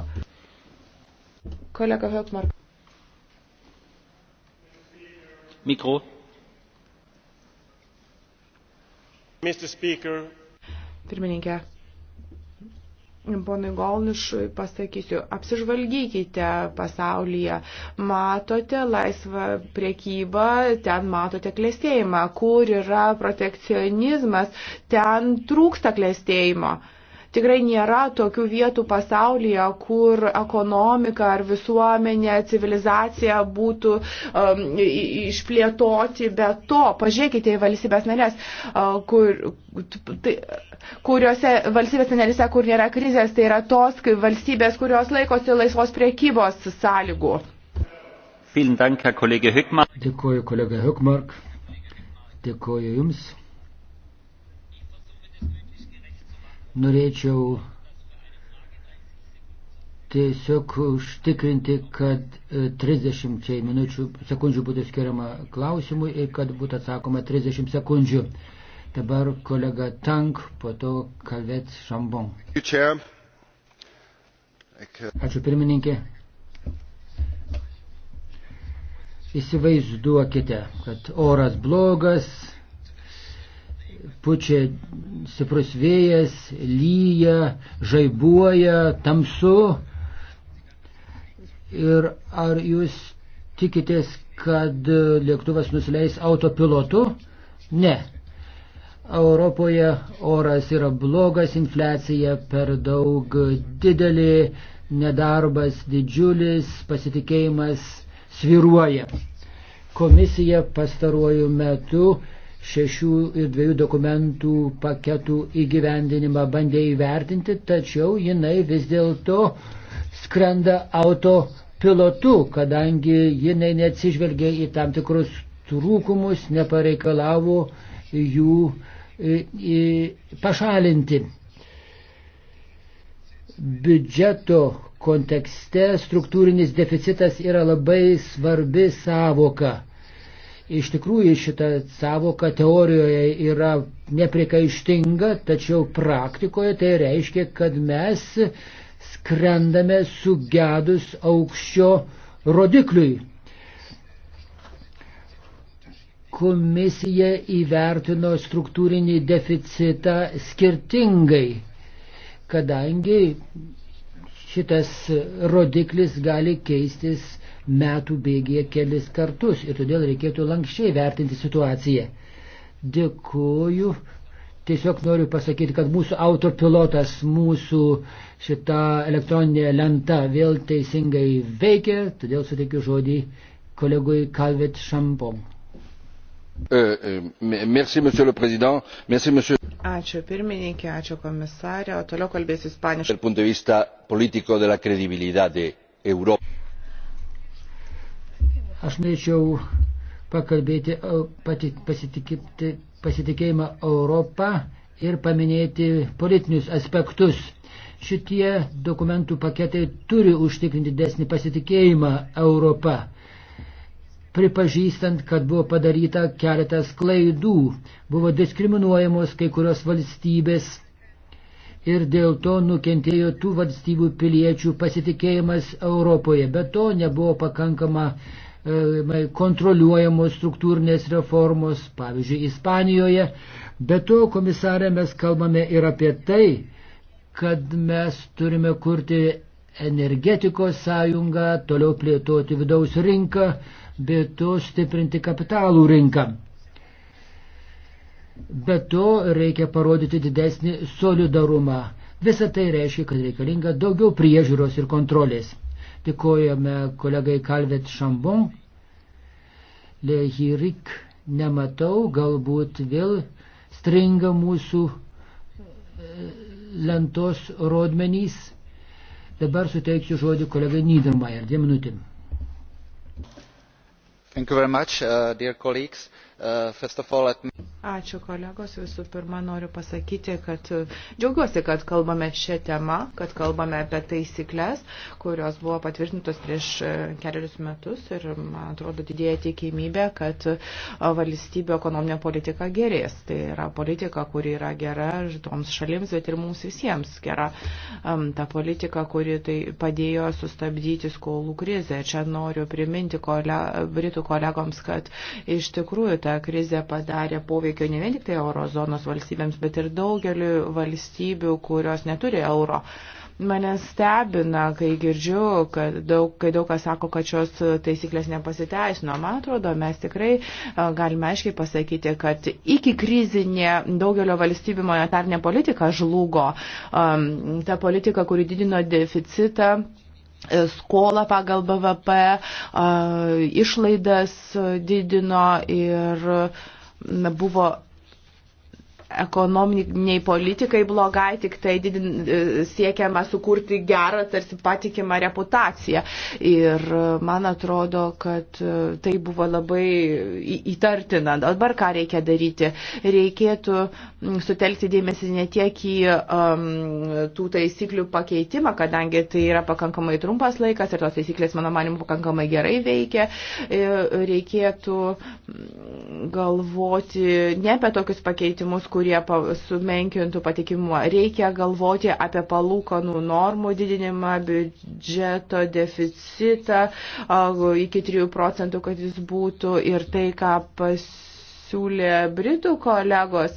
Kolega Hökmark. Mikro. Pirmininkė. Ponui Golnišui pasakysiu, apsižvalgykite pasaulyje, matote laisvą priekybą, ten matote klėstėjimą, kur yra protekcionizmas, ten trūksta klėstėjimo. Tikrai nėra tokių vietų pasaulyje, kur ekonomika ar visuomenė, civilizacija būtų um, išplėtoti be to. Pažiūrėkite į valstybės narės, uh, kur, tai, kuriuose valstybės narėse, kur nėra krizės, tai yra tos valstybės, kurios laikosi laisvos priekybos sąlygų. Dank, Herr Dėkuoju, kolega Hökmark. Dėkuoju Jums. norėčiau tiesiog užtikrinti, kad 30 e, minučių, sekundžių būtų skiriama klausimui ir kad būtų atsakoma 30 sekundžių. Dabar kolega Tank, po to kalbėt Šambon. Ačiū pirmininkė. Įsivaizduokite, kad oras blogas, pučia stiprus vėjas, lyja, žaibuoja, tamsu. Ir ar jūs tikitės, kad lėktuvas nusileis autopilotu? Ne. Europoje oras yra blogas, infliacija per daug didelė, nedarbas didžiulis, pasitikėjimas sviruoja. Komisija pastaruoju metu šešių ir dviejų dokumentų paketų įgyvendinimą bandė įvertinti, tačiau jinai vis dėlto skrenda auto pilotu, kadangi jinai neatsižvelgia į tam tikrus trūkumus, nepareikalavo jų e, pašalinti. Biudžeto kontekste struktūrinis deficitas yra labai svarbi savoka Iš tikrųjų šita savoka teorijoje yra neprikaištinga, tačiau praktikoje tai reiškia, kad mes skrendame sugedus aukščio rodikliui. Komisija įvertino struktūrinį deficitą skirtingai, kadangi šitas rodiklis gali keistis metų bėgėje kelis kartus ir todėl reikėtų lankščiai vertinti situaciją. Dėkuoju. Tiesiog noriu pasakyti, kad mūsų autopilotas, mūsų šita elektroninė lenta vėl teisingai veikia, todėl suteikiu žodį kolegui Kalvet Šampom. E, e, merci, monsieur le président. Merci, monsieur. Ačiū pirmininkė, ačiū komisarė, o toliau kalbės ispaniškai. Aš norėčiau pakalbėti, e, pasitikėjimą Europą ir paminėti politinius aspektus. Šitie dokumentų paketai turi užtikrinti desnį pasitikėjimą Europą, pripažįstant, kad buvo padaryta keletas klaidų, buvo diskriminuojamos kai kurios valstybės ir dėl to nukentėjo tų valstybių piliečių pasitikėjimas Europoje. Be to nebuvo pakankama E, kontroliuojamos struktūrinės reformos, pavyzdžiui, Ispanijoje. Bet to, komisarė, mes kalbame ir apie tai, kad mes turime kurti energetikos sąjungą, toliau plėtoti vidaus rinką, bet to stiprinti kapitalų rinką. Bet to reikia parodyti didesnį solidarumą. Visą tai reiškia, kad reikalinga daugiau priežiūros ir kontrolės. Dėkojame kolegai Kalvet Šambon. Lehirik nematau, galbūt vėl stringa mūsų e, lentos rodmenys. Dabar suteiksiu žodį kolegai Niedermayer. Dviem minutėm. Thank you very much, uh, dear colleagues. Uh, Ačiū kolegos. Visų pirma, noriu pasakyti, kad uh, džiaugiuosi, kad kalbame šią temą, kad kalbame apie taisyklės, kurios buvo patvirtintos prieš uh, keliarius metus ir, man atrodo, didėja tikimybė, kad valstybių ekonominė politika gerės. Tai yra politika, kuri yra gera toms šalims, bet ir mums visiems gera. Um, ta politika, kuri tai padėjo sustabdyti skolų krizę. Čia noriu priminti kole, britų kolegoms, kad iš tikrųjų ta krizė padarė poveikio ne vien tik tai eurozonos valstybėms, bet ir daugeliu valstybių, kurios neturi euro. Mane stebina, kai girdžiu, kad daug, kai daug kas sako, kad šios taisyklės nepasiteisino. Man atrodo, mes tikrai galime aiškiai pasakyti, kad iki krizinė daugelio valstybių monetarinė politika žlugo. Ta politika, kuri didino deficitą E, skolą pagal BVP, e, išlaidas didino ir buvo ekonominiai politikai blogai, tik tai didin, e, siekiama sukurti gerą, tarsi patikimą reputaciją. Ir e, man atrodo, kad e, tai buvo labai įtartina. Dabar ką reikia daryti? Reikėtų sutelkti dėmesį ne tiek į um, tų taisyklių pakeitimą, kadangi tai yra pakankamai trumpas laikas ir tos taisyklės, mano manimu, pakankamai gerai veikia. Reikėtų galvoti ne apie tokius pakeitimus, kurie sumenkintų patikimumą. Reikia galvoti apie palūkanų normų didinimą, biudžeto deficitą iki 3 procentų, kad jis būtų ir tai, ką pasiūlė siūlė Britų kolegos,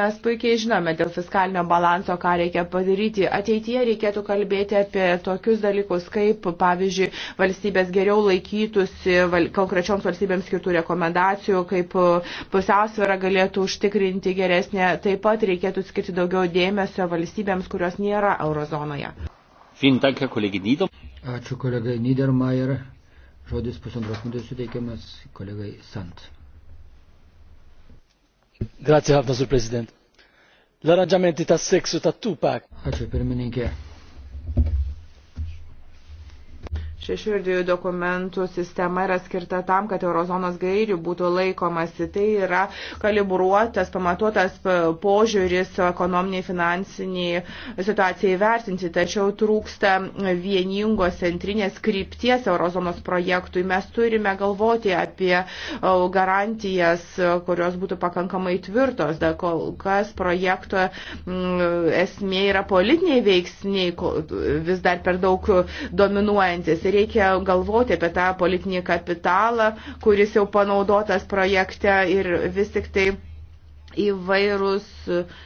mes puikiai žinome dėl fiskalinio balanso, ką reikia padaryti. Ateityje reikėtų kalbėti apie tokius dalykus, kaip, pavyzdžiui, valstybės geriau laikytųsi val, konkrečioms valstybėms skirtų rekomendacijų, kaip pusiausvėra galėtų užtikrinti geresnė. Taip pat reikėtų skirti daugiau dėmesio valstybėms, kurios nėra eurozonoje. Ačiū kolegai Niedermayer. Žodis pusantros minutės suteikiamas kolegai Sant l arranġamenti tas seksu tat tupac. ačiū pirmininke Šešių ir dviejų dokumentų sistema yra skirta tam, kad eurozonos gairių būtų laikomasi. Tai yra kalibruotas, pamatuotas požiūris ekonominiai, finansiniai situacijai vertinti, tačiau trūksta vieningos centrinės krypties eurozonos projektui. Mes turime galvoti apie garantijas, kurios būtų pakankamai tvirtos. Da, kol kas projekto esmė yra politiniai veiksniai, vis dar per daug dominuojantis reikia galvoti apie tą politinį kapitalą, kuris jau panaudotas projekte ir vis tik tai įvairūs uh,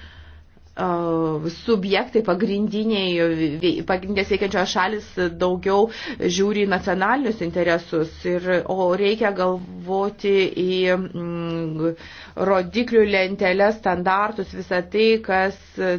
subjektai, pagrindiniai, pagrindinės veikiančios šalis daugiau žiūri nacionalinius interesus, ir, o reikia galvoti į mm, rodiklių lentelės, standartus, visą tai, kas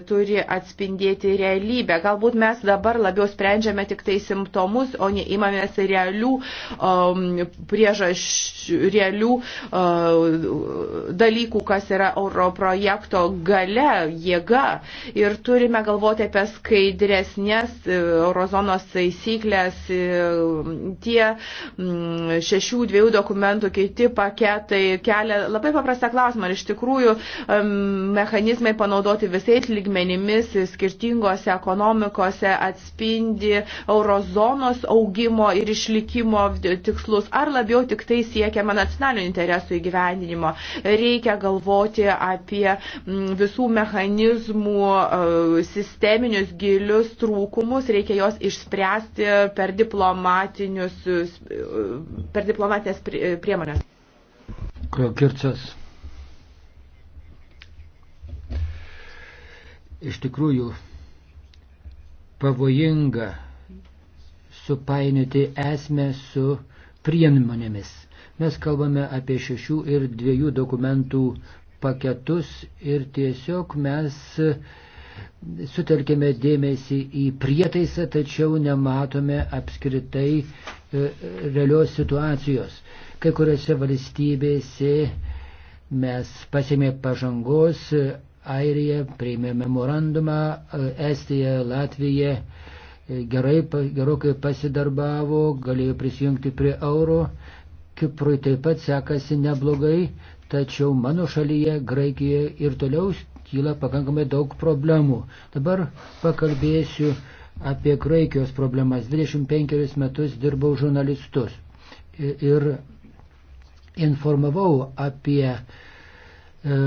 turi atspindėti realybę. Galbūt mes dabar labiau sprendžiame tik tai simptomus, o ne imamės realių um, priežasčių, realių uh, dalykų, kas yra Euro projekto gale, jėga yra. Ir turime galvoti apie skaidresnės e, eurozonos taisyklės, e, tie mm, šešių dviejų dokumentų kiti paketai kelia labai paprastą klausimą, ar iš tikrųjų mechanizmai panaudoti visais lygmenimis skirtingose ekonomikose atspindi eurozonos augimo ir išlikimo tikslus, ar labiau tik tai siekiama nacionalinių interesų įgyvendinimo. Reikia galvoti apie mm, visų mechanizmų teismų e, sisteminius gilius trūkumus, reikia jos išspręsti per, e, per diplomatinės e, priemonės. Kirčias. Iš tikrųjų, pavojinga supainioti esmę su priemonėmis. Mes kalbame apie šešių ir dviejų dokumentų paketus ir tiesiog mes sutelkėme dėmesį į prietaisą, tačiau nematome apskritai e, realios situacijos. Kai kuriuose valstybėse mes pasėmė pažangos, Airija priėmė memorandumą, e, Estija, Latvija e, gerai, gerokai pasidarbavo, galėjo prisijungti prie euro, Kiprui taip pat sekasi neblogai, tačiau mano šalyje, Graikijoje ir toliau kyla pakankamai daug problemų. Dabar pakalbėsiu apie Graikijos problemas. 25 metus dirbau žurnalistus ir informavau apie e,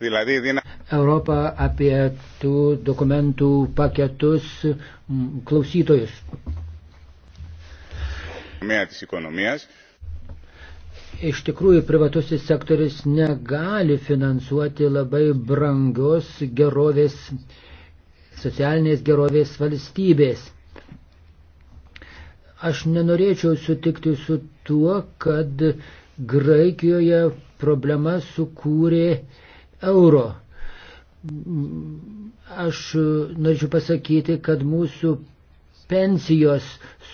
Europą apie tų dokumentų paketus klausytojus. Mes της οικονομίας Iš tikrųjų, privatusis sektoris negali finansuoti labai brangios gerovės, socialinės gerovės valstybės. Aš nenorėčiau sutikti su tuo, kad Graikijoje problema sukūrė euro. Aš norėčiau pasakyti, kad mūsų pensijos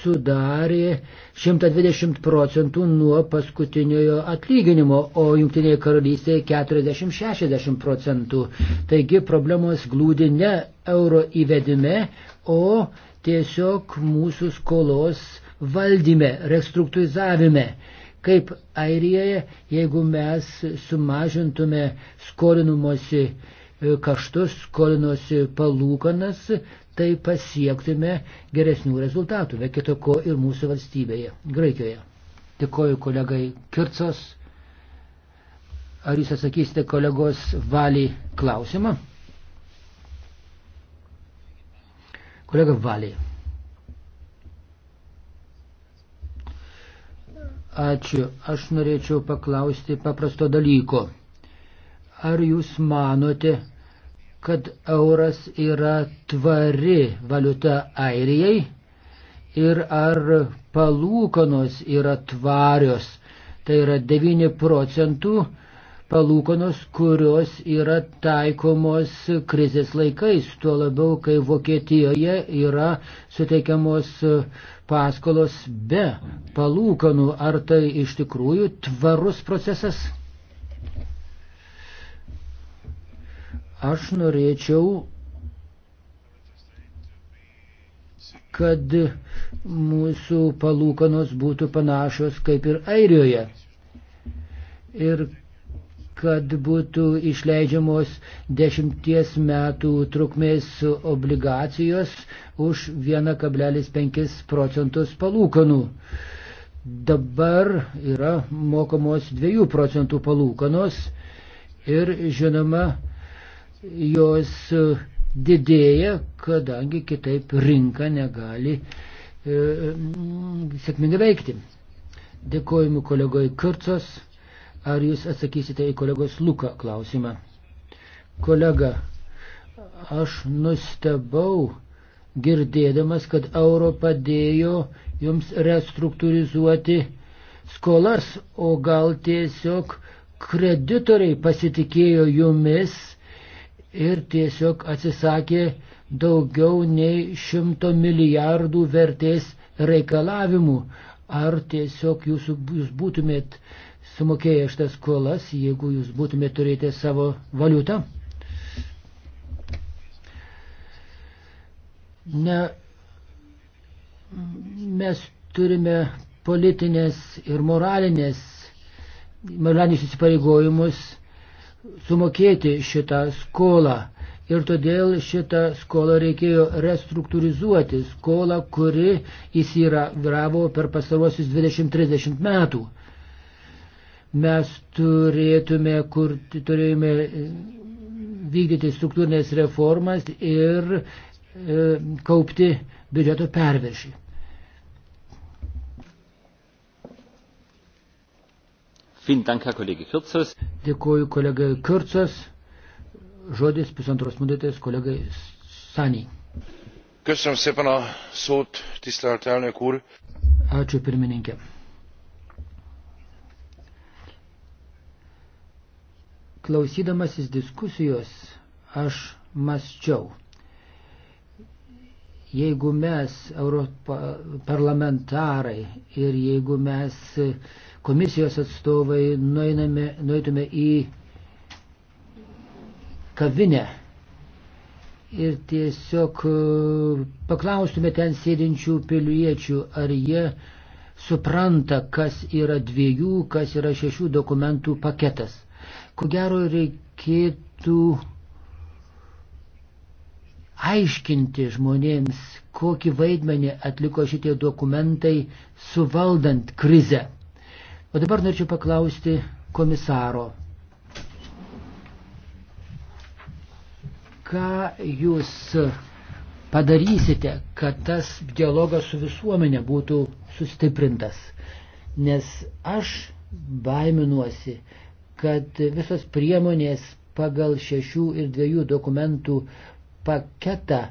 sudarė 120 procentų nuo paskutiniojo atlyginimo, o Junktinėje karalystėje 40-60 procentų. Taigi problemos glūdi ne euro įvedime, o tiesiog mūsų skolos valdyme, restruktūrizavime. Kaip Airijoje, jeigu mes sumažintume skolinimuosi e, kaštus, skolinosi palūkanas, tai pasiektume geresnių rezultatų, be kito ko ir mūsų valstybėje, Graikijoje. Tikoju kolegai Kircos. Ar jūs atsakysite kolegos Valį klausimą? Kolega Valį. Ačiū. Aš norėčiau paklausti paprasto dalyko. Ar jūs manote, kad euras yra tvari valiuta Airijai ir ar palūkanos yra tvarios. Tai yra 9 procentų palūkanos, kurios yra taikomos krizės laikais, tuo labiau, kai Vokietijoje yra suteikiamos paskolos be palūkanų. Ar tai iš tikrųjų tvarus procesas? Aš norėčiau, kad mūsų palūkanos būtų panašios kaip ir Airijoje. Ir kad būtų išleidžiamos dešimties metų trukmės obligacijos už 1,5 procentus palūkanų. Dabar yra mokamos 2 procentų palūkanos ir žinoma, jos didėja, kadangi kitaip rinka negali e, mm, sėkmingai veikti. Dėkojimu kolegoj Kurcos. Ar jūs atsakysite į kolegos Luką klausimą? Kolega, aš nustebau girdėdamas, kad euro padėjo jums restruktūrizuoti skolas, o gal tiesiog kreditoriai pasitikėjo jumis ir tiesiog atsisakė daugiau nei šimto milijardų vertės reikalavimų. Ar tiesiog jūs, jūs būtumėt sumokėję šitas skolas, jeigu jūs būtumėt turėję savo valiutą? Ne, mes turime politinės ir moralinės, moralinius įsipareigojimus sumokėti šitą skolą. Ir todėl šitą skolą reikėjo restruktūrizuoti, skolą, kuri įsiravravo per pastarosius 20-30 metų. Mes turėtume, kur, turėjome e, vykdyti struktūrinės reformas ir e, kaupti biudžeto perviršį. Dėkuoju kolegai Kurcas. Žodis pusantros minutės kolegai Sani. Köszönöm szépen a szót, tisztelt elnök úr. Ačiū pirmininkė. Klausydamasis diskusijos aš masčiau. Jeigu mes, Europo parlamentarai ir jeigu mes uh, komisijos atstovai nueiname, nueitume į kavinę ir tiesiog e, paklaustume ten sėdinčių piliečių, ar jie supranta, kas yra dviejų, kas yra šešių dokumentų paketas. Ko gero reikėtų aiškinti žmonėms, kokį vaidmenį atliko šitie dokumentai suvaldant krizę. O dabar norėčiau paklausti komisaro. Ką jūs padarysite, kad tas dialogas su visuomenė būtų sustiprintas? Nes aš baiminuosi, kad visos priemonės pagal šešių ir dviejų dokumentų paketą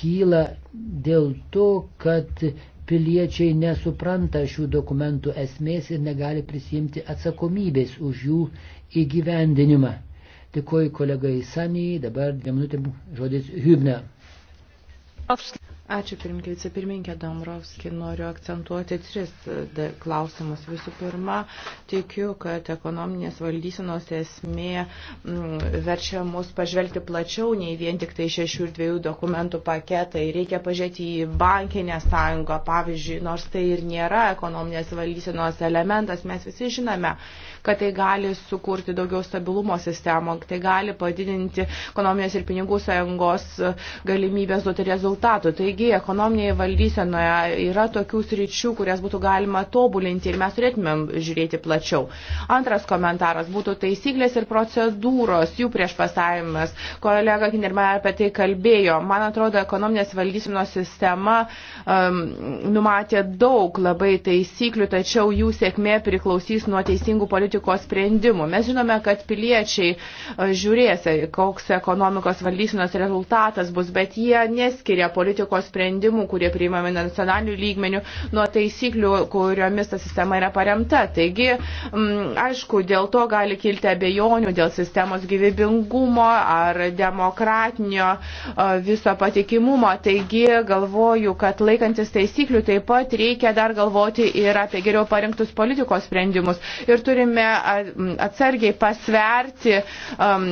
kyla dėl to, kad piliečiai nesupranta šių dokumentų esmės ir negali prisimti atsakomybės už jų įgyvendinimą. Dėkuoju kolegai Sanijai, dabar dviem minutėm žodis Hübner. Ačiū pirmininkė, vicepirmininkė Domrovski. Noriu akcentuoti tris e, klausimus. Visų pirma, tikiu, kad ekonominės valdysenos esmė m, verčia mus pažvelgti plačiau nei vien tik tai šešių ir dviejų dokumentų paketai. Reikia pažiūrėti į bankinę sąjungą, pavyzdžiui, nors tai ir nėra ekonominės valdysenos elementas, mes visi žinome kad tai gali sukurti daugiau stabilumo sistemo, tai gali padidinti ekonominės ir pinigų sąjungos galimybės duoti rezultatų. Taigi, ekonominėje valdysenoje yra tokių sričių, kurias būtų galima tobulinti ir mes turėtumėm žiūrėti plačiau. Antras komentaras būtų taisyklės ir procedūros, jų prieš pasavimas. Kolega Kindermeyer apie tai kalbėjo. Man atrodo, ekonominės valdysenos sistema um, numatė daug labai taisyklių, tačiau jų sėkmė priklausys nuo teisingų politikų politikos sprendimų. Mes žinome, kad piliečiai e, žiūrės, e, koks ekonomikos valdysinos rezultatas bus, bet jie neskiria politikos sprendimų, kurie priimami nacionalinių lygmenių, nuo taisyklių, kuriomis ta sistema yra paremta. Taigi, m, aišku, dėl to gali kilti abejonių dėl sistemos gyvybingumo ar demokratinio e, viso patikimumo. Taigi, galvoju, kad laikantis taisyklių taip pat reikia dar galvoti ir apie geriau parinktus politikos sprendimus. Ir turime turime atsargiai pasverti, um,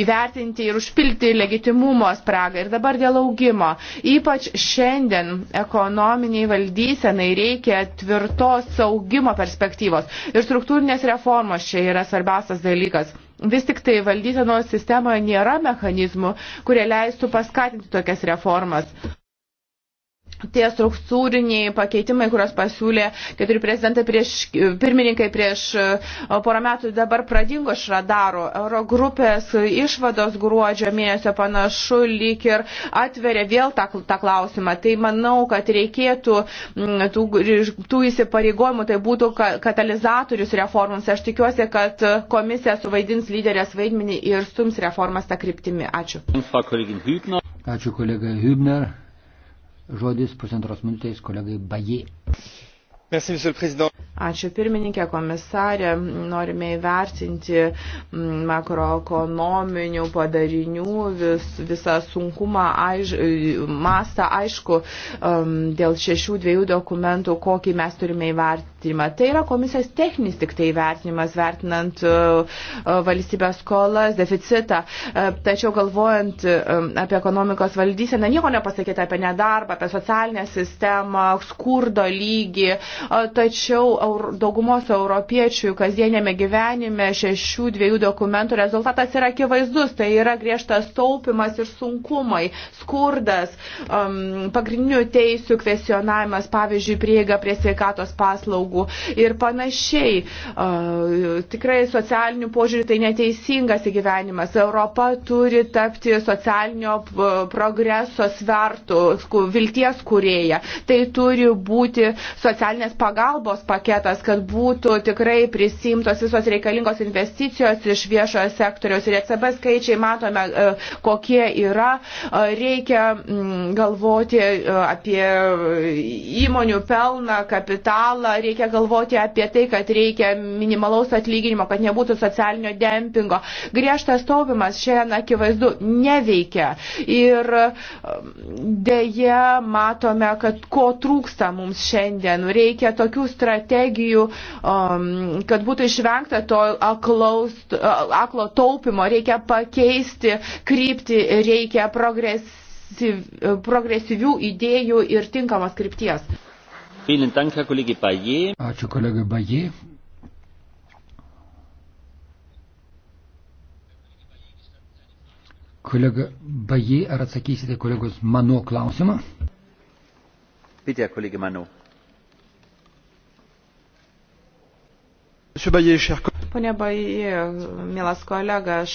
įvertinti ir užpilti legitimumo spragą. Ir dabar dėl augimo. Ypač šiandien ekonominiai valdysenai reikia tvirtos augimo perspektyvos. Ir struktūrinės reformos čia yra svarbiausias dalykas. Vis tik tai valdysenos sistemoje nėra mechanizmų, kurie leistų paskatinti tokias reformas tie struktūriniai pakeitimai, kurios pasiūlė keturi prezidentai prieš, pirmininkai prieš e, porą metų dabar pradingo iš radarų. Eurogrupės išvados gruodžio mėnesio panašu lyg ir atveria vėl tą, tą klausimą. Tai manau, kad reikėtų tų, tų įsipareigojimų, tai būtų katalizatorius reformams. Aš tikiuosi, kad komisija suvaidins lyderės vaidmenį ir stums reformas tą kryptimį. Ačiū. Ačiū kolega Hübner. Žodis pusantros minutės kolegai Bajė. Ačiū pirmininkė komisarė. Norime įvertinti mm, makroekonominių padarinių vis, visą sunkumą, aiž, mastą, aišku, mm, dėl šešių dviejų dokumentų, kokį mes turime įvertinti vertinimą. Tai yra komisijos techninis tik tai vertinimas, vertinant e, e, valstybės skolas, deficitą. E, tačiau galvojant apie ekonomikos valdyseną, nieko nepasakyti apie nedarbą, apie socialinę sistemą, skurdo lygį. Tačiau daugumos europiečių kasdienėme gyvenime šešių dviejų dokumentų rezultatas yra akivaizdus. Tai yra griežtas taupimas ir sunkumai, skurdas, pagrindinių teisių kvesionavimas, pavyzdžiui, prieiga prie sveikatos paslaugų pedagogų ir panašiai. Tikrai socialinių požiūrių tai neteisingas įgyvenimas. Europa turi tapti socialinio progreso svertų, vilties kurėja. Tai turi būti socialinės pagalbos paketas, kad būtų tikrai prisimtos visos reikalingos investicijos iš viešojo sektoriaus. Ir ECB skaičiai matome, e, kokie yra. Reikia galvoti e, apie e, įmonių pelną, kapitalą, reikia reikia galvoti apie tai, kad reikia minimalaus atlyginimo, kad nebūtų socialinio dempingo. Griežtas taupimas šiandien akivaizdu neveikia. Ir um, dėje matome, kad ko trūksta mums šiandien. Reikia tokių strategijų, um, kad būtų išvengta to aklaus, aklo taupimo. Reikia pakeisti kryptį, reikia progresyviai progresyvių idėjų ir tinkamos krypties. Ačiū kolegai Bajė. Kolega Bajė, ar atsakysite kolegos mano klausimą? Pitė, kolegė mano. Pone Baji, mielas kolega, aš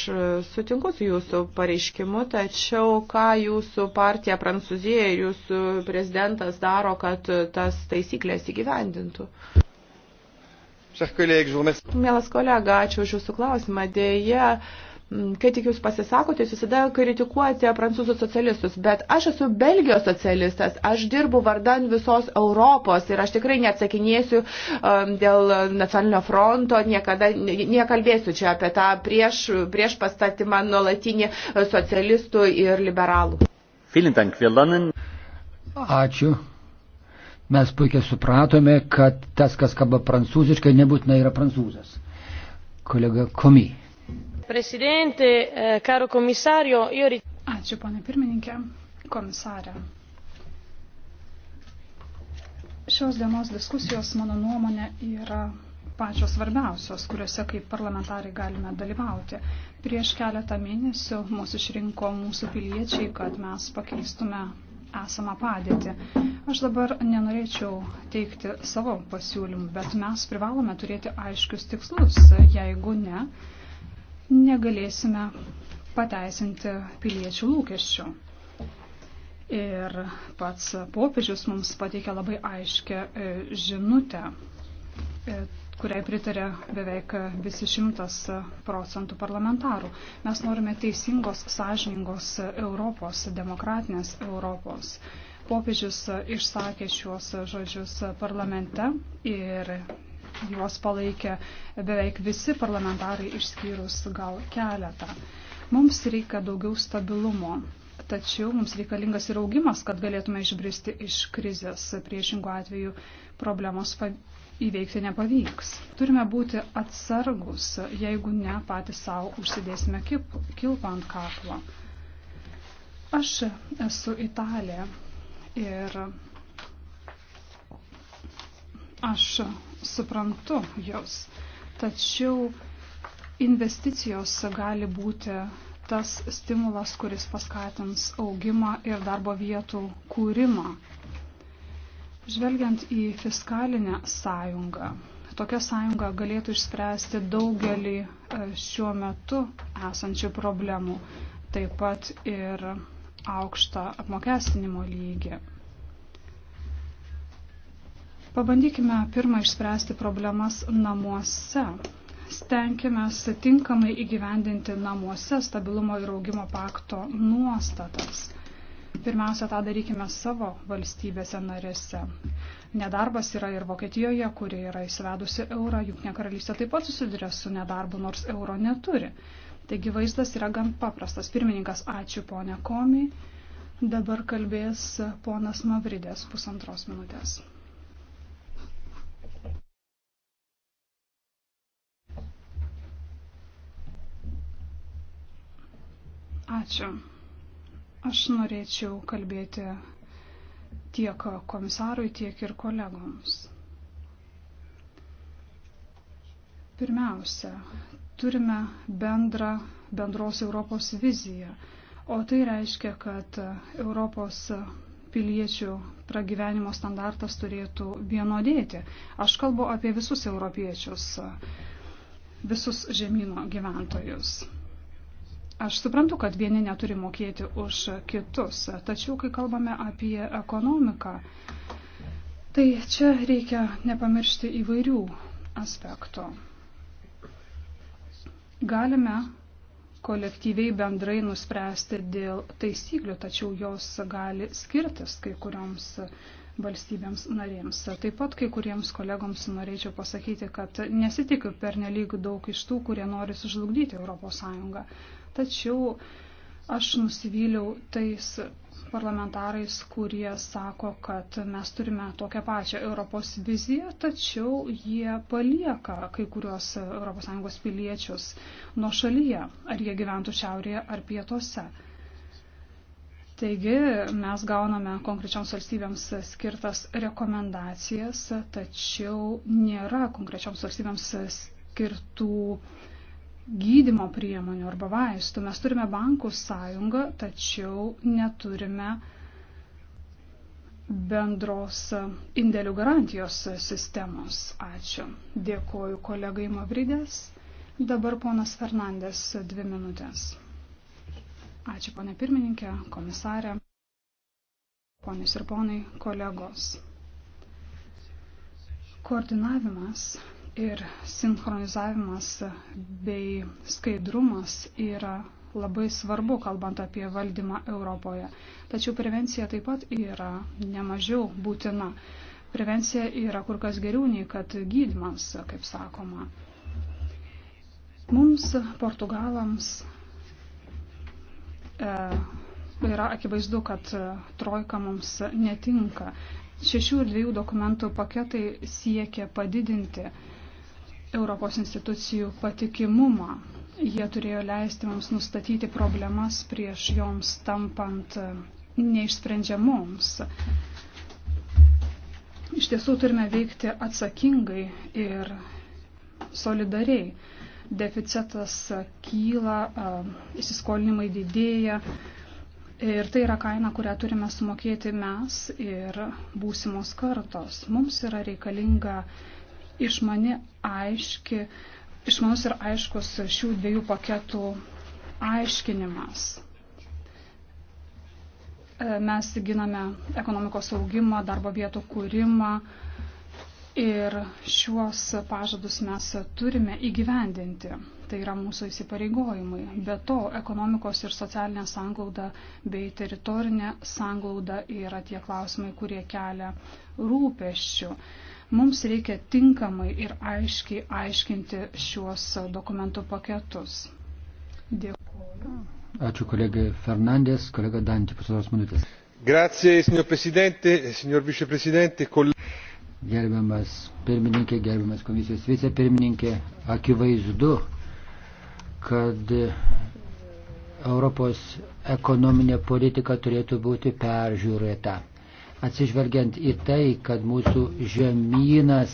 sutinku su jūsų pareiškimu, tačiau ką jūsų partija Prancūzija ir jūsų prezidentas daro, kad tas taisyklės įgyvendintų? Mielas kolega, ačiū už jūsų klausimą. Dėja, Mm, kai tik jūs pasisakote, jūs visada kritikuojate prancūzų socialistus, bet aš esu Belgijos socialistas, aš dirbu vardan visos Europos ir aš tikrai neatsakinėsiu um, dėl nacionalinio fronto, niekada nekalbėsiu čia apie tą prieš, prieš pastatymą nuolatinį uh, socialistų ir liberalų. Ačiū. Mes puikiai supratome, kad tas, kas kalba prancūziškai, nebūtinai yra prancūzas. Kolega Komi presidente eh, caro commissario io ačiū pone pirmininke komisare šios dienos diskusijos mano nuomone yra pačios svarbiausios kuriuose kaip parlamentarai galime dalyvauti prieš keletą mėnesių mus išrinko mūsų piliečiai kad mes pakeistume esamą padėtį. Aš dabar nenorėčiau teikti savo pasiūlymų, bet mes privalome turėti aiškius tikslus. Jeigu ne, negalėsime pateisinti piliečių lūkesčių. Ir pats popiežius mums pateikė labai aiškę e, žinutę, e, kuriai pritarė beveik visi šimtas procentų parlamentarų. Mes norime teisingos, sąžiningos Europos, demokratinės Europos. Popiežius išsakė šiuos žodžius parlamente ir juos palaikė beveik visi parlamentarai išskyrus gal keletą. Mums reikia daugiau stabilumo, tačiau mums reikalingas ir augimas, kad galėtume išbristi iš krizės. Priešingų atveju problemos įveikti nepavyks. Turime būti atsargus, jeigu ne patys savo užsidėsime kilpą ant kaklo. Aš esu italė ir aš suprantu jūs. Tačiau investicijos gali būti tas stimulas, kuris paskatins augimą ir darbo vietų kūrimą. Žvelgiant į fiskalinę sąjungą, tokia sąjunga galėtų išspręsti daugelį e, šiuo metu esančių problemų, taip pat ir aukštą apmokestinimo lygį. Pabandykime pirmą išspręsti problemas namuose. Stenkime tinkamai įgyvendinti namuose stabilumo ir augimo pakto nuostatas. Pirmiausia, tą darykime savo valstybėse narėse. Nedarbas yra ir Vokietijoje, kuri yra įsivedusi eurą, jungtinė karalystė taip pat susiduria su nedarbu, nors euro neturi. Taigi vaizdas yra gan paprastas. Pirmininkas, ačiū ponia Komi. Dabar kalbės ponas Mavridės pusantros minutės. Ačiū. Aš norėčiau kalbėti tiek komisarui, tiek ir kolegoms. Pirmiausia, turime bendrą bendros Europos viziją, o tai reiškia, kad Europos piliečių pragyvenimo standartas turėtų vienodėti. Aš kalbu apie visus europiečius, visus žemynų gyventojus. Aš suprantu, kad vieni neturi mokėti už kitus, tačiau kai kalbame apie ekonomiką, tai čia reikia nepamiršti įvairių aspektų. Galime kolektyviai bendrai nuspręsti dėl taisyklių, tačiau jos gali skirtis kai kurioms valstybėms narėms. Taip pat kai kuriems kolegoms norėčiau pasakyti, kad nesitikiu pernelyg daug iš tų, kurie nori sužlugdyti ES. Tačiau aš nusivyliau tais parlamentarais, kurie sako, kad mes turime tokią pačią Europos viziją, tačiau jie palieka kai kurios ES piliečius nuo šalyje, ar jie gyventų šiaurėje ar pietuose. Taigi mes gauname konkrečioms valstybėms skirtas rekomendacijas, tačiau nėra konkrečioms valstybėms skirtų uh, gydimo priemonių arba vaistų. Mes turime bankų sąjungą, tačiau neturime bendros indėlių garantijos sistemos. Ačiū. Dėkoju kolegai Mavridės. Dabar ponas Fernandės dvi minutės. Ačiū, ponė pirmininkė, komisarė, ponės ir ponai, kolegos. Koordinavimas ir sinchronizavimas bei skaidrumas yra labai svarbu, kalbant apie valdymą Europoje. Tačiau prevencija taip pat yra nemažiau būtina. Prevencija yra kur kas geriau nei kad gydimas, kaip sakoma. Mums, portugalams, e, yra akivaizdu, kad trojka mums netinka. Šešių ir dviejų dokumentų paketai siekia padidinti Europos institucijų patikimumą. Jie turėjo leisti mums nustatyti problemas prieš joms tampant e, neišsprendžiamoms. Iš tiesų turime veikti atsakingai ir solidariai. Deficitas kyla, e, įsiskolinimai didėja ir tai yra kaina, kurią turime sumokėti mes ir būsimos kartos. Mums yra reikalinga uh, išmani, aiški, išmanus ir aiškus šių dviejų paketų aiškinimas. E, mes giname ekonomikos augimą, darbo vietų kūrimą ir šiuos pažadus mes turime įgyvendinti. Tai yra mūsų įsipareigojimai. Be to, ekonomikos ir socialinė sanglauda bei teritorinė sanglauda yra tie klausimai, kurie kelia rūpeščių. Mums reikia tinkamai ir aiškiai aiškinti šiuos dokumentų paketus. Dėkuoju. Ačiū kolegai Fernandės, kolega Dantį, pusantros minutės. Grazie, signor Presidente, signor Viceprezidente, kolegai. Gerbiamas pirmininkė, gerbiamas komisijos vicepirmininkė, akivaizdu, kad Europos ekonominė politika turėtų būti peržiūrėta atsižvelgiant į tai, kad mūsų žemynas,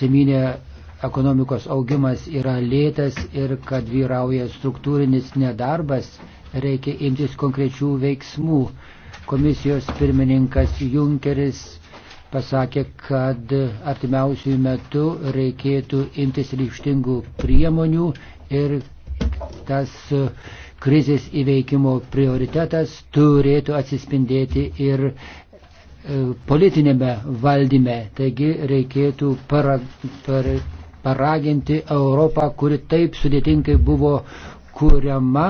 žemynė ekonomikos augimas yra lėtas ir kad vyrauja struktūrinis nedarbas, reikia imtis konkrečių veiksmų. Komisijos pirmininkas Junkeris pasakė, kad artimiausių metų reikėtų imtis ryštingų priemonių ir tas uh, krizės įveikimo prioritetas turėtų atsispindėti ir e, politinėme valdyme. Taigi reikėtų para, par, paraginti Europą, kuri taip sudėtingai buvo kuriama,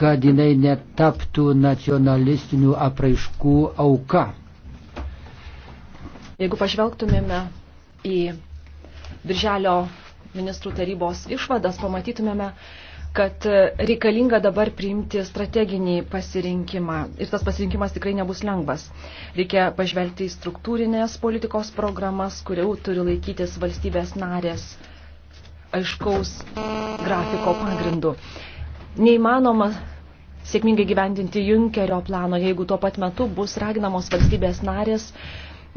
kad jinai netaptų nacionalistinių apraiškų auka. Jeigu pažvelgtumėme į Birželio ministrų tarybos išvadas, pamatytumėme, kad reikalinga dabar priimti strateginį pasirinkimą. Ir tas pasirinkimas tikrai nebus lengvas. Reikia pažvelgti į struktūrinės politikos programas, kurių turi laikytis valstybės narės aiškaus grafiko pagrindu. Neįmanoma sėkmingai gyvendinti Junkerio plano, jeigu tuo pat metu bus raginamos valstybės narės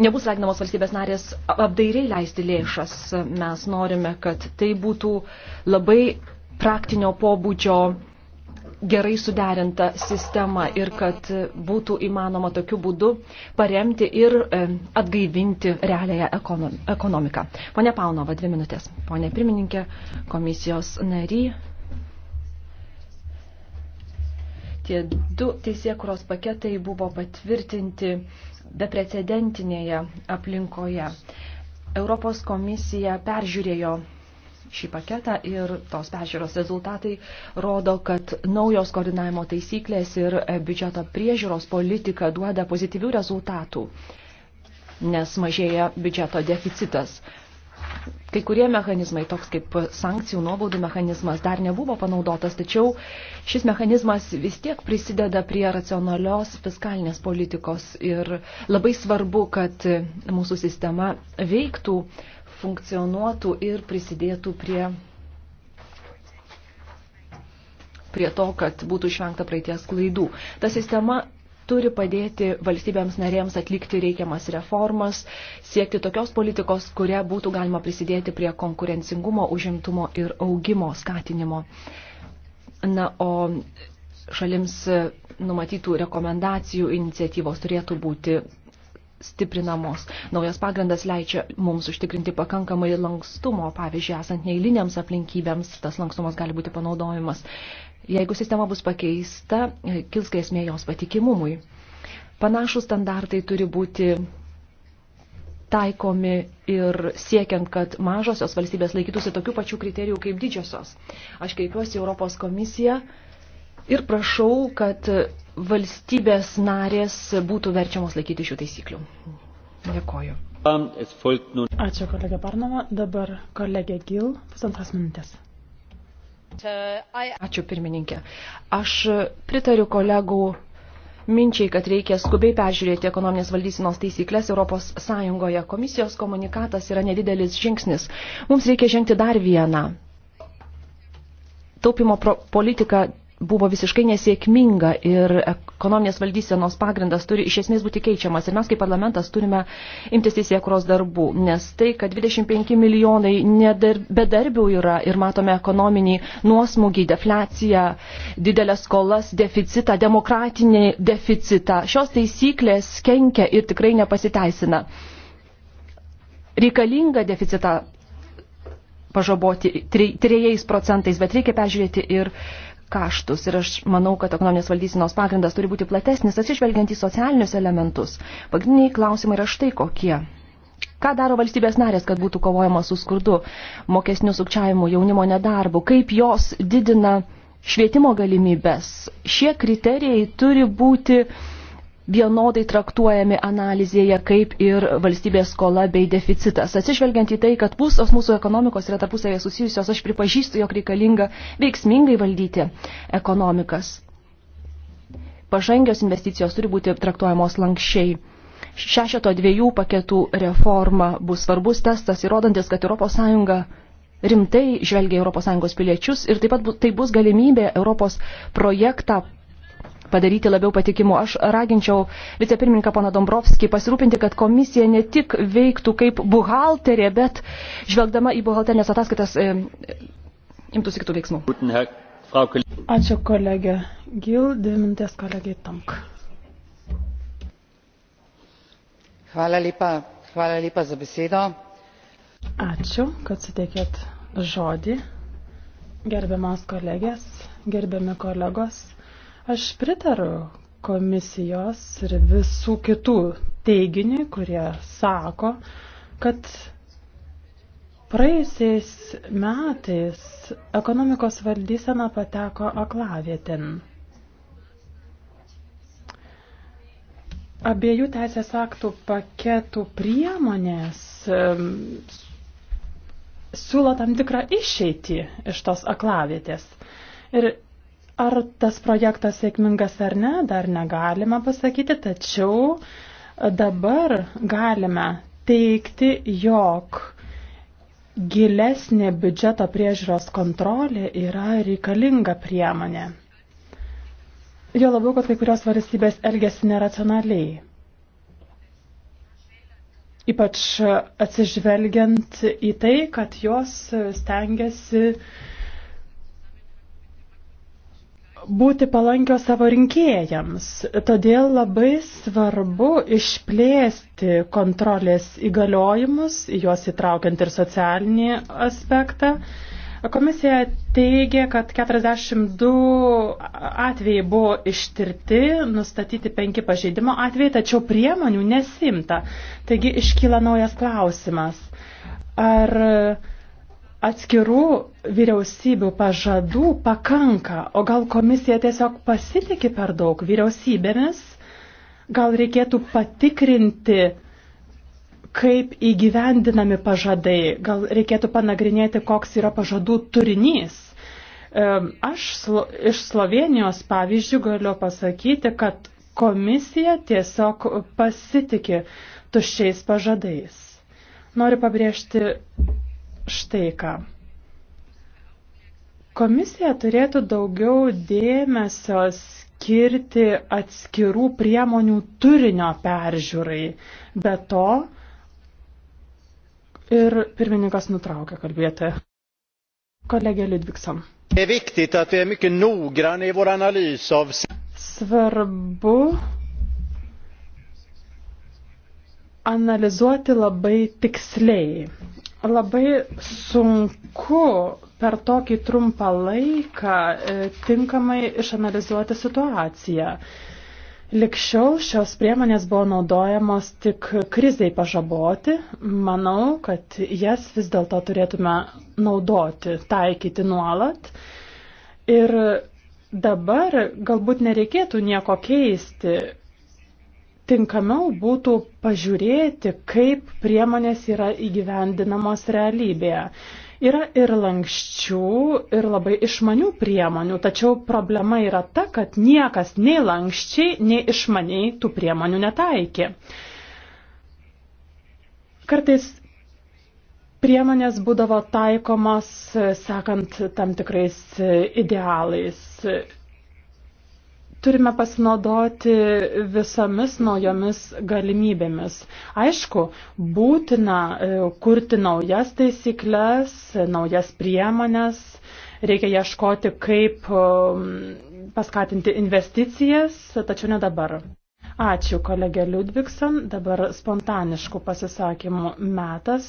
nebus raginamos valstybės narės apdairiai leisti lėšas. Mes norime, kad tai būtų labai praktinio pobūdžio gerai suderinta sistema ir kad būtų įmanoma tokiu būdu paremti ir e, atgaivinti realiąją ekonomiką. Pone Paunova, dvi minutės. Pone pirmininkė, komisijos nary. Tie du teisėkuros paketai buvo patvirtinti beprecedentinėje aplinkoje. Europos komisija peržiūrėjo šį paketą ir tos peržiūros rezultatai rodo, kad naujos koordinavimo taisyklės ir e, biudžeto priežiūros politika duoda pozityvių rezultatų, nes mažėja biudžeto deficitas. Kai kurie mechanizmai, toks kaip sankcijų nuobaudų mechanizmas, dar nebuvo panaudotas, tačiau šis mechanizmas vis tiek prisideda prie racionalios fiskalinės politikos ir labai svarbu, kad mūsų sistema veiktų funkcionuotų ir prisidėtų prie, prie to, kad būtų išvengta praeities klaidų. Ta sistema turi padėti valstybėms narėms atlikti reikiamas reformas, siekti tokios politikos, kuria būtų galima prisidėti prie konkurencingumo, užimtumo ir augimo skatinimo. Na, o šalims numatytų rekomendacijų iniciatyvos turėtų būti stiprinamos. Naujas pagrindas leidžia mums užtikrinti pakankamai lankstumo, pavyzdžiui, esant neįliniams aplinkybėms, tas lankstumas gali būti panaudojimas. Jeigu sistema bus pakeista, kils grėsmė jos patikimumui. Panašus standartai turi būti taikomi ir siekiant, kad mažosios valstybės laikytųsi tokių pačių kriterijų kaip didžiosios. Aš kreipiuosi Europos komisiją ir prašau, kad valstybės narės būtų verčiamos laikyti šių taisyklių. Dėkoju. Um, Ačiū kolega Barnava. Dabar kolegė Gil, pusantras minutės. Uh, Ačiū pirmininkė. Aš pritariu kolegų minčiai, kad reikia skubiai peržiūrėti ekonominės valdysinos taisyklės Europos Sąjungoje. Komisijos komunikatas yra nedidelis žingsnis. Mums reikia žengti dar vieną. Taupimo politika buvo visiškai nesėkminga ir ekonominės valdysenos pagrindas turi iš esmės būti keičiamas. Ir mes kaip parlamentas turime imtis teisėkuros darbų, nes tai, kad 25 milijonai bedarbių yra ir matome ekonominį nuosmugį, defliaciją, didelės skolas, deficitą, demokratinį deficitą, šios taisyklės kenkia ir tikrai nepasiteisina. Reikalinga deficitą pažaboti trejais procentais, bet reikia peržiūrėti ir kaštus. Ir aš manau, kad ekonominės valdysinos pagrindas turi būti platesnis, atsižvelgiant į socialinius elementus. Pagrindiniai klausimai yra štai kokie. Ką daro valstybės narės, kad būtų kovojama su skurdu, mokesniu sukčiavimu, jaunimo nedarbu, kaip jos didina švietimo galimybės. Šie kriterijai turi būti uh, vienodai traktuojami analizėje kaip ir valstybės skola bei deficitas. Atsižvelgiant į tai, kad pusos mūsų ekonomikos yra tarpusavėje susijusios, aš pripažįstu, jog reikalinga veiksmingai valdyti ekonomikas. Pažangios investicijos turi būti traktuojamos lankščiai. Šešeto dviejų paketų reforma bus svarbus testas, įrodantis, kad ES rimtai žvelgia ES piliečius ir taip pat tai bus galimybė Europos projektą padaryti labiau patikimu. Aš raginčiau vicepirmininką pana Dombrovskį pasirūpinti, kad komisija ne tik veiktų kaip buhalterė, bet žvelgdama į buhalterinės ataskaitas e, imtųsi kitų veiksmų. Ačiū kolegė Gil, dvi minutės kolegė Tamk. Hvala lepa, hvala lepa za besedo. Ačiū, kad suteikėt žodį. Gerbiamas kolegės, gerbiami kolegos, Aš pritaru komisijos ir visų kitų teiginių, kurie sako, kad praėjusiais metais ekonomikos valdysena pateko aklavietin. Abiejų teisės aktų paketų priemonės siūlo tam tikrą išeitį iš tos aklavietės. Ir Ar tas projektas sėkmingas ar ne, dar negalima pasakyti, tačiau dabar galime teikti, jog gilesnė biudžeto priežiūros kontrolė yra reikalinga priemonė. Jo labiau, kad kai kurios valstybės elgesi neracionaliai. Ypač atsižvelgiant į tai, kad jos stengiasi uh, būti palankios savo rinkėjams. Todėl labai svarbu išplėsti kontrolės įgaliojimus, juos įtraukiant ir socialinį aspektą. Komisija teigia, kad 42 atvejai buvo ištirti, nustatyti 5 pažeidimo atvejai, tačiau priemonių nesimta. Taigi iškyla naujas klausimas. Ar uh, atskirų vyriausybių pažadų pakanka, o gal komisija tiesiog pasitikė per daug vyriausybėmis, gal reikėtų patikrinti, kaip įgyvendinami pažadai, gal reikėtų panagrinėti, koks yra pažadų turinys. Aš iš Slovenijos pavyzdžių galiu pasakyti, kad komisija tiesiog pasitikė tuščiais pažadais. Noriu pabrėžti štai ką. Komisija turėtų daugiau dėmesio skirti atskirų priemonių turinio peržiūrai. Be to, ir pirmininkas nutraukė kalbėti. Kolegė Ludvikson. Svarbu analizuoti labai tiksliai labai sunku per tokį trumpą laiką e, tinkamai išanalizuoti situaciją. Likščiau šios priemonės buvo naudojamos tik kriziai pažaboti. Manau, kad jas vis dėlto turėtume naudoti, taikyti nuolat. Ir dabar galbūt nereikėtų nieko keisti tinkamiau būtų pažiūrėti, kaip priemonės yra įgyvendinamos realybėje. Yra ir lankščių, ir labai išmanių priemonių, tačiau problema yra ta, kad niekas nei lankščiai, nei išmaniai tų priemonių netaikė. Kartais priemonės būdavo taikomas, sekant tam tikrais idealais turime pasinaudoti visomis naujomis galimybėmis. Aišku, būtina e, kurti naujas taisyklės, naujas priemonės, reikia ieškoti, kaip um, paskatinti investicijas, tačiau ne dabar. Ačiū kolegė Ludvikson. Dabar spontaniškų pasisakymų metas.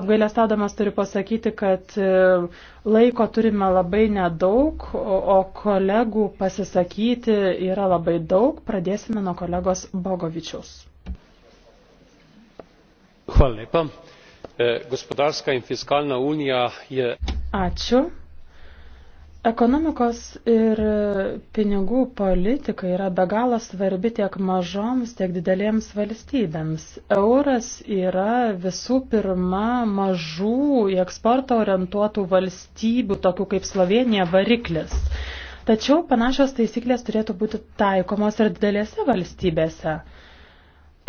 Apgailestadamas turiu pasakyti, kad e, laiko turime labai nedaug, o kolegų pasisakyti yra labai daug. Pradėsime nuo kolegos Bogovičiaus. Hvala lepa. E, gospodarska in fiskalna unija je. Ačiū. Ekonomikos ir pinigų politika yra be galo svarbi tiek mažoms, tiek didelėms valstybėms. Euras yra visų pirma mažų į eksportą orientuotų valstybių, tokių kaip Slovenija, variklis. Tačiau panašios taisyklės turėtų būti taikomos ir didelėse valstybėse.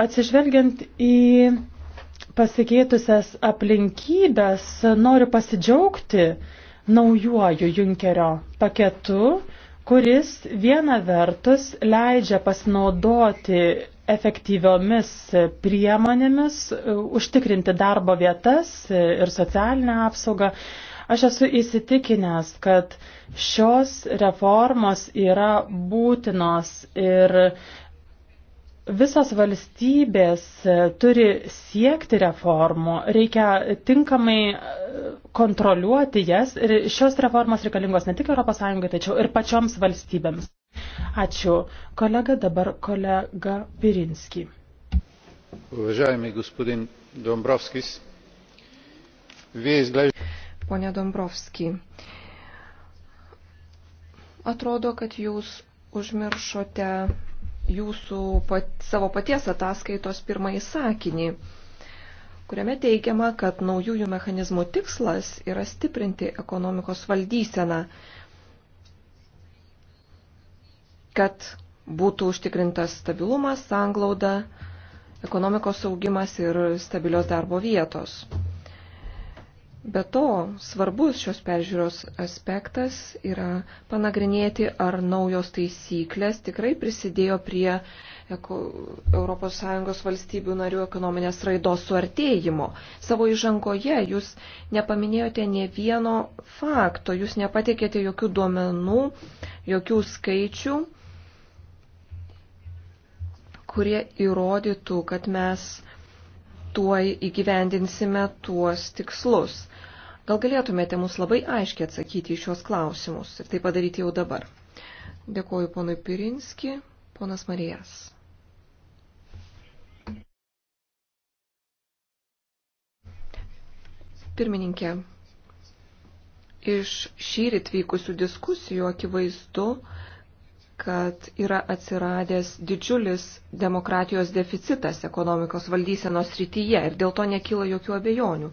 Atsižvelgiant į pasikeitusias aplinkybės, noriu pasidžiaugti, naujuoju Junkerio paketu, kuris viena vertus leidžia pasinaudoti efektyviomis priemonėmis, užtikrinti darbo vietas ir socialinę apsaugą. Aš esu įsitikinęs, kad šios reformos yra būtinos ir visos valstybės e, turi siekti reformų, reikia tinkamai e, kontroliuoti jas ir šios reformos reikalingos ne tik ES, tačiau ir pačioms valstybėms. Ačiū. Kolega dabar kolega Pirinski. Uvažiavimai, gospodin Dombrovskis. Vėjas gleždžiu. Pone Dombrovski, atrodo, kad jūs užmiršote jūsų pat, savo paties ataskaitos pirmąjį sakinį, kuriame teigiama, kad naujųjų mechanizmų tikslas yra stiprinti ekonomikos valdyseną, kad būtų užtikrintas stabilumas, sanglauda, ekonomikos augimas ir stabilios darbo vietos. Be to, svarbus šios peržiūros aspektas yra panagrinėti, ar naujos taisyklės tikrai prisidėjo prie ES valstybių narių ekonominės raidos suartėjimo. Savo įžangoje jūs nepaminėjote ne vieno fakto, jūs nepatikėte jokių duomenų, jokių skaičių, kurie įrodytų, kad mes tuoj įgyvendinsime tuos tikslus. Gal galėtumėte mums labai aiškiai atsakyti į šios klausimus ir tai padaryti jau dabar. Dėkuoju ponui Pirinski, ponas Marijas. Pirmininkė, iš šyrit vykusių diskusijų akivaizdu, kad yra atsiradęs didžiulis demokratijos deficitas ekonomikos valdysenos rytyje ir dėl to nekyla jokių abejonių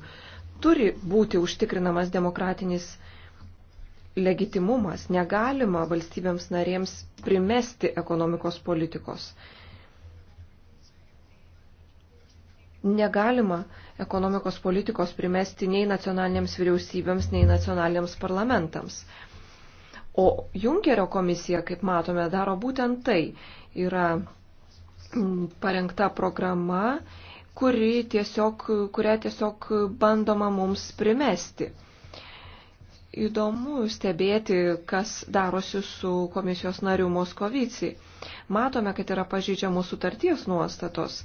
turi būti užtikrinamas demokratinis legitimumas. Negalima valstybėms narėms primesti ekonomikos politikos. Negalima ekonomikos politikos primesti nei nacionalinėms vyriausybėms, nei nacionalinėms parlamentams. O Junkerio komisija, kaip matome, daro būtent tai. Yra mm, parengta programa kuri tiesiog, kurią tiesiog bandoma mums primesti. Įdomu stebėti, kas darosi su komisijos nariu Moskovici. Matome, kad yra pažydžiamos sutarties nuostatos,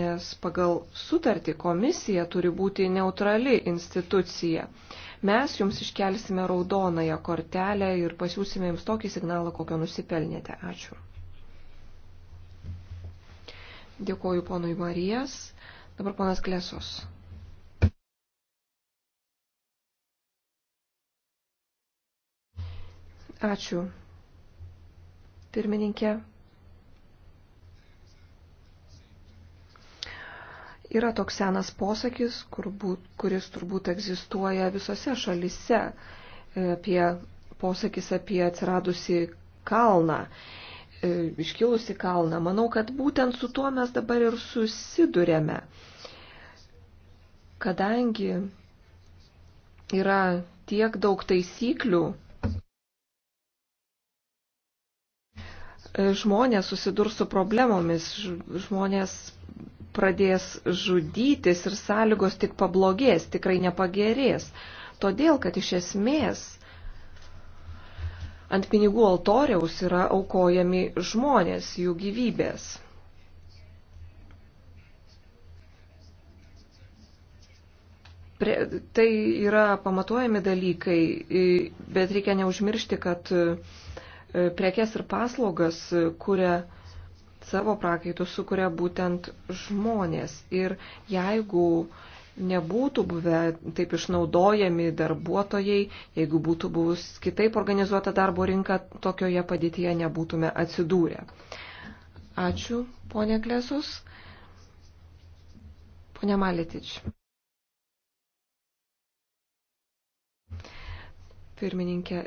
nes pagal sutartį komisija turi būti neutrali institucija. Mes jums iškelsime raudonąją kortelę ir pasiūsime jums tokį signalą, kokio nusipelnėte. Ačiū. Dėkuoju ponui Marijas. Dabar ponas Klesos. Ačiū. Pirmininkė. Yra toks senas posakis, kur būt, kuris turbūt egzistuoja visose šalise, e, apie posakis apie atsiradusi kalną. E, iškilusi kalną. Manau, kad būtent su tuo mes dabar ir susidurėme, kadangi yra tiek daug taisyklių, e, žmonės susidurs su problemomis, žmonės pradės žudytis ir sąlygos tik pablogės, tikrai nepagerės. Todėl, kad iš esmės ant pinigų altoriaus yra aukojami žmonės, jų gyvybės. Pre, tai yra pamatuojami dalykai, bet reikia neužmiršti, kad e, prekes ir paslaugas kuria savo prakaitų, sukuria būtent žmonės. Ir jeigu uh, nebūtų buvę taip išnaudojami darbuotojai, jeigu būtų buvus kitaip organizuota darbo rinka, tokioje padėtyje nebūtume atsidūrę. Ačiū, ponė Klesus. Ponė Maletič. Pirmininkė,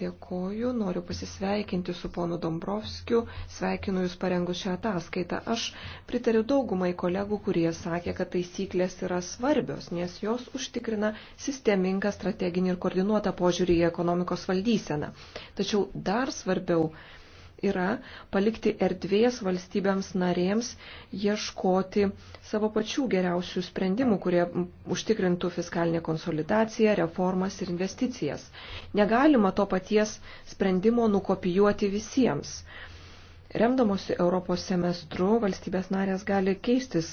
dėkoju, noriu pasisveikinti su ponu Dombrovskiu, sveikinu Jūs parengus šią ataskaitą. Aš pritariu daugumai kolegų, kurie sakė, kad taisyklės yra svarbios, nes jos užtikrina sistemingą strateginį ir koordinuotą požiūrį į ekonomikos valdyseną. Tačiau dar svarbiau yra palikti erdvės valstybėms narėms ieškoti savo pačių geriausių sprendimų, kurie užtikrintų fiskalinę konsolidaciją, reformas ir investicijas. Negalima to paties sprendimo nukopijuoti visiems. Remdamosi Europos semestru, valstybės narės gali keistis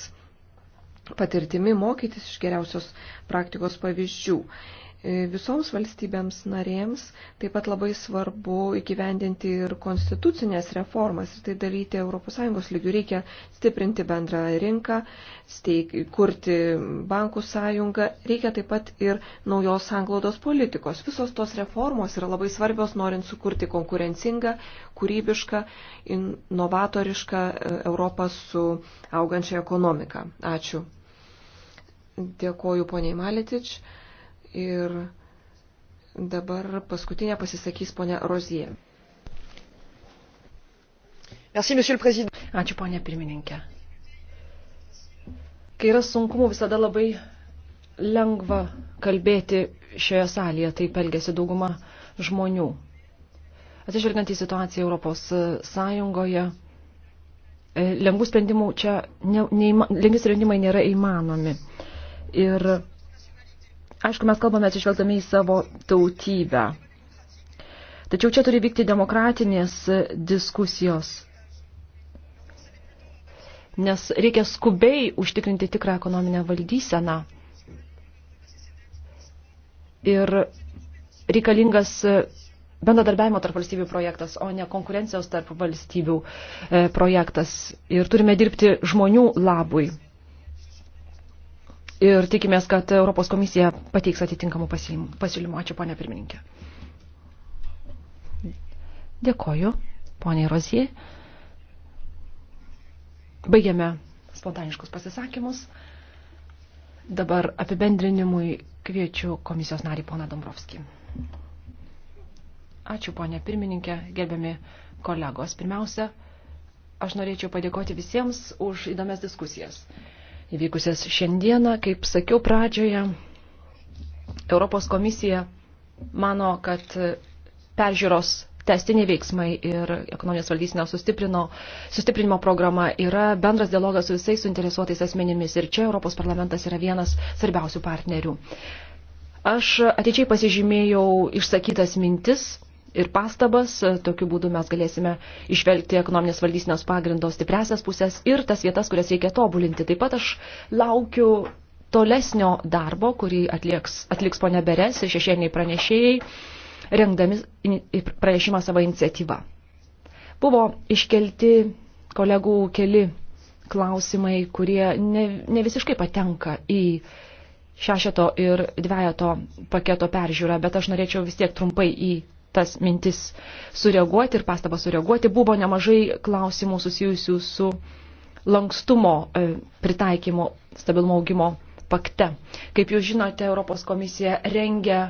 patirtimi, mokytis iš geriausios praktikos pavyzdžių. E, visoms valstybėms narėms taip pat labai svarbu įgyvendinti ir konstitucinės reformas ir tai daryti ES lygių. Reikia stiprinti bendrą rinką, steik, kurti bankų sąjungą, reikia taip pat ir naujos sanglaudos politikos. Visos tos reformos yra labai svarbios, norint sukurti konkurencingą, kūrybišką, inovatorišką e, Europą su augančia ekonomika. Ačiū. Dėkoju poniai Maletič. Ir dabar paskutinė pasisakys ponia Rozie. Merci, Ačiū, ponia pirmininkė. Kai yra sunkumų, visada labai lengva kalbėti šioje salėje, taip elgesi dauguma žmonių. Atsižvelgiant į situaciją Europos Sąjungoje, e, lengvų sprendimų čia, ne, neįma, lengvi sprendimai nėra įmanomi. Ir Aišku, mes kalbame atsižvelgdami į savo tautybę. Tačiau čia turi vykti demokratinės diskusijos, nes reikia skubiai užtikrinti tikrą ekonominę valdyseną. Ir reikalingas bendradarbiavimo tarp valstybių projektas, o ne konkurencijos tarp valstybių e, projektas. Ir turime dirbti žmonių labui ir tikimės, kad Europos komisija pateiks atitinkamų pasiūlymų. Ačiū, ponė pirmininkė. Dėkoju, ponė Rozijai. Baigiame spontaniškus pasisakymus. Dabar apibendrinimui kviečiu komisijos narį poną Dombrovskį. Ačiū, ponė pirmininkė, gerbiami kolegos. Pirmiausia, aš norėčiau padėkoti visiems už įdomias diskusijas įvykusias šiandieną. Kaip sakiau pradžioje, Europos komisija mano, kad peržiūros testiniai veiksmai ir ekonominės valdysinės sustiprinimo programa yra bendras dialogas su visais suinteresuotais asmenimis ir čia Europos parlamentas yra vienas svarbiausių partnerių. Aš ateičiai pasižymėjau išsakytas mintis ir pastabas. Tokiu būdu mes galėsime išvelgti ekonominės valdysinės pagrindos stipresias pusės ir tas vietas, kurias reikia tobulinti. Taip pat aš laukiu tolesnio darbo, kurį atlieks, atliks ponė Beres ir šešėliniai pranešėjai, rengdami pranešimą savo iniciatyvą. Buvo iškelti kolegų keli klausimai, kurie ne, ne visiškai patenka į šešeto ir dvejato paketo peržiūrą, bet aš norėčiau vis tiek trumpai į tas mintis sureaguoti ir pastabą sureaguoti. Buvo nemažai klausimų susijusių su lankstumo e, pritaikymo stabilumo augimo pakte. Kaip jūs žinote, Europos komisija rengia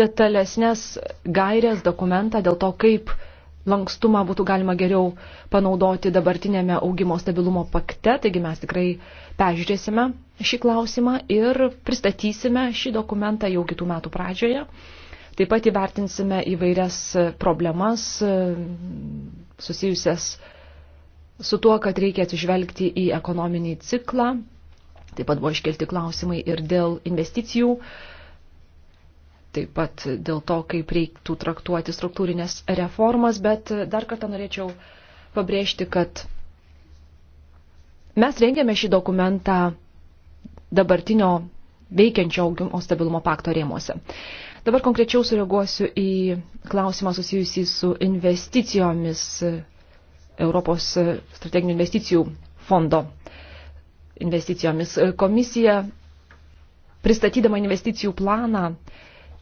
detalesnės gairės dokumentą dėl to, kaip lankstumą būtų galima geriau panaudoti dabartinėme augimo stabilumo pakte. Taigi mes tikrai peržiūrėsime šį klausimą ir pristatysime šį dokumentą jau kitų metų pradžioje. Taip pat įvertinsime įvairias problemas e, susijusias su tuo, kad reikia atsižvelgti į ekonominį ciklą. Taip pat buvo iškelti klausimai ir dėl investicijų, taip pat dėl to, kaip reiktų traktuoti struktūrinės reformas, bet dar kartą norėčiau pabrėžti, kad mes rengėme šį dokumentą dabartinio veikiančio augimo stabilumo pakto rėmuose. Dabar konkrečiau sureaguosiu į klausimą susijusį su investicijomis e, Europos e, strateginių investicijų fondo investicijomis. E, komisija, pristatydama investicijų planą,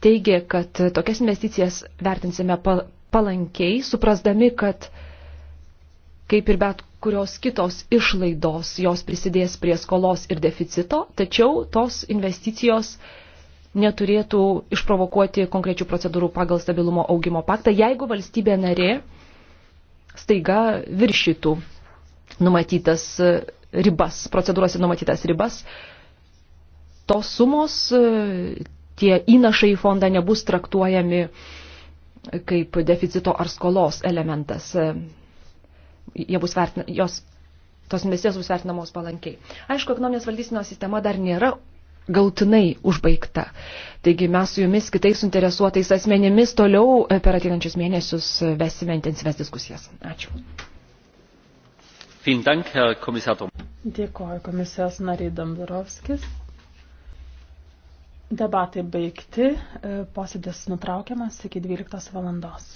teigė, kad tokias investicijas vertinsime palankiai, suprasdami, kad kaip ir bet kurios kitos išlaidos jos prisidės prie skolos ir deficito, tačiau tos investicijos uh, neturėtų išprovokuoti konkrečių procedūrų pagal stabilumo augimo paktą, jeigu valstybė narė staiga viršytų numatytas e, ribas, procedūrose numatytas ribas, tos sumos, e, tie įnašai į fondą nebus traktuojami kaip deficito ar skolos elementas. E, jie bus vertina, jos, tos investicijas bus vertinamos palankiai. Aišku, ekonominės valdysinos sistema dar nėra gautinai užbaigta. Taigi mes su jumis kitais suinteresuotais asmenėmis toliau e, per ateinančius mėnesius e, vesime intensyves diskusijas. Ačiū. Dėkuoju komisijos nariai Damburovskis. Debatai baigti, e, posėdis nutraukiamas iki 12 valandos.